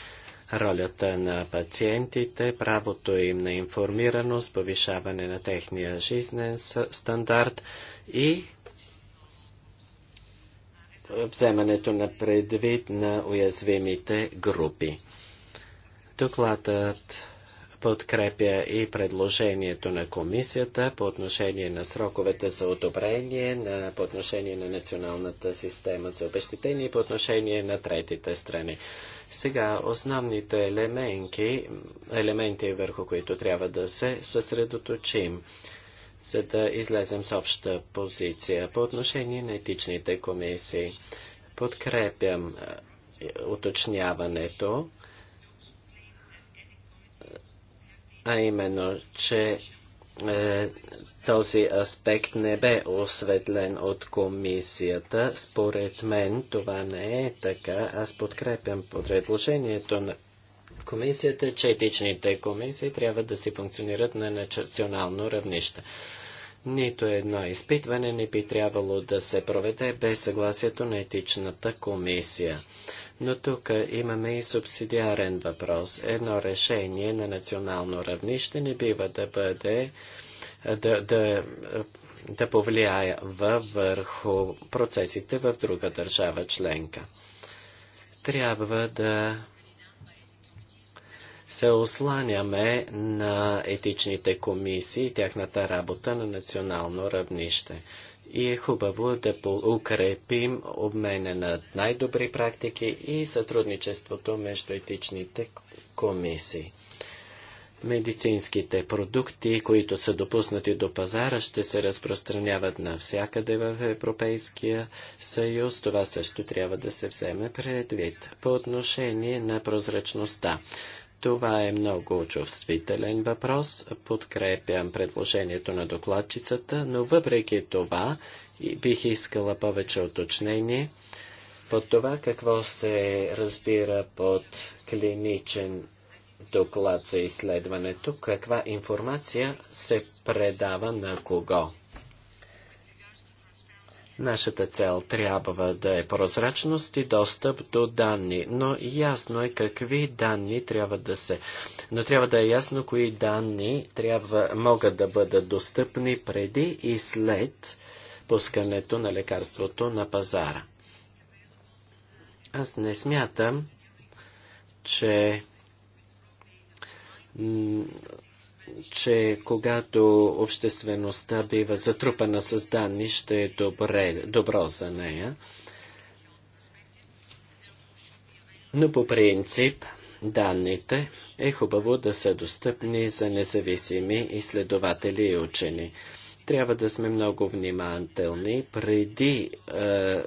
ролята на пациентите, правото им на информираност, повишаване на техния жизнен стандарт и вземането на предвид на уязвимите групи. Докладът подкрепя и предложението на комисията по отношение на сроковете за одобрение, на, по отношение на националната система за обещетение и по отношение на третите страни. Сега основните елементи, елементи върху които трябва да се съсредоточим за да излезем с обща позиция по отношение на етичните комисии. Подкрепям е, уточняването а именно, че е, този аспект не бе осветлен от комисията. Според мен това не е така. Аз подкрепям предложението на комисията, че етичните комисии трябва да си функционират на национално равнище. Нито едно изпитване не би трябвало да се проведе без съгласието на етичната комисия. Но тук имаме и субсидиарен въпрос. Едно решение на национално равнище не бива да бъде да, да, да повлияе върху процесите в друга държава членка. Трябва да се осланяме на етичните комисии и тяхната работа на национално равнище и е хубаво да укрепим обмена на най-добри практики и сътрудничеството между етичните комисии. Медицинските продукти, които са допуснати до пазара, ще се разпространяват навсякъде в Европейския съюз. Това също трябва да се вземе предвид. По отношение на прозрачността. Това е много чувствителен въпрос. Подкрепям предложението на докладчицата, но въпреки това бих искала повече уточнение под това какво се разбира под клиничен доклад за изследването, каква информация се предава на кого. Нашата цел трябва да е прозрачност и достъп до данни, но ясно е какви данни трябва да се. Но трябва да е ясно кои данни трябва, могат да бъдат достъпни преди и след пускането на лекарството на пазара. Аз не смятам, че че когато обществеността бива затрупана с данни, ще е добре, добро за нея. Но по принцип данните е хубаво да са достъпни за независими изследователи и учени трябва да сме много внимателни преди е, е,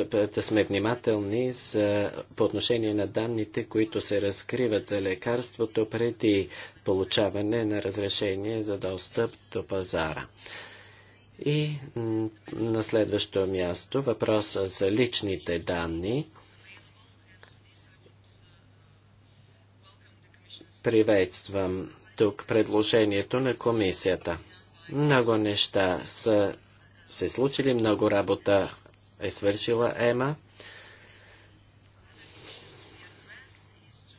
е, да сме внимателни за, по отношение на данните, които се разкриват за лекарството преди получаване на разрешение за достъп до пазара. И на следващо място въпроса за личните данни. Приветствам тук предложението на комисията. Много неща са се случили, много работа е свършила Ема,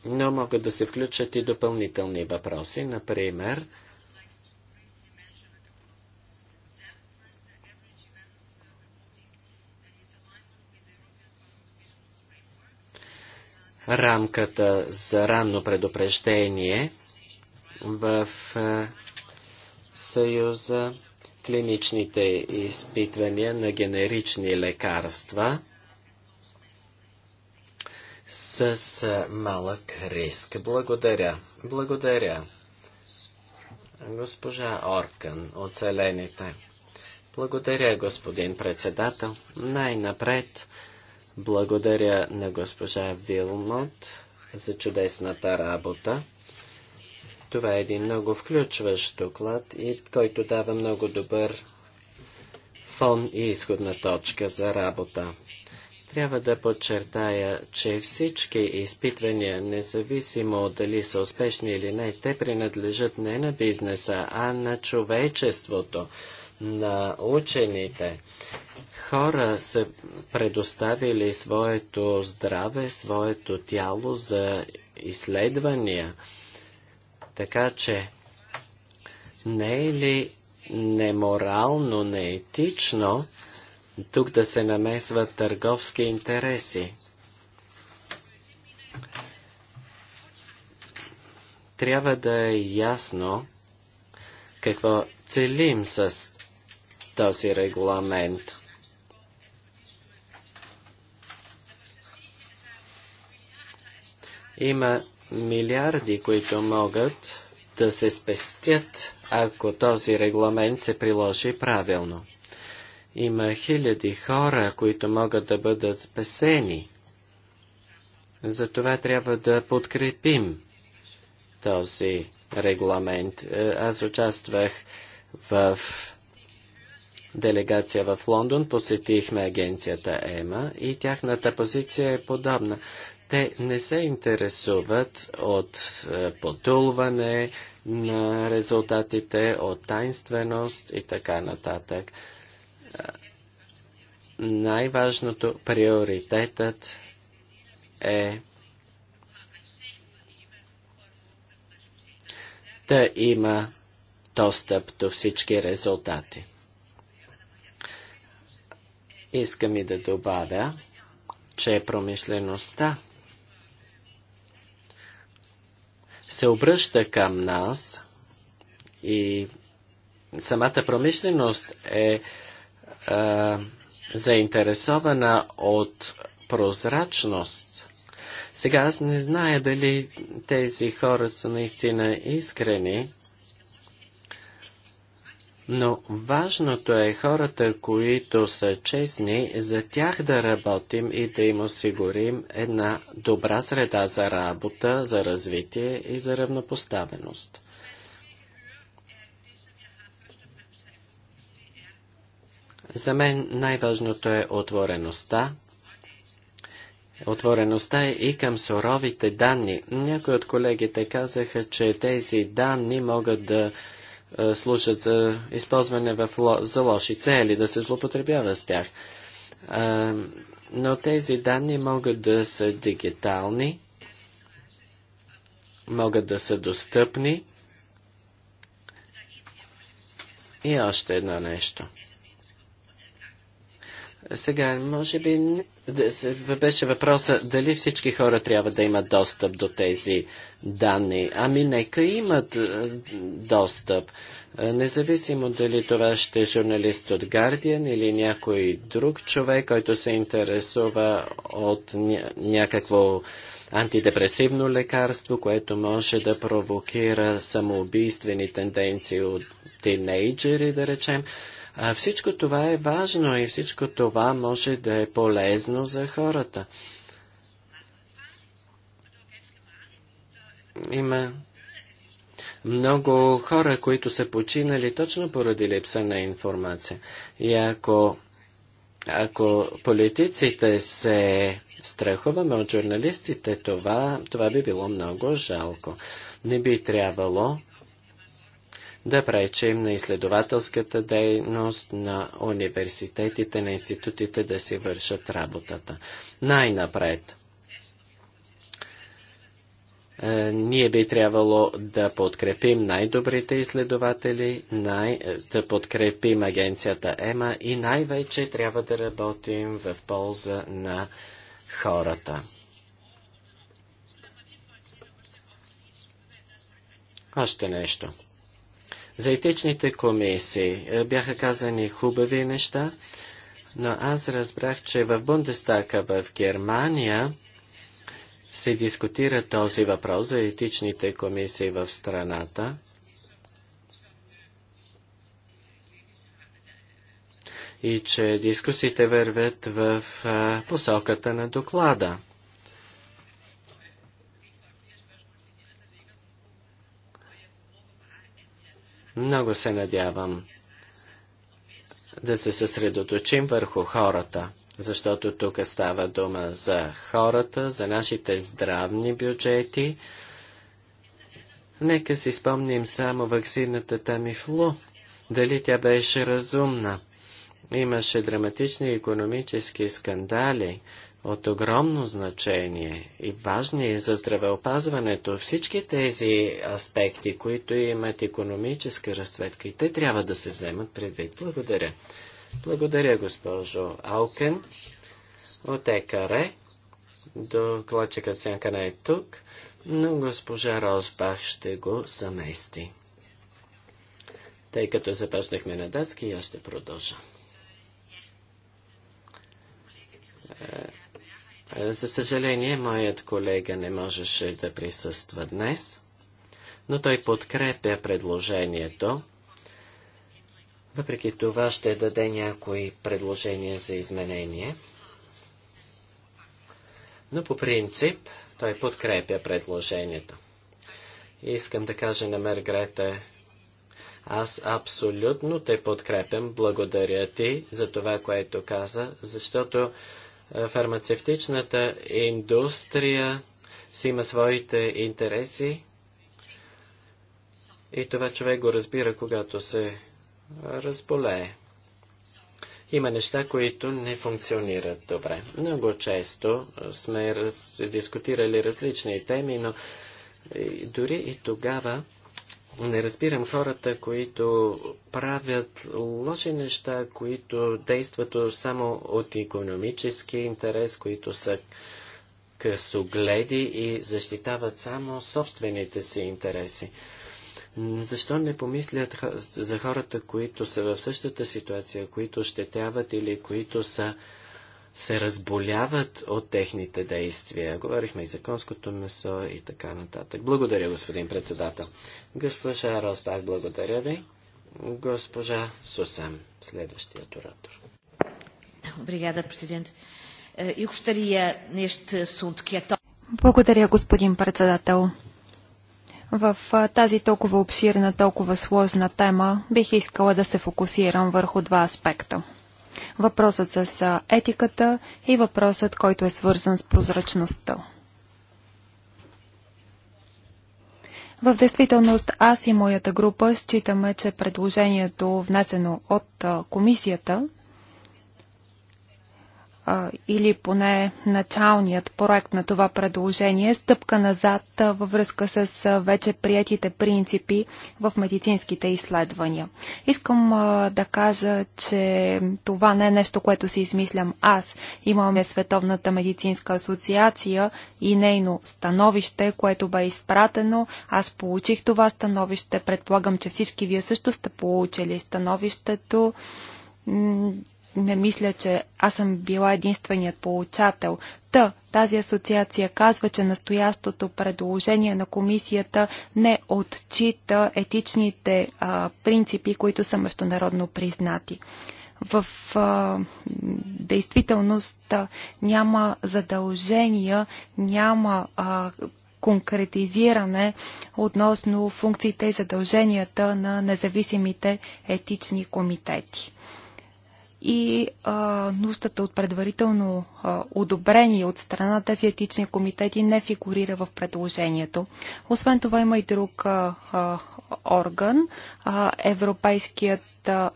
но могат да се включат и допълнителни въпроси, например, рамката за ранно предупреждение в съюза, клиничните изпитвания на генерични лекарства с малък риск. Благодаря. Благодаря. Госпожа Оркан, оцелените. Благодаря, господин председател. Най-напред благодаря на госпожа Вилмот за чудесната работа. Това е един много включващ доклад и който дава много добър фон и изходна точка за работа. Трябва да подчертая, че всички изпитвания, независимо дали са успешни или не, те принадлежат не на бизнеса, а на човечеството, на учените. Хора са предоставили своето здраве, своето тяло за изследвания – така че не е ли неморално, неетично е тук да се намесват търговски интереси? Трябва да е ясно какво целим с този регламент. Има милиарди, които могат да се спестят, ако този регламент се приложи правилно. Има хиляди хора, които могат да бъдат спасени. Затова трябва да подкрепим този регламент. Е, аз участвах в делегация в Лондон, посетихме агенцията ЕМА и тяхната позиция е подобна. Те не се интересуват от е, потулване на резултатите, от тайнственост и така нататък. Е, най-важното приоритетът е да има достъп до всички резултати. Искам и да добавя, че промишлеността се обръща към нас и самата промишленост е а, е, заинтересована от прозрачност. Сега аз не зная дали тези хора са наистина искрени но важното е хората, които са честни, за тях да работим и да им осигурим една добра среда за работа, за развитие и за равнопоставеност. За мен най-важното е отвореността. Отвореността е и към суровите данни. Някои от колегите казаха, че тези данни могат да е, служат за използване в, за лоши цели, да се злоупотребява с тях. А, е, но тези данни могат да са дигитални, могат да са достъпни. И още едно нещо. Сега, може би беше въпроса дали всички хора трябва да имат достъп до тези данни. Ами нека имат е, достъп. Е, независимо дали това ще е журналист от Guardian или някой друг човек, който се интересува от някакво антидепресивно лекарство, което може да провокира самоубийствени тенденции от тинейджери, да речем. Всичко това е важно и всичко това може да е полезно за хората. Има много хора, които са починали точно поради липса на информация. И ако, ако политиците се страхуваме от журналистите, това, това би било много жалко. Не би трябвало да пречим на изследователската дейност на университетите, на институтите да си вършат работата. Най-напред. Е, ние би трябвало да подкрепим най-добрите изследователи, най- е, да подкрепим агенцията ЕМА и най-вече трябва да работим в полза на хората. Още нещо – за етичните комисии е, бяха казани хубави неща, но аз разбрах, че в Бундестака в Германия се дискутира този въпрос за етичните комисии в страната. И че дискусиите вървят в е, посоката на доклада. Много се надявам да се съсредоточим върху хората, защото тук става дума за хората, за нашите здравни бюджети. Нека си спомним само вакцината Тамифлу. Дали тя беше разумна? Имаше драматични економически скандали от огромно значение и важни за здравеопазването. Всички тези аспекти, които имат економическа разцветка и те трябва да се вземат предвид. Благодаря. Благодаря, госпожо Алкен. От ЕКАРЕ до Клачека Сянка не е тук, но госпожа Розбах ще го замести. Тъй като започнахме на датски, аз ще продължа. Е, за съжаление, моят колега не можеше да присъства днес, но той подкрепя предложението. Въпреки това ще даде някои предложения за изменение. Но по принцип той подкрепя предложението. Искам да кажа на Мергрете, аз абсолютно те подкрепям. Благодаря ти за това, което каза, защото е, фармацевтичната индустрия си има своите интереси и това човек го разбира, когато се е, разболее. Има неща, които не функционират добре. Много често сме раз... дискутирали различни теми, но дори и тогава не разбирам хората, които правят лоши неща, които действат само от економически интерес, които са късогледи и защитават само собствените си интереси. Защо не помислят за хората, които са в същата ситуация, които щетяват или които са се разболяват от техните действия. Говорихме и за конското месо и така нататък. Благодаря, господин председател. Госпожа Росбах, благодаря ви. Госпожа Сусам, следващият оратор. Бригада, президент. Юхштария нещо neste Благодаря, господин председател. В е, тази толкова обширна, толкова сложна тема бих искала да се фокусирам върху два аспекта въпросът с етиката и въпросът, който е свързан с прозрачността. В действителност аз и моята група считаме, че предложението, внесено от комисията, или поне началният проект на това предложение, стъпка назад във връзка с вече приятите принципи в медицинските изследвания. Искам да кажа, че това не е нещо, което си измислям аз. Имаме Световната медицинска асоциация и нейно становище, което бе изпратено. Аз получих това становище. Предполагам, че всички вие също сте получили становището не мисля, че аз съм била единственият получател. Та, тази асоциация казва, че настоящото предложение на комисията не отчита етичните а, принципи, които са международно признати. В а, действителност а, няма задължения, няма а, конкретизиране относно функциите и задълженията на независимите етични комитети и а, нуждата от предварително а, одобрение от страна на тези етични комитети не фигурира в предложението. Освен това има и друг а, а, орган, а, Европейският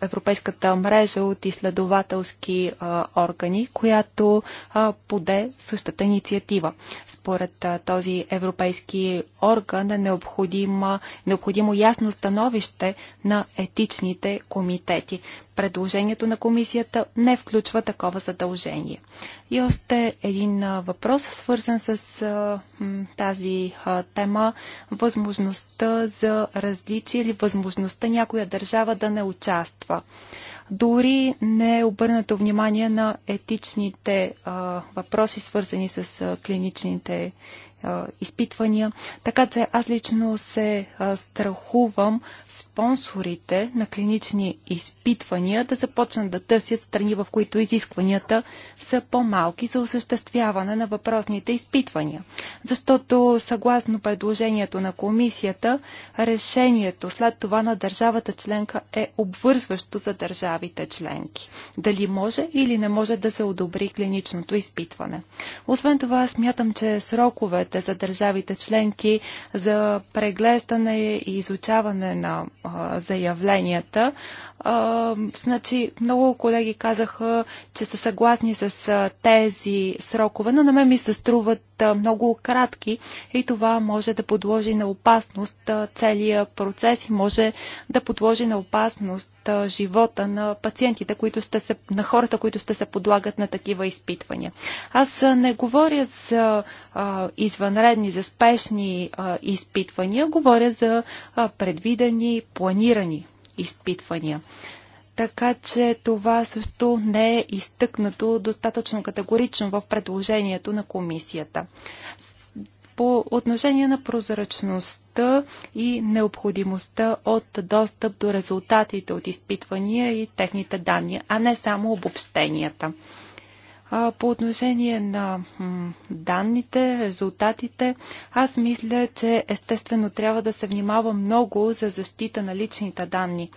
Европейската мрежа от изследователски а, органи, която а, поде същата инициатива. Според а, този европейски орган е необходимо, необходимо ясно становище на етичните комитети предложението на комисията не включва такова задължение. И още един въпрос, свързан с тази тема възможността за различие или възможността някоя държава да не участва. Дори не е обърнато внимание на етичните въпроси, свързани с клиничните изпитвания. Така че аз лично се страхувам спонсорите на клинични изпитвания да започнат да търсят страни, в които изискванията са по-малки за осъществяване на въпросните изпитвания. Защото съгласно предложението на комисията, решението след това на държавата членка е обвързващо за държавите членки. Дали може или не може да се одобри клиничното изпитване. Освен това, смятам, че срокове плановете за държавите членки за преглеждане и изучаване на а, заявленията. А, значи, много колеги казаха, че са съгласни с а, тези срокове, но на мен ми се струват много кратки и това може да подложи на опасност целия процес и може да подложи на опасност живота на пациентите, които сте се, на хората, които ще се подлагат на такива изпитвания. Аз не говоря за а, извънредни, за спешни а, изпитвания, говоря за а, предвидени, планирани изпитвания така че това също не е изтъкнато достатъчно категорично в предложението на комисията. По отношение на прозрачността и необходимостта от достъп до резултатите от изпитвания и техните данни, а не само обобщенията. По отношение на данните, резултатите, аз мисля, че естествено трябва да се внимава много за защита на личните данни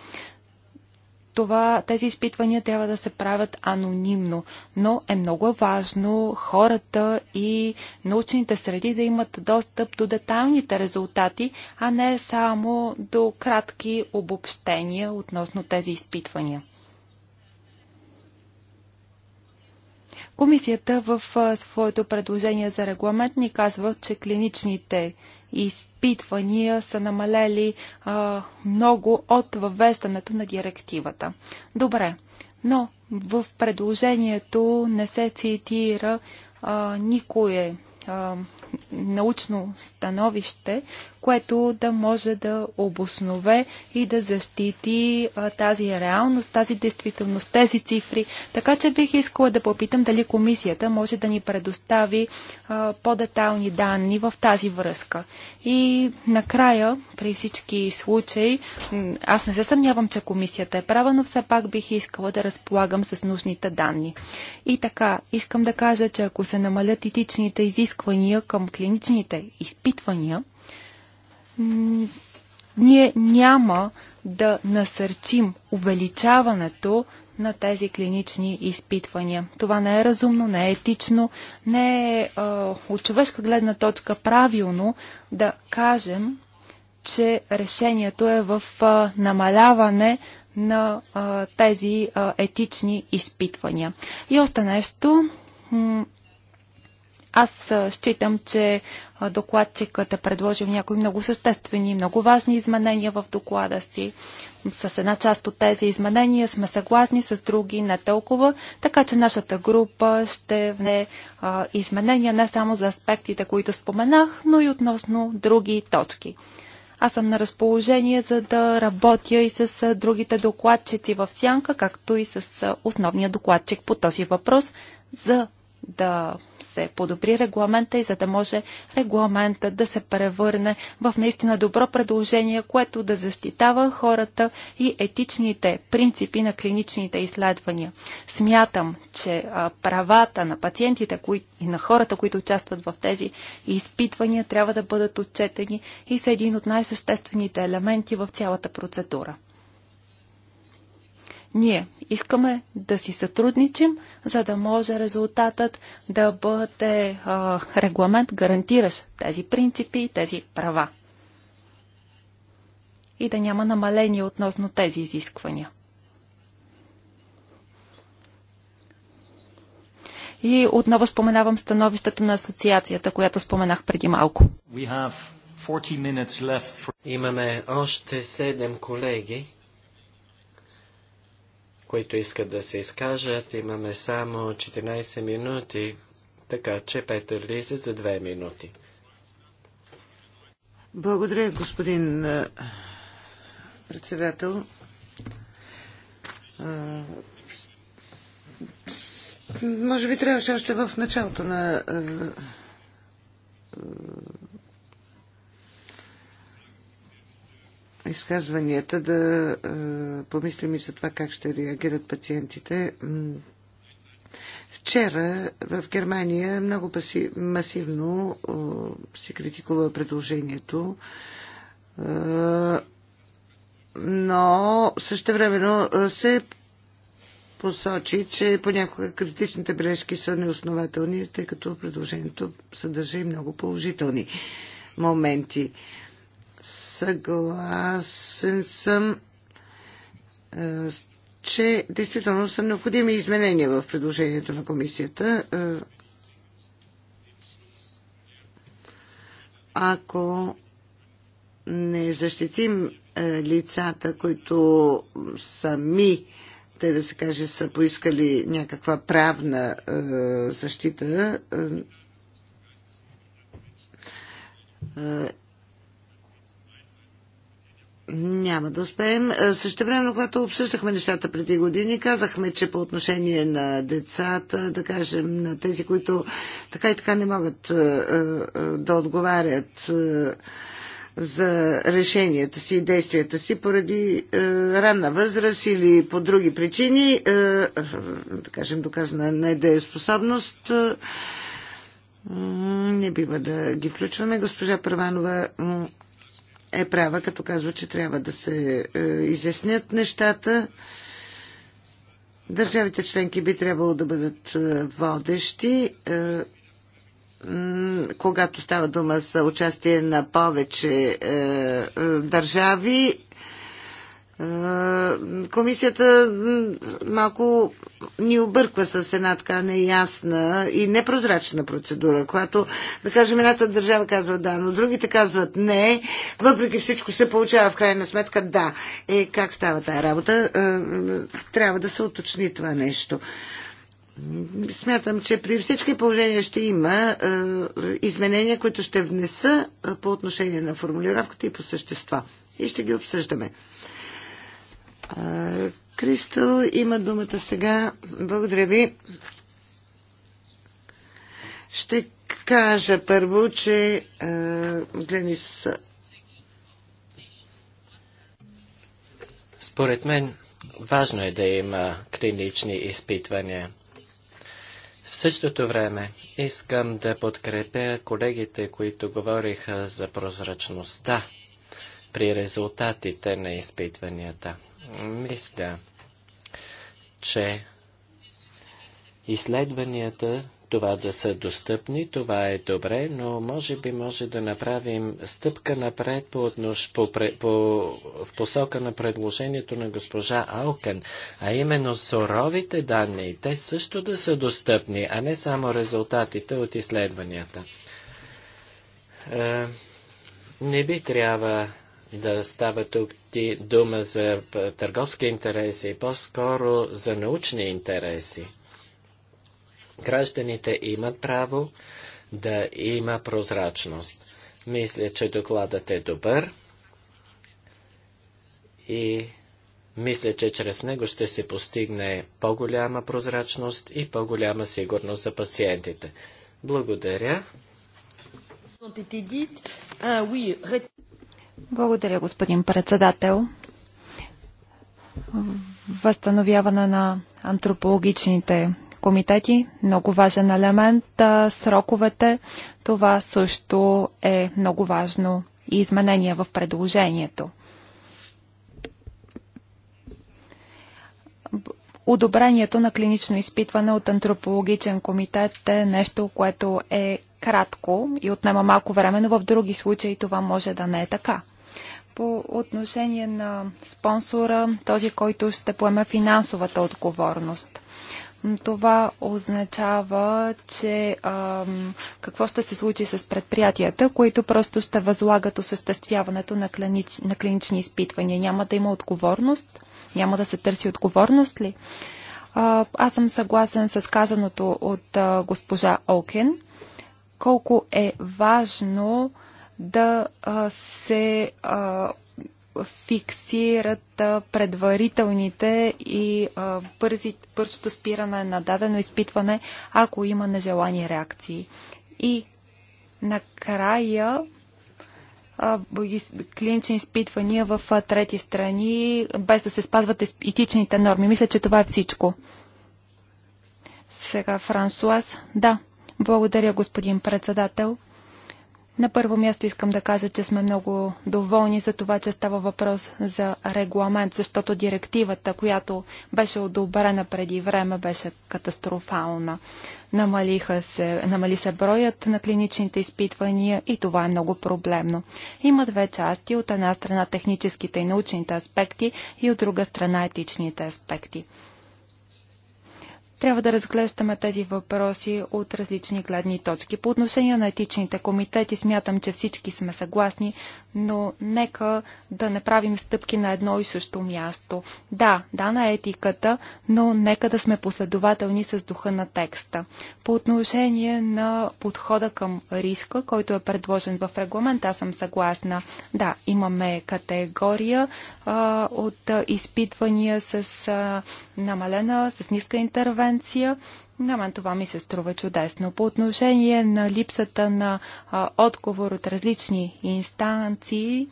това, тези изпитвания трябва да се правят анонимно, но е много важно хората и научните среди да имат достъп до детайлните резултати, а не само до кратки обобщения относно тези изпитвания. Комисията в своето предложение за регламент ни казва, че клиничните изпитвания са намалели а, много от въвеждането на директивата. Добре, но в предложението не се цитира а, никое а, научно становище, което да може да обоснове и да защити а, тази реалност, тази действителност, тези цифри. Така че бих искала да попитам дали комисията може да ни предостави по-детални данни в тази връзка. И накрая, при всички случаи, аз не се съмнявам, че комисията е права, но все пак бих искала да разполагам с нужните данни. И така, искам да кажа, че ако се намалят етичните изисквания към клиничните изпитвания, ние няма да насърчим увеличаването на тези клинични изпитвания. Това не е разумно, не е етично, не е, е от човешка гледна точка правилно да кажем, че решението е в е, намаляване на е, тези е, етични изпитвания. И още нещо. Аз считам, че докладчикът е предложил някои много съществени, много важни изменения в доклада си. С една част от тези изменения сме съгласни, с други не толкова, така че нашата група ще вне а, изменения не само за аспектите, които споменах, но и относно други точки. Аз съм на разположение, за да работя и с другите докладчици в сянка, както и с основния докладчик по този въпрос, за да се подобри регламента и за да може регламента да се превърне в наистина добро предложение, което да защитава хората и етичните принципи на клиничните изследвания. Смятам, че правата на пациентите и на хората, които участват в тези изпитвания, трябва да бъдат отчетени и са един от най-съществените елементи в цялата процедура. Ние искаме да си сътрудничим, за да може резултатът да бъде а, регламент, гарантиращ тези принципи и тези права. И да няма намаление относно тези изисквания. И отново споменавам становището на асоциацията, която споменах преди малко. For... Имаме още 7 колеги които искат да се изкажат. Имаме само 14 минути, така че Петър Лизе за 2 минути. Благодаря, господин председател. Може би трябваше още в началото на изказванията да помислим и за това как ще реагират пациентите. Вчера в Германия много масивно се критикува предложението, но същевременно се посочи, че понякога критичните бележки са неоснователни, тъй като предложението съдържа и много положителни моменти. Съгласен съм, е, че действително са необходими изменения в предложението на комисията. Е, ако не защитим е, лицата, които сами, те да се каже, са поискали някаква правна защита, няма да успеем. Е, Също време, когато обсъждахме нещата преди години, казахме, че по отношение на децата, да кажем, на тези, които така и така не могат е, е, да отговарят за решенията си и действията си поради е, ранна възраст или по други причини, е, да кажем, доказана недееспособност, е, не бива да ги включваме. Госпожа Първанова е права, като казва, че трябва да се е, изяснят нещата. Държавите членки би трябвало да бъдат е, водещи, е, когато става дума за участие на повече държави Комисията малко ни обърква с една така неясна и непрозрачна процедура, която, да кажем, едната държава казва да, но другите казват не. Въпреки всичко се получава в крайна сметка да. Е, как става тази работа? Трябва да се уточни това нещо. Смятам, че при всички положения ще има изменения, които ще внеса по отношение на формулировката и по същества. И ще ги обсъждаме. Кристо има думата сега. Благодаря ви. Ще кажа първо, че гледни с. Според мен важно е да има клинични изпитвания. В същото време искам да подкрепя колегите, които говориха за прозрачността при резултатите на изпитванията. Мисля, че изследванията това да са достъпни, това е добре, но може би може да направим стъпка напред по, отнош, по, по, в посока на предложението на госпожа Алкен, а именно суровите данни, те също да са достъпни, а не само резултатите от изследванията. Е, не би трябва да става тук дума за търговски интереси, по-скоро за научни интереси. Гражданите имат право да има прозрачност. Мисля, че докладът е добър и мисля, че чрез него ще се постигне по-голяма прозрачност и по-голяма сигурност за пациентите. Благодаря. Благодаря, господин председател. Възстановяване на антропологичните комитети, много важен елемент. Сроковете, това също е много важно и изменение в предложението. Удобрението на клинично изпитване от антропологичен комитет е нещо, което е кратко и отнема малко време, но в други случаи това може да не е така по отношение на спонсора, този, който ще поеме финансовата отговорност. Това означава, че а, какво ще се случи с предприятията, които просто ще възлагат осъществяването на, клинич, на клинични изпитвания. Няма да има отговорност? Няма да се търси отговорност ли? А, аз съм съгласен с казаното от а, госпожа Окен. Колко е важно да се фиксират предварителните и бързи, бързото спиране на дадено изпитване, ако има нежелани реакции. И накрая клинични изпитвания в трети страни, без да се спазват етичните норми. Мисля, че това е всичко. Сега Франсуаз. Да, благодаря, господин председател. На първо място искам да кажа, че сме много доволни за това, че става въпрос за регламент, защото директивата, която беше одобрена преди време, беше катастрофална. Намалиха се, намали се броят на клиничните изпитвания и това е много проблемно. Има две части, от една страна техническите и научните аспекти и от друга страна етичните аспекти. Трябва да разглеждаме тези въпроси от различни гледни точки. По отношение на етичните комитети смятам, че всички сме съгласни, но нека да не правим стъпки на едно и също място. Да, да на етиката, но нека да сме последователни с духа на текста. По отношение на подхода към риска, който е предложен в регламент, аз съм съгласна. Да, имаме категория а, от а, изпитвания с а, намалена, с ниска интервенция, превенция. На мен това ми се струва чудесно. По отношение на липсата на а, отговор от различни инстанции,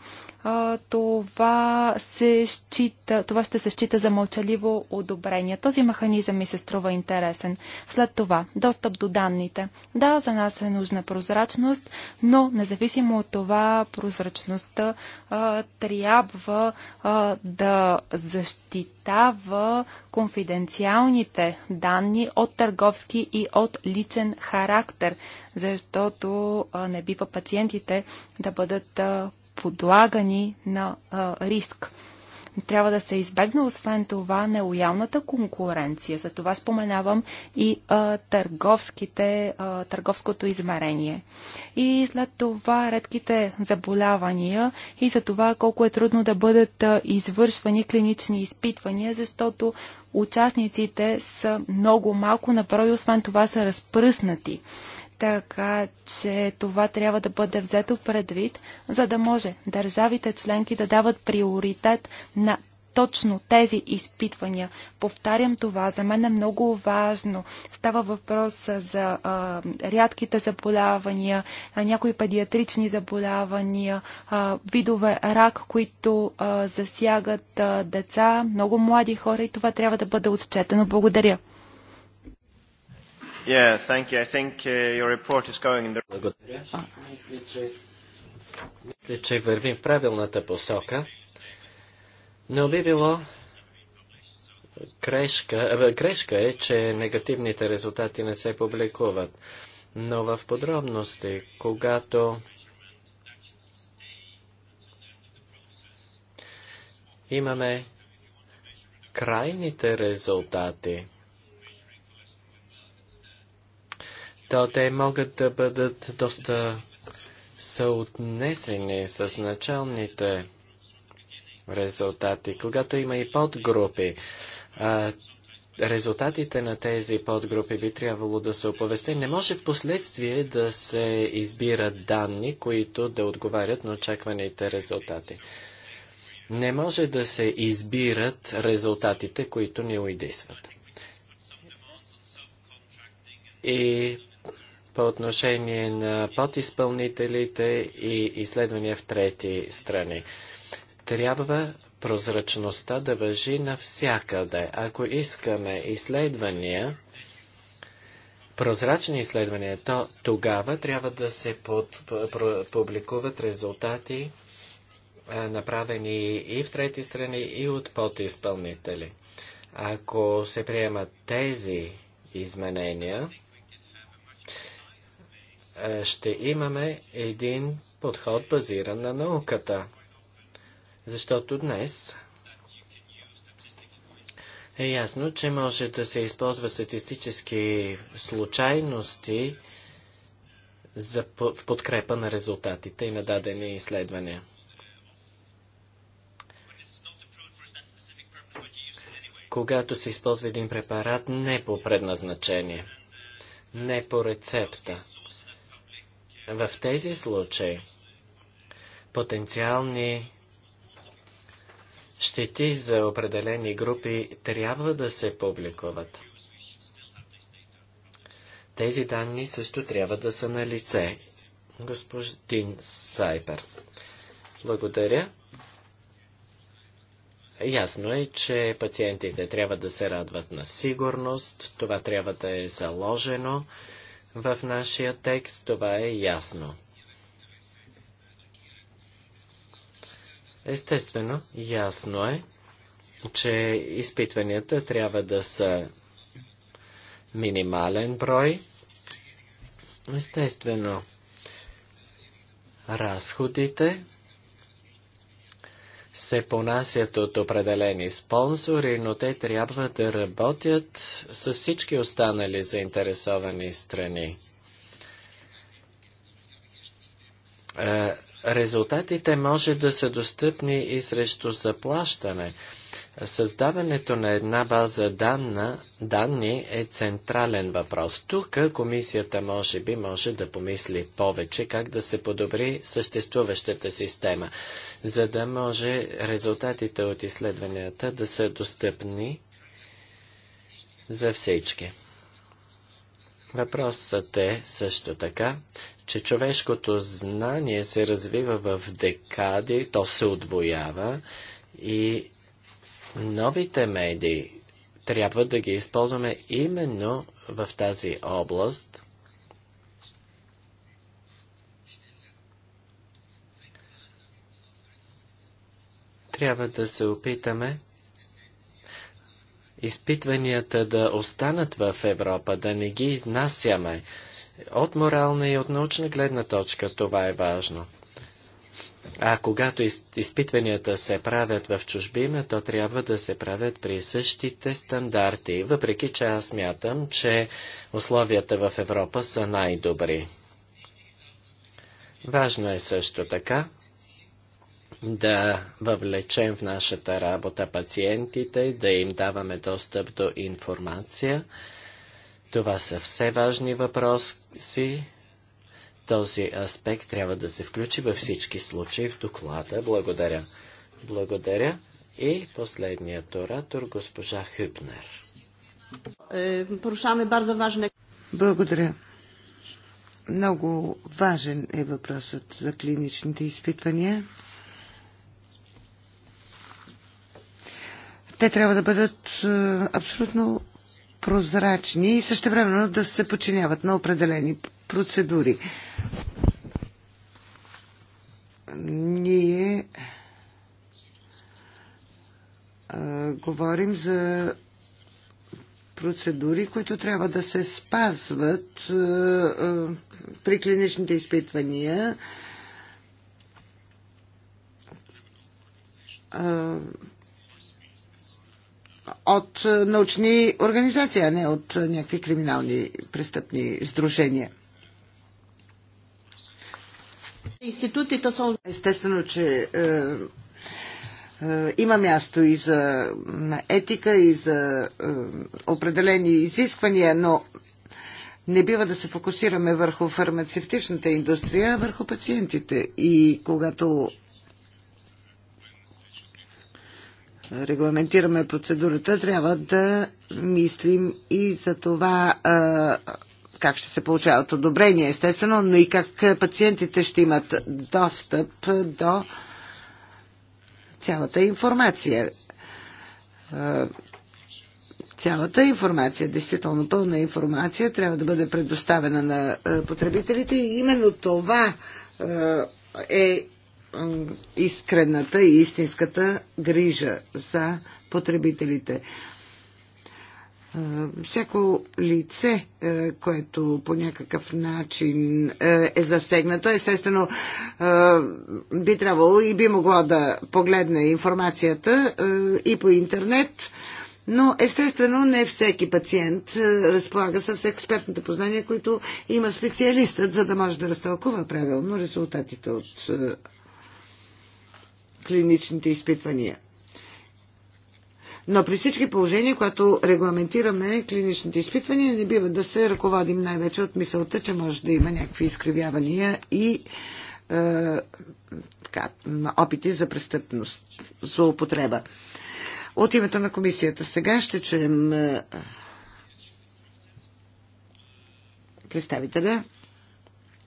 това, се счита, това ще се счита за мълчаливо одобрение. Този механизъм ми се струва интересен. След това, достъп до данните. Да, за нас е нужна прозрачност, но независимо от това, прозрачността а, трябва а, да защитава конфиденциалните данни от търговски и от личен характер, защото а, не бива пациентите да бъдат а, подлагани на а, риск. Трябва да се избегне, освен това, нелоялната конкуренция. За това споменавам и а, търговските, а, търговското измерение. И след това редките заболявания и за това колко е трудно да бъдат а, извършвани клинични изпитвания, защото участниците са много малко на брой, освен това са разпръснати. Така че това трябва да бъде взето предвид, за да може държавите членки да дават приоритет на точно тези изпитвания. Повтарям това, за мен е много важно. Става въпрос за а, рядките заболявания, а, някои педиатрични заболявания, а, видове рак, които а, засягат а, деца, много млади хора и това трябва да бъде отчетено. Благодаря. Yeah, thank you. I think uh, your report is going in the... Мисля, че, мисля, че вървим в правилната посока, но би било грешка, грешка е, че негативните резултати не се публикуват. Но в подробности, когато имаме крайните резултати, то те могат да бъдат доста съотнесени с началните резултати. Когато има и подгрупи, а, резултатите на тези подгрупи би трябвало да се оповести. Не може в последствие да се избират данни, които да отговарят на очакваните резултати. Не може да се избират резултатите, които ни уйдисват. И по отношение на подизпълнителите и изследвания в трети страни. Трябва прозрачността да въжи навсякъде. Ако искаме изследвания, прозрачни изследвания, то тогава трябва да се под, публикуват резултати, направени и в трети страни, и от подизпълнители. Ако се приемат тези изменения, е, ще имаме един подход базиран на науката. Защото днес е ясно, че може да се използва статистически случайности за, в подкрепа на резултатите и на дадени изследвания. Когато се използва един препарат не по предназначение, не по рецепта, в тези случаи потенциални щети за определени групи трябва да се публикуват. Тези данни също трябва да са на лице. Господин Сайпер, Благодаря. Ясно е, че пациентите трябва да се радват на сигурност. Това трябва да е заложено в нашия текст, това е ясно. Естествено, ясно е, че изпитванията трябва да са минимален брой. Естествено, разходите се понасят от определени спонсори, но те трябва да работят с всички останали заинтересовани страни. Е, резултатите може да са достъпни и срещу заплащане. Създаването на една база данна, данни е централен въпрос. Тук комисията може би може да помисли повече как да се подобри съществуващата система, за да може резултатите от изследванията да са достъпни за всички. Въпросът е също така, че човешкото знание се развива в декади, то се отвоява и новите медии трябва да ги използваме именно в тази област. Трябва да се опитаме изпитванията да останат в Европа, да не ги изнасяме. От морална и от научна гледна точка това е важно. А когато из, изпитванията се правят в чужбина, то трябва да се правят при същите стандарти, въпреки че аз мятам, че условията в Европа са най-добри. Важно е също така да въвлечем в нашата работа пациентите, да им даваме достъп до информация. Това са все важни въпроси, този аспект трябва да се включи във всички случаи в доклада. Благодаря. Благодаря. И последният оратор, госпожа Хюпнер. Е, порушаваме бързо важне. Благодаря. Много важен е въпросът за клиничните изпитвания. Те трябва да бъдат е, абсолютно прозрачни и същевременно да се подчиняват на определени процедури ние а, говорим за процедури, които трябва да се спазват а, а, при клиничните изпитвания. А, от научни организации, а не от някакви криминални престъпни сдружения са... Естествено, че е, е, има място и за етика, и за е, определени изисквания, но не бива да се фокусираме върху фармацевтичната индустрия, а върху пациентите. И когато регламентираме процедурата, трябва да мислим и за това как ще се получават одобрения, естествено, но и как пациентите ще имат достъп до цялата информация. Е, цялата информация, действително пълна информация, трябва да бъде предоставена на е, потребителите и именно това е, е искрената и истинската грижа за потребителите всяко лице, което по някакъв начин е засегнато, естествено би трябвало и би могло да погледне информацията и по интернет, но естествено не всеки пациент разполага с експертните познания, които има специалистът, за да може да разтълкува правилно резултатите от клиничните изпитвания. Но при всички положения, когато регламентираме клиничните изпитвания, не бива да се ръководим най-вече от мисълта, че може да има някакви изкривявания и е, така, опити за престъпност, за употреба. От името на комисията сега ще чуем е, представителя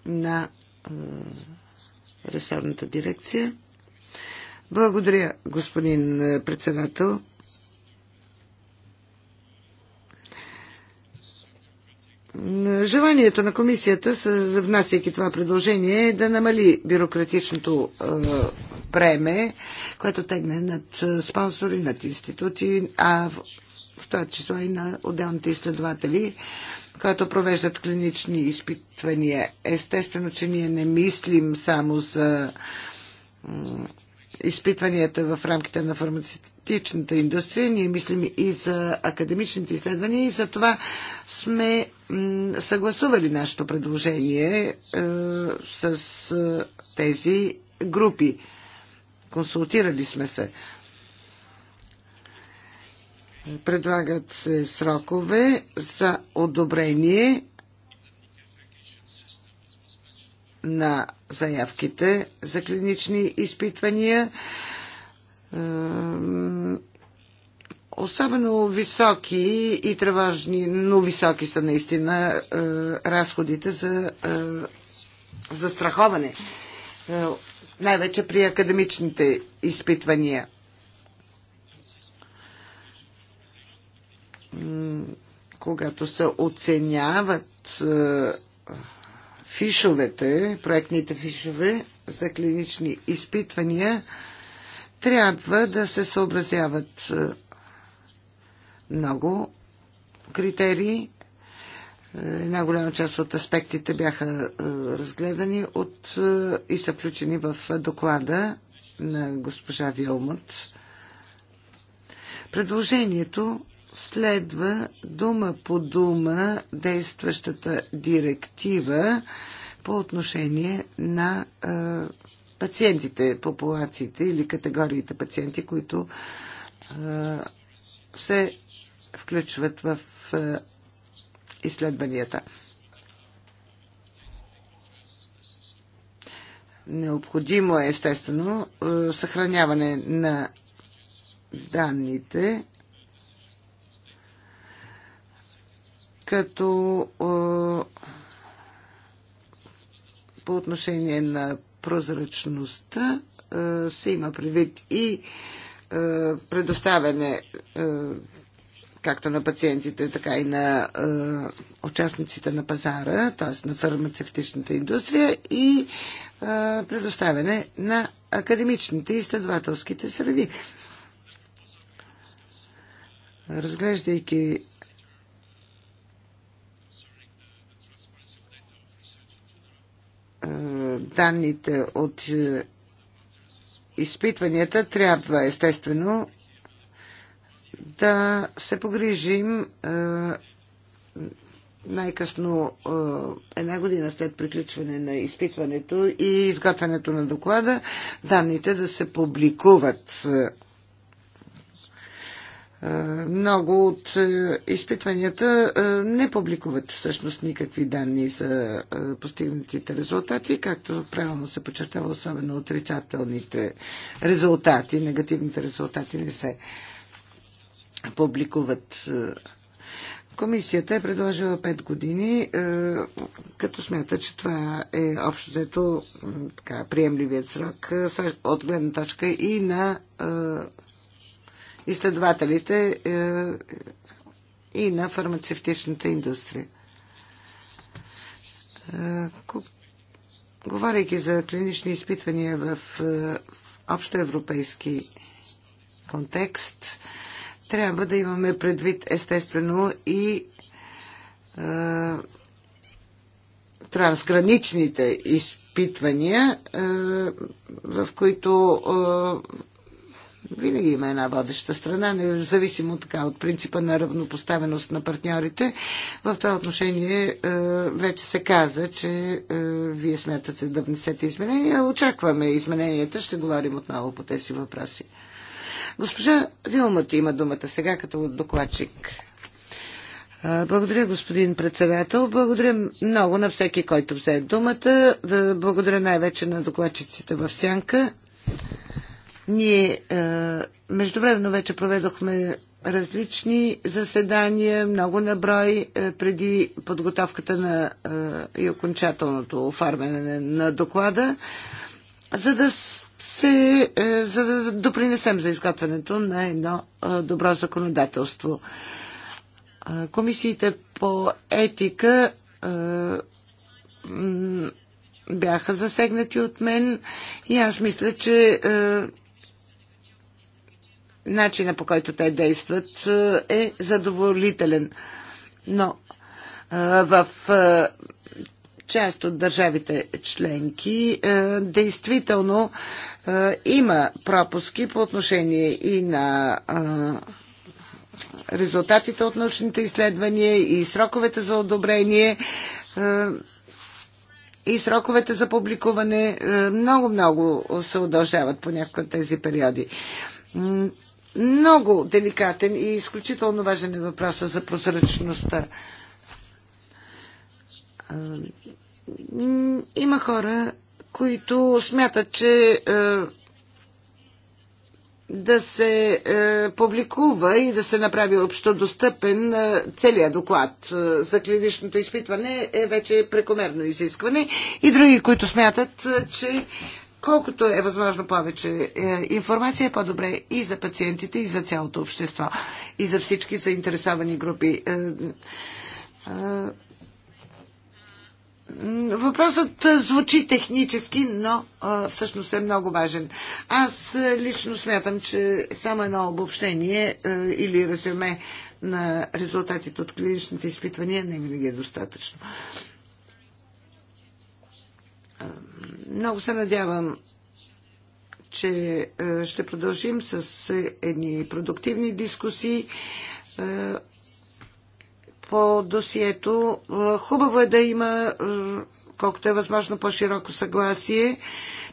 на е, ресорната дирекция. Благодаря, господин председател. Желанието на комисията, внасяйки това предложение, е да намали бюрократичното е, преме, което тегне над е, спонсори, над институти, а в, в това число и на отделните изследователи, които провеждат клинични изпитвания. Естествено, че ние не мислим само за изпитванията в рамките на фармацевтичната индустрия. Ние мислим и за академичните изследвания и за това сме съгласували нашето предложение е, с е, тези групи. Консултирали сме се. Предлагат се срокове за одобрение на заявките за клинични изпитвания. Особено високи и тревожни, но високи са наистина е, разходите за е, застраховане. Е, най-вече при академичните изпитвания. Когато се оценяват фишовете, проектните фишове за клинични изпитвания трябва да се съобразяват е, много критерии. Е, една голяма част от аспектите бяха е, разгледани от, и са включени в доклада на госпожа Вилмът. Предложението следва дума по дума действащата директива по отношение на е, пациентите, популациите или категориите пациенти, които е, се включват в е, изследванията. Необходимо е, естествено, съхраняване на данните като по отношение на прозрачността се има предвид и предоставяне както на пациентите, така и на е, участниците на пазара, т.е. на фармацевтичната индустрия и е, предоставяне на академичните и изследователските среди. Разглеждайки данните от е, изпитванията трябва естествено да се погрижим е, най-късно е, една година след приключване на изпитването и изготвянето на доклада, данните да се публикуват е, много от е, изпитванията е, не публикуват всъщност никакви данни за постигнатите резултати, както правилно се подчертава, особено отрицателните резултати, негативните резултати не се публикуват. Комисията е предложила 5 години, като смята, че това е общо взето приемливият срок от гледна точка и на изследователите е, и на фармацевтичната индустрия. Е, говорейки за клинични изпитвания е, в общоевропейски контекст, трябва да имаме предвид естествено и трансграничните изпитвания, в които винаги има една водеща страна, независимо така от принципа на равнопоставеност на партньорите. В това отношение е, вече се каза, че е, вие смятате да внесете изменения. Очакваме измененията. Ще говорим отново по тези въпроси. Госпожа Вилмът има думата сега като докладчик. Благодаря, господин председател. Благодаря много на всеки, който взе думата. Благодаря най-вече на докладчиците в Сянка. Ние е, междувременно вече проведохме различни заседания, много наброй е, преди подготовката на е, и окончателното оформяне на доклада, за да се, за да допринесем за изготвянето на едно добро законодателство. Комисиите по етика бяха засегнати от мен и аз мисля, че начина по който те действат е задоволителен. Но в част от държавите членки действително има пропуски по отношение и на резултатите от научните изследвания и сроковете за одобрение и сроковете за публикуване много-много се удължават по понякога тези периоди. Много деликатен и изключително важен е въпроса за прозрачността. Има хора, които смятат, че е, да се е, публикува и да се направи общо достъпен е, целият доклад за клиничното изпитване е вече прекомерно изискване и други, които смятат, че колкото е възможно повече е, информация, е по-добре и за пациентите, и за цялото общество, и за всички заинтересовани групи. Е, е, въпросът звучи технически, но а, всъщност е много важен. Аз лично смятам, че само едно обобщение а, или резюме на резултатите от клиничните изпитвания не винаги е достатъчно. Много се надявам, че е, ще продължим с е, едни продуктивни дискусии е, по досието. Хубаво е да има колкото е възможно по-широко съгласие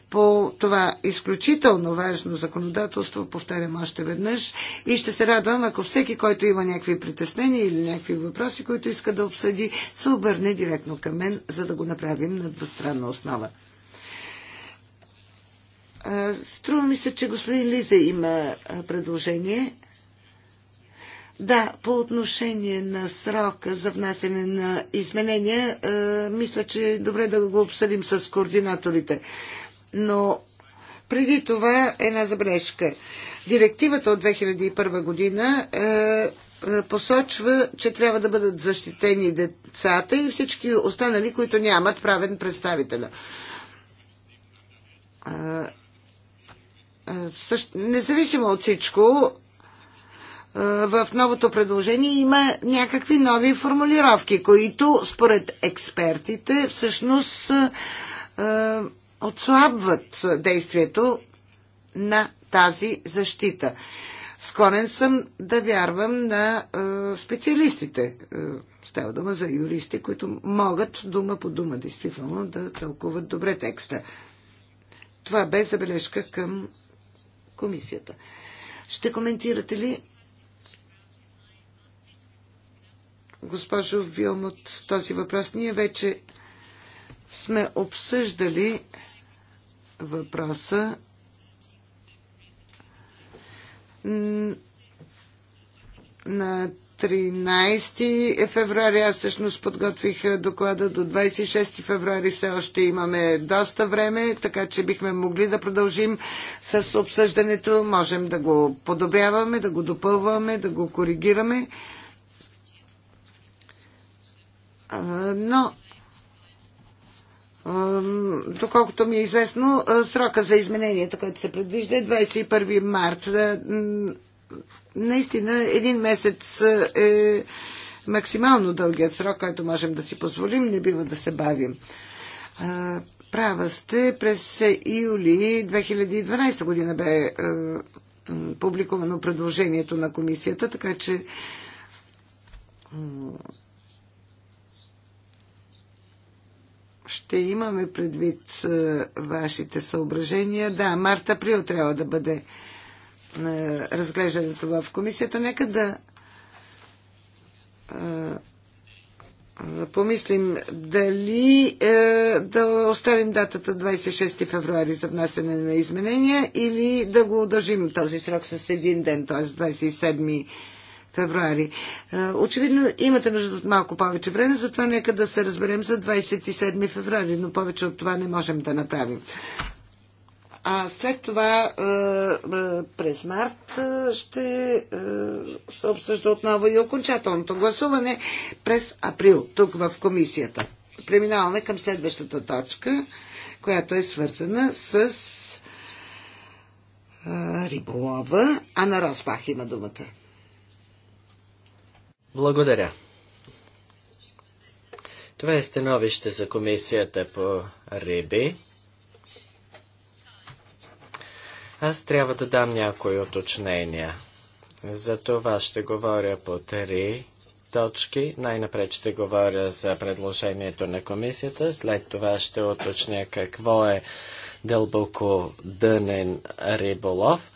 по това изключително важно законодателство, повтарям още веднъж, и ще се радвам, ако всеки, който има някакви притеснения или някакви въпроси, които иска да обсъди, се обърне директно към мен, за да го направим на двустранна основа. Струва ми се, че господин Лиза има предложение. Да, по отношение на срока за внасене на изменения, мисля, че е добре да го обсъдим с координаторите. Но преди това една забележка. Директивата от 2001 година посочва, че трябва да бъдат защитени децата и всички останали, които нямат правен представителя. Е, също, независимо от всичко, е, в новото предложение има някакви нови формулировки, които според експертите всъщност е, отслабват действието на тази защита. Склонен съм да вярвам на специалистите. Става дума за юристи, които могат дума по дума действително да тълкуват добре текста. Това бе забележка към комисията. Ще коментирате ли госпожо от този въпрос? Ние вече сме обсъждали въпроса на 13 февруари. Аз всъщност подготвих е, доклада до 26 февруари. Все още имаме доста време, така че бихме могли да продължим с обсъждането. Можем да го подобряваме, да го допълваме, да го коригираме. Но Доколкото ми е известно, срока за измененията, което се предвижда е 21 март наистина един месец е максимално дългият срок, който можем да си позволим. Не бива да се бавим. Права сте, през юли 2012 година бе публикувано предложението на комисията, така че ще имаме предвид вашите съображения. Да, март-април трябва да бъде разглеждането в комисията, нека да помислим дали да оставим датата 26 февруари за внасяне на изменения или да го удължим този срок с един ден, т.е. 27 февруари. очевидно имате нужда от малко повече време, затова нека да се разберем за 27 февруари, но повече от това не можем да направим. А след това е, е, през март е, ще се обсъжда отново и окончателното гласуване през април тук в комисията. Преминаваме към следващата точка, която е свързана с риболова. Ана Роспах има думата. Благодаря. Това е становище за комисията по риби. Аз трябва да дам някои уточнения. За това ще говоря по три точки. Най-напред ще говоря за предложението на комисията, след това ще уточня какво е дълбоко дънен риболов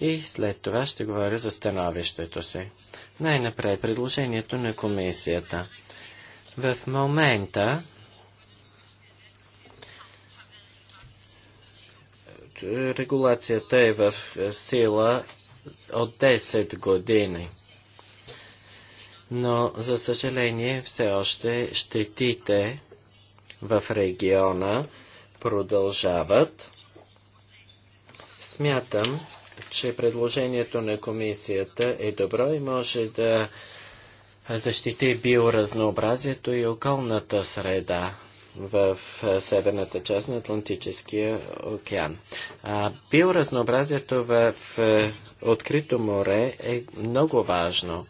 и след това ще говоря за становището си. Най-напред предложението на комисията. В момента регулацията е в сила от 10 години. Но, за съжаление, все още щетите в региона продължават. Смятам, че предложението на комисията е добро и може да защити биоразнообразието и околната среда в северната част на Атлантическия океан. А, биоразнообразието в открито море е много важно.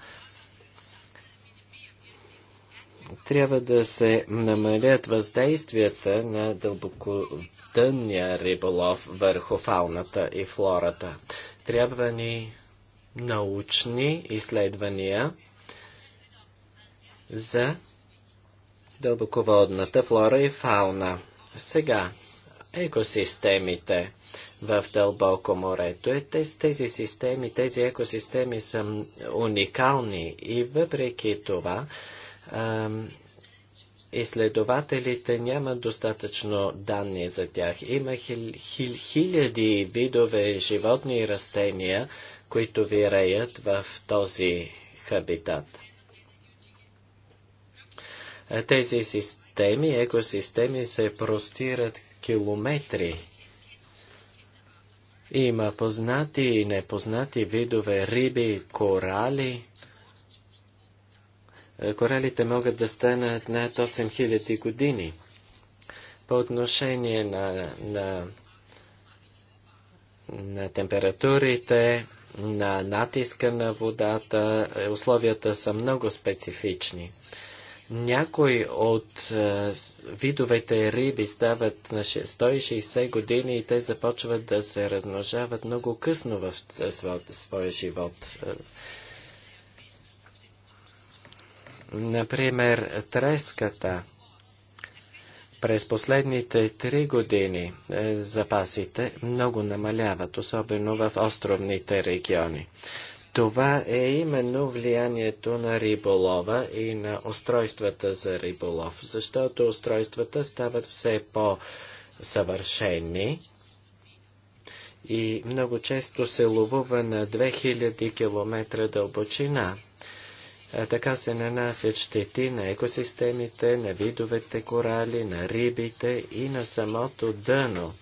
Трябва да се намалят въздействията на дълбокодънния риболов върху фауната и флората. Трябва ни научни изследвания за дълбоководната флора и фауна. Сега, екосистемите в дълбоко морето. Е, тези системи, тези екосистеми са уникални и въпреки това а, изследователите нямат достатъчно данни за тях. Има хил, хил, хиляди видове животни и растения, които виреят в този хабитат. Е, тези системи, екосистеми се простират километри. Има познати и непознати видове риби, корали. Е, коралите могат да станат над 8000 години. По отношение на, на, на температурите, на натиска на водата, е, условията са много специфични. Някои от е, видовете риби стават на 160 години и те започват да се размножават много късно в е, своя, живот. Е. Например, треската. През последните три години е, запасите много намаляват, особено в островните региони. Това е именно влиянието на риболова и на устройствата за риболов, защото устройствата стават все по-съвършени и много често се ловува на 2000 км дълбочина. А така се нанасят щети на екосистемите, на видовете корали, на рибите и на самото дъно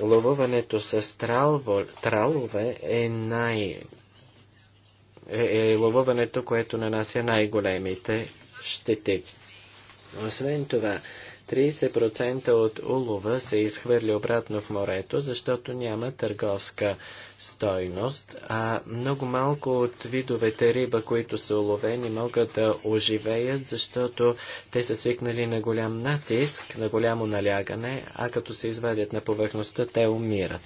ловуването с тралове е най... Е, е ловуването, което нанася най-големите щети. Освен това, 30% от улова се изхвърли обратно в морето, защото няма търговска стойност, а много малко от видовете риба, които са уловени, могат да оживеят, защото те са свикнали на голям натиск, на голямо налягане, а като се извадят на повърхността, те умират.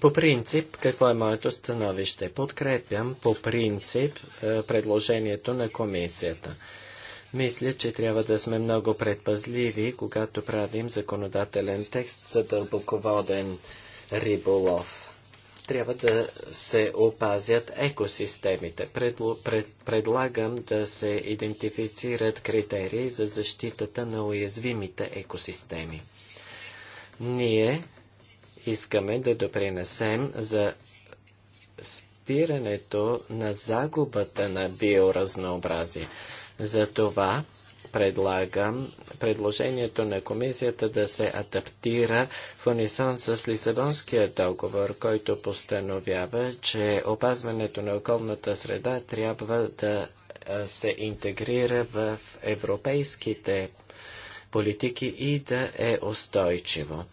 По принцип, какво е моето становище? Подкрепям по принцип е, предложението на комисията. Мисля, че трябва да сме много предпазливи, когато правим законодателен текст за дълбоководен риболов. Трябва да се опазят екосистемите. Предло, пред, предлагам да се идентифицират критерии за защитата на уязвимите екосистеми. Ние искаме да допринесем за спирането на загубата на биоразнообразие. Затова предлагам предложението на комисията да се адаптира в унисон с Лисабонския договор, който постановява, че опазването на околната среда трябва да се интегрира в европейските политики и да е устойчиво.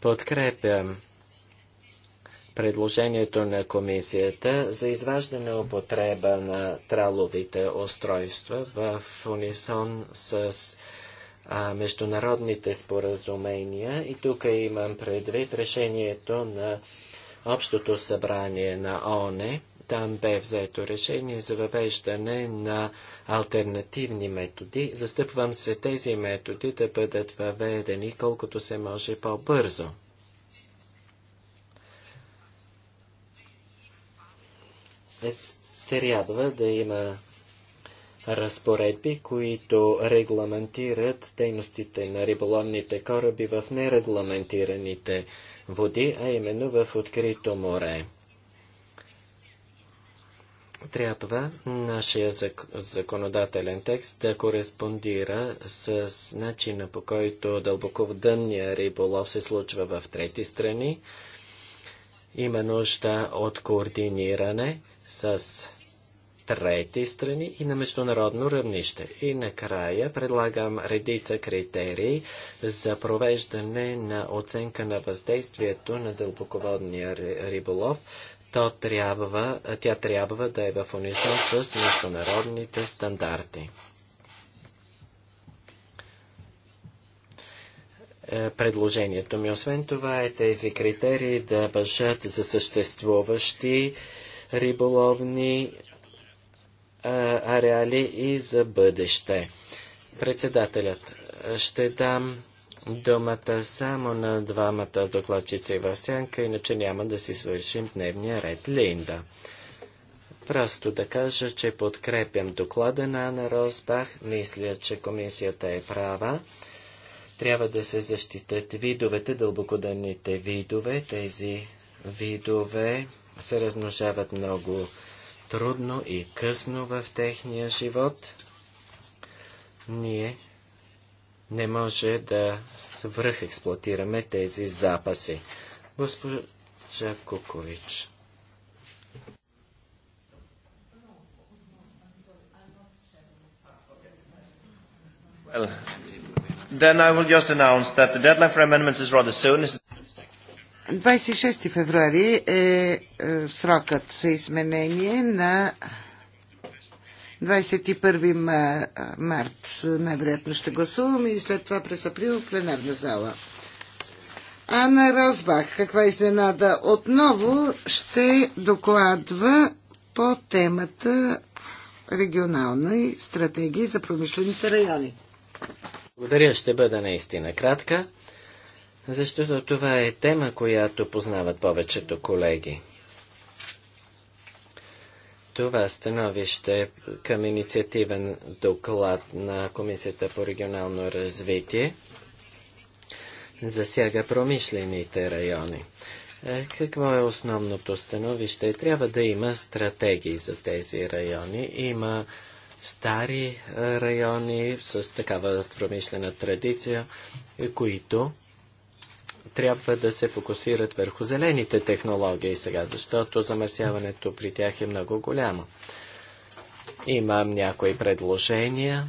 Подкрепям предложението на комисията за изваждане употреба на траловите устройства в унисон с а, международните споразумения. И тук имам предвид решението на Общото събрание на ОНЕ. Там бе взето решение за въвеждане на альтернативни методи. Застъпвам се тези методи да бъдат въведени колкото се може по-бързо. е, трябва да има разпоредби, които регламентират дейностите на риболовните кораби в нерегламентираните води, а именно в открито море. Трябва нашия законодателен текст да кореспондира с начина по който дълбоководънния риболов се случва в трети страни. Има нужда от координиране с трети страни и на международно равнище. И накрая предлагам редица критерии за провеждане на оценка на въздействието на дълбоководния риболов. То трябва, тя трябва да е в унисон с международните стандарти. Е, предложението ми, освен това, е тези критерии да въжат за съществуващи риболовни ареали и за бъдеще. Председателят, ще дам думата само на двамата докладчици в сянка, иначе няма да си свършим дневния ред. Линда. Просто да кажа, че подкрепям доклада на Ана Росбах. Мисля, че комисията е права. Трябва да се защитат видовете, дълбокоданните видове. Тези видове се размножават много трудно и късно в техния живот. Ние не може да свръхексплуатираме тези запаси. Госпожа Кукович. Well, then I will just announce that the deadline for amendments is rather soon. 26 февруари е, е срокът за изменение на 21 март най-вероятно ще гласуваме и след това през април в пленарна зала. Ана Розбах, каква изненада, отново ще докладва по темата регионална и стратегии за промишлените райони. Благодаря, ще бъда наистина кратка защото това е тема, която познават повечето колеги. Това становище е към инициативен доклад на Комисията по регионално развитие засяга промишлените райони. Е, какво е основното становище? Трябва да има стратегии за тези райони. Има стари е, райони с такава промишлена традиция, които трябва да се фокусират върху зелените технологии сега, защото замърсяването при тях е много голямо. Имам някои предложения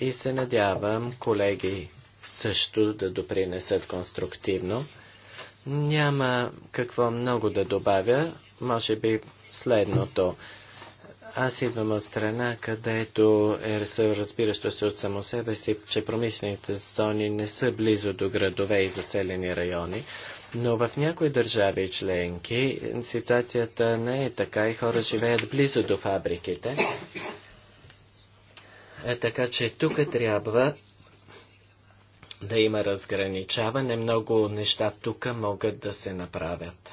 и се надявам колеги също да допринесат конструктивно. Няма какво много да добавя, може би следното. Аз идвам от страна, където е разбиращо се от само себе си, че промишлените зони не са близо до градове и заселени райони, но в някои държави членки ситуацията не е така и хора живеят близо до фабриките. Е, така че тук трябва да има разграничаване. Много неща тук могат да се направят.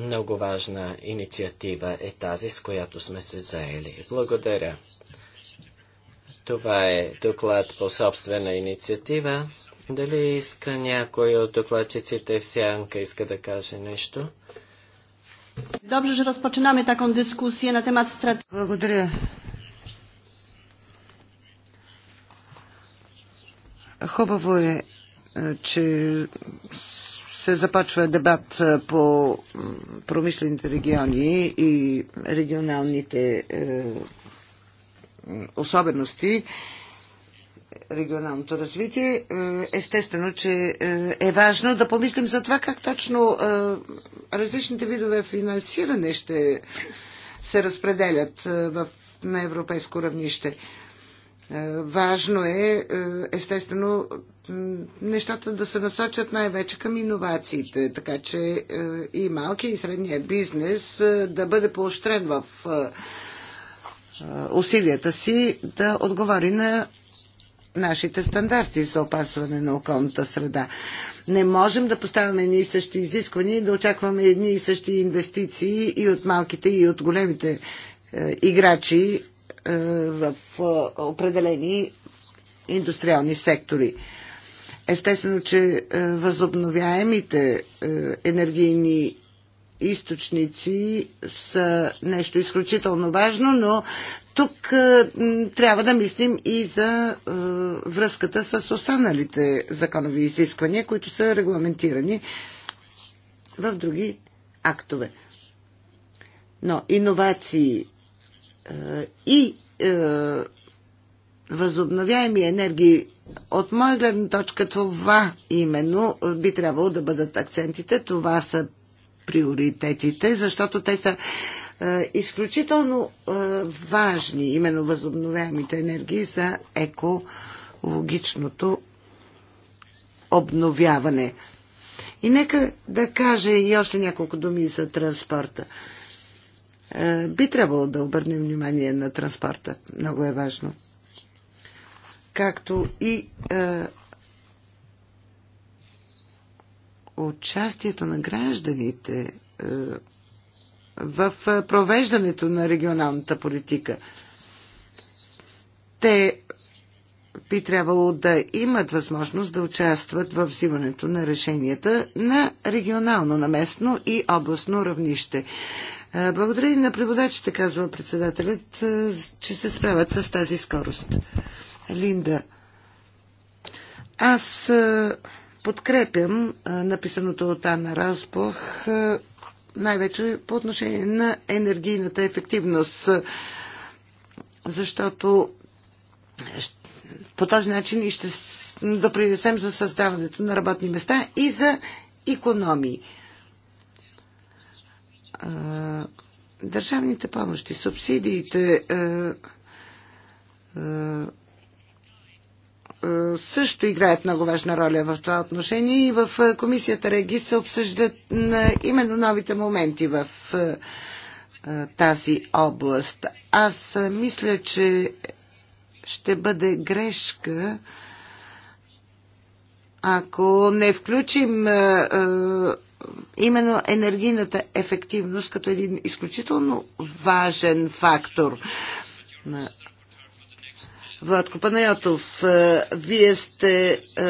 Много важна инициатива е тази, с която сме се заели. Благодаря. Това е доклад по собствена инициатива. Дали иска някой от докладчиците в сянка иска да каже нещо? Добре, че разпочинаме така дискусия на темат стратегия. Благодаря. Хубаво е, е че се започва дебат по промишлените региони и регионалните е, особености, регионалното развитие, е, естествено, че е, е важно да помислим за това как точно различните видове финансиране ще се разпределят на европейско равнище. Важно е, естествено, нещата да се насочат най-вече към иновациите, така че е, и малкият и средният бизнес е, да бъде поощрен в е, усилията си да отговори на нашите стандарти за опасване на околната среда. Не можем да поставяме едни и същи изисквания и да очакваме едни и същи инвестиции и от малките, и от големите играчи в определени индустриални сектори. Естествено, че е, възобновяемите е, енергийни източници са нещо изключително важно, но тук е, трябва да мислим и за връзката с останалите законови изисквания, които са регламентирани в други актове. Но иновации и възобновяеми енергии от моя гледна точка това именно би трябвало да бъдат акцентите. Това са приоритетите, защото те са е, изключително е, важни, именно възобновяемите енергии за екологичното обновяване. И нека да кажа и още няколко думи за транспорта. Е, би трябвало да обърнем внимание на транспорта. Много е важно както и е, участието на гражданите е, в е, провеждането на регионалната политика. Те би трябвало да имат възможност да участват в взимането на решенията на регионално, на местно и областно равнище. Е, благодаря и на преводачите, казва председателят, е, че се справят с тази скорост. Линда, аз подкрепям написаното от Анна Разпох най-вече по отношение на енергийната ефективност, защото по този начин и ще допринесем за създаването на работни места и за економии. Държавните помощи, субсидиите, е, също играят много важна роля в това отношение и в е, комисията Реги се обсъждат е, именно новите моменти в тази област. Аз мисля, че ще бъде грешка ако не включим именно енергийната ефективност като един изключително важен фактор Владко Панайотов, е, вие сте е,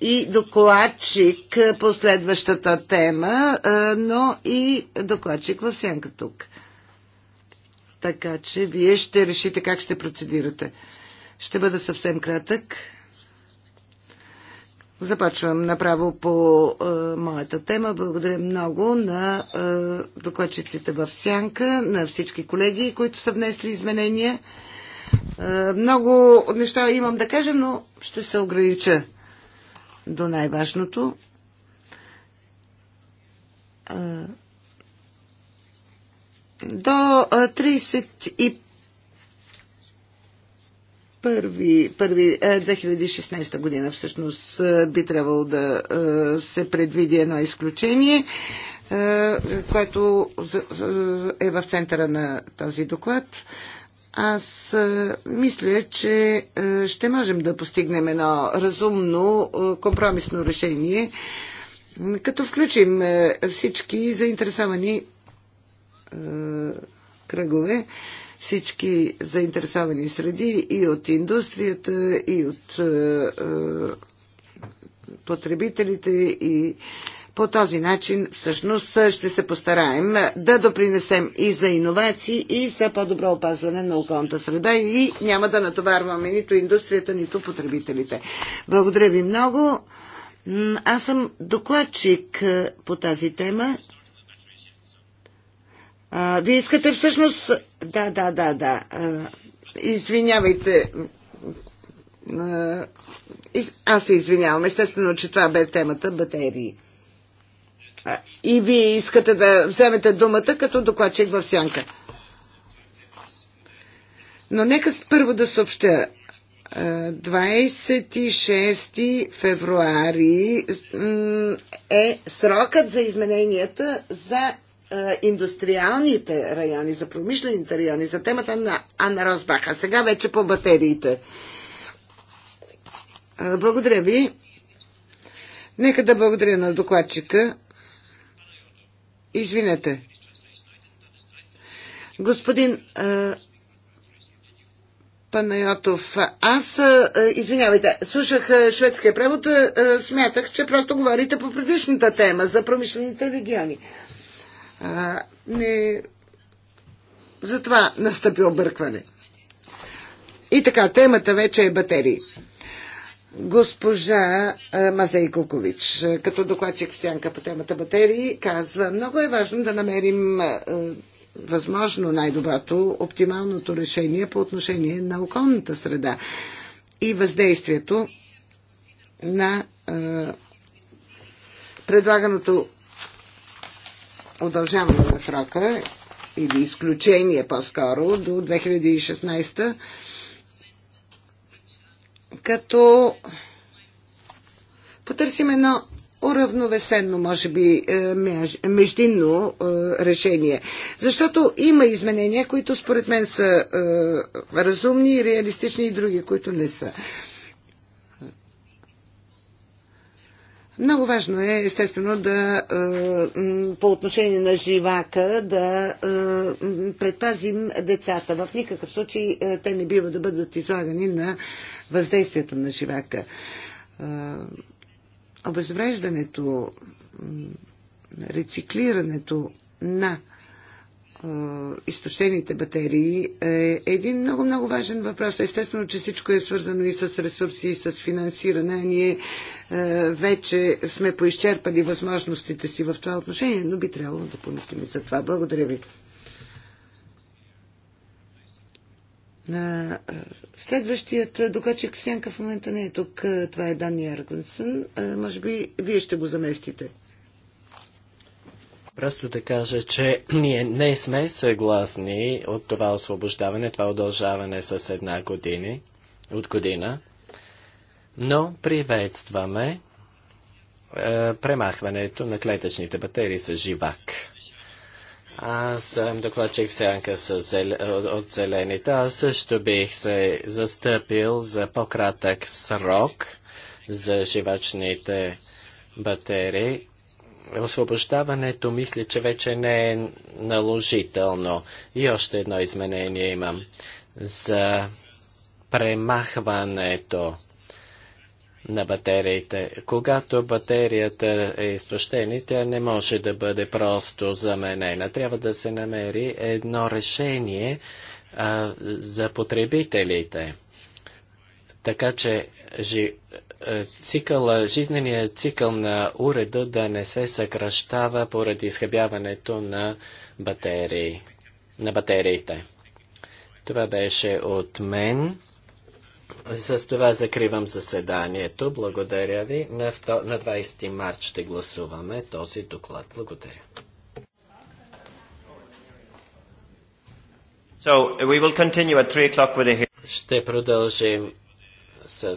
и докладчик по следващата тема, е, но и докладчик в сянка тук. Така че вие ще решите как ще процедирате. Ще бъда съвсем кратък. Започвам направо по е, моята тема. Благодаря много на е, докладчиците в Сянка, на всички колеги, които са внесли изменения. Е, много неща имам да кажа, но ще се огранича до най-важното. Е, до 31 е, 2016 година всъщност би трябвало да се предвиди едно изключение, което е в центъра на този доклад. Аз мисля, че ще можем да постигнем едно разумно компромисно решение, като включим всички заинтересовани кръгове, всички заинтересовани среди и от индустрията, и от потребителите, и по този начин всъщност ще се постараем да допринесем и за иновации, и за по-добро опазване на околната среда и няма да натоварваме нито индустрията, нито потребителите. Благодаря ви много. Аз съм докладчик е, по тази тема. А, вие искате всъщност... Да, да, да, да. извинявайте. аз се извинявам. Естествено, че това бе темата батерии и вие искате да вземете думата като докладчик в сянка. Но нека първо да съобщя. 26 февруари е срокът за измененията за индустриалните райони, за промишлените райони, за темата на Анна Росбах. А сега вече по батериите. Благодаря ви. Нека да благодаря на докладчика Извинете. Господин а, Панайотов, аз, а, извинявайте, слушах шведския превод, а, смятах, че просто говорите по предишната тема за промишлените региони. А, не... Затова настъпи объркване. И така, темата вече е батерии. Госпожа е, Мазей Кукович, е, като докладчик в сянка по темата батерии, казва, много е важно да намерим е, възможно най-доброто, оптималното решение по отношение на околната среда и въздействието на предлаганото удължаване на срока или изключение по-скоро до 2016 като потърсим едно уравновесено, може би, е, междинно е, решение. Защото има изменения, които според мен са е, разумни и реалистични и други, които не са. Много важно е, естествено, да по отношение на живака да предпазим децата. В никакъв случай те не бива да бъдат излагани на въздействието на живака. Обезвреждането, рециклирането на изтощените батерии е един много-много важен въпрос. Естествено, че всичко е свързано и с ресурси, и с финансиране. Ние вече сме поизчерпали възможностите си в това отношение, но би трябвало да помислим и за това. Благодаря ви. На следващият докачик в сянка в момента не е тук. Това е Дани Аргансън. Може би вие ще го заместите. Просто да кажа, че ние не сме съгласни от това освобождаване, това удължаване с една години, от година, но приветстваме е, премахването на клетъчните батерии с живак. Аз съм докладчик в сянка от зелените. Аз също бих се застъпил за по-кратък срок за живачните батерии. Освобождаването мисля, че вече не е наложително. И още едно изменение имам за премахването на батериите. Когато батерията е изтощена, тя не може да бъде просто заменена. Трябва да се намери едно решение а, за потребителите. Така че жи, цикъл, жизненият цикъл на уреда да не се съкръщава поради изхъбяването на, батерии, на батериите. Това беше от мен. С това закривам заседанието. Благодаря ви. На 20 март ще гласуваме този доклад. Благодаря. So, we will continue at 3 o'clock with the... Ще продължим с...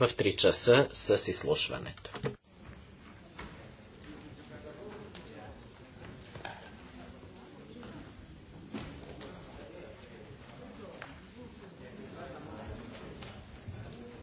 в 3 часа с изслушването.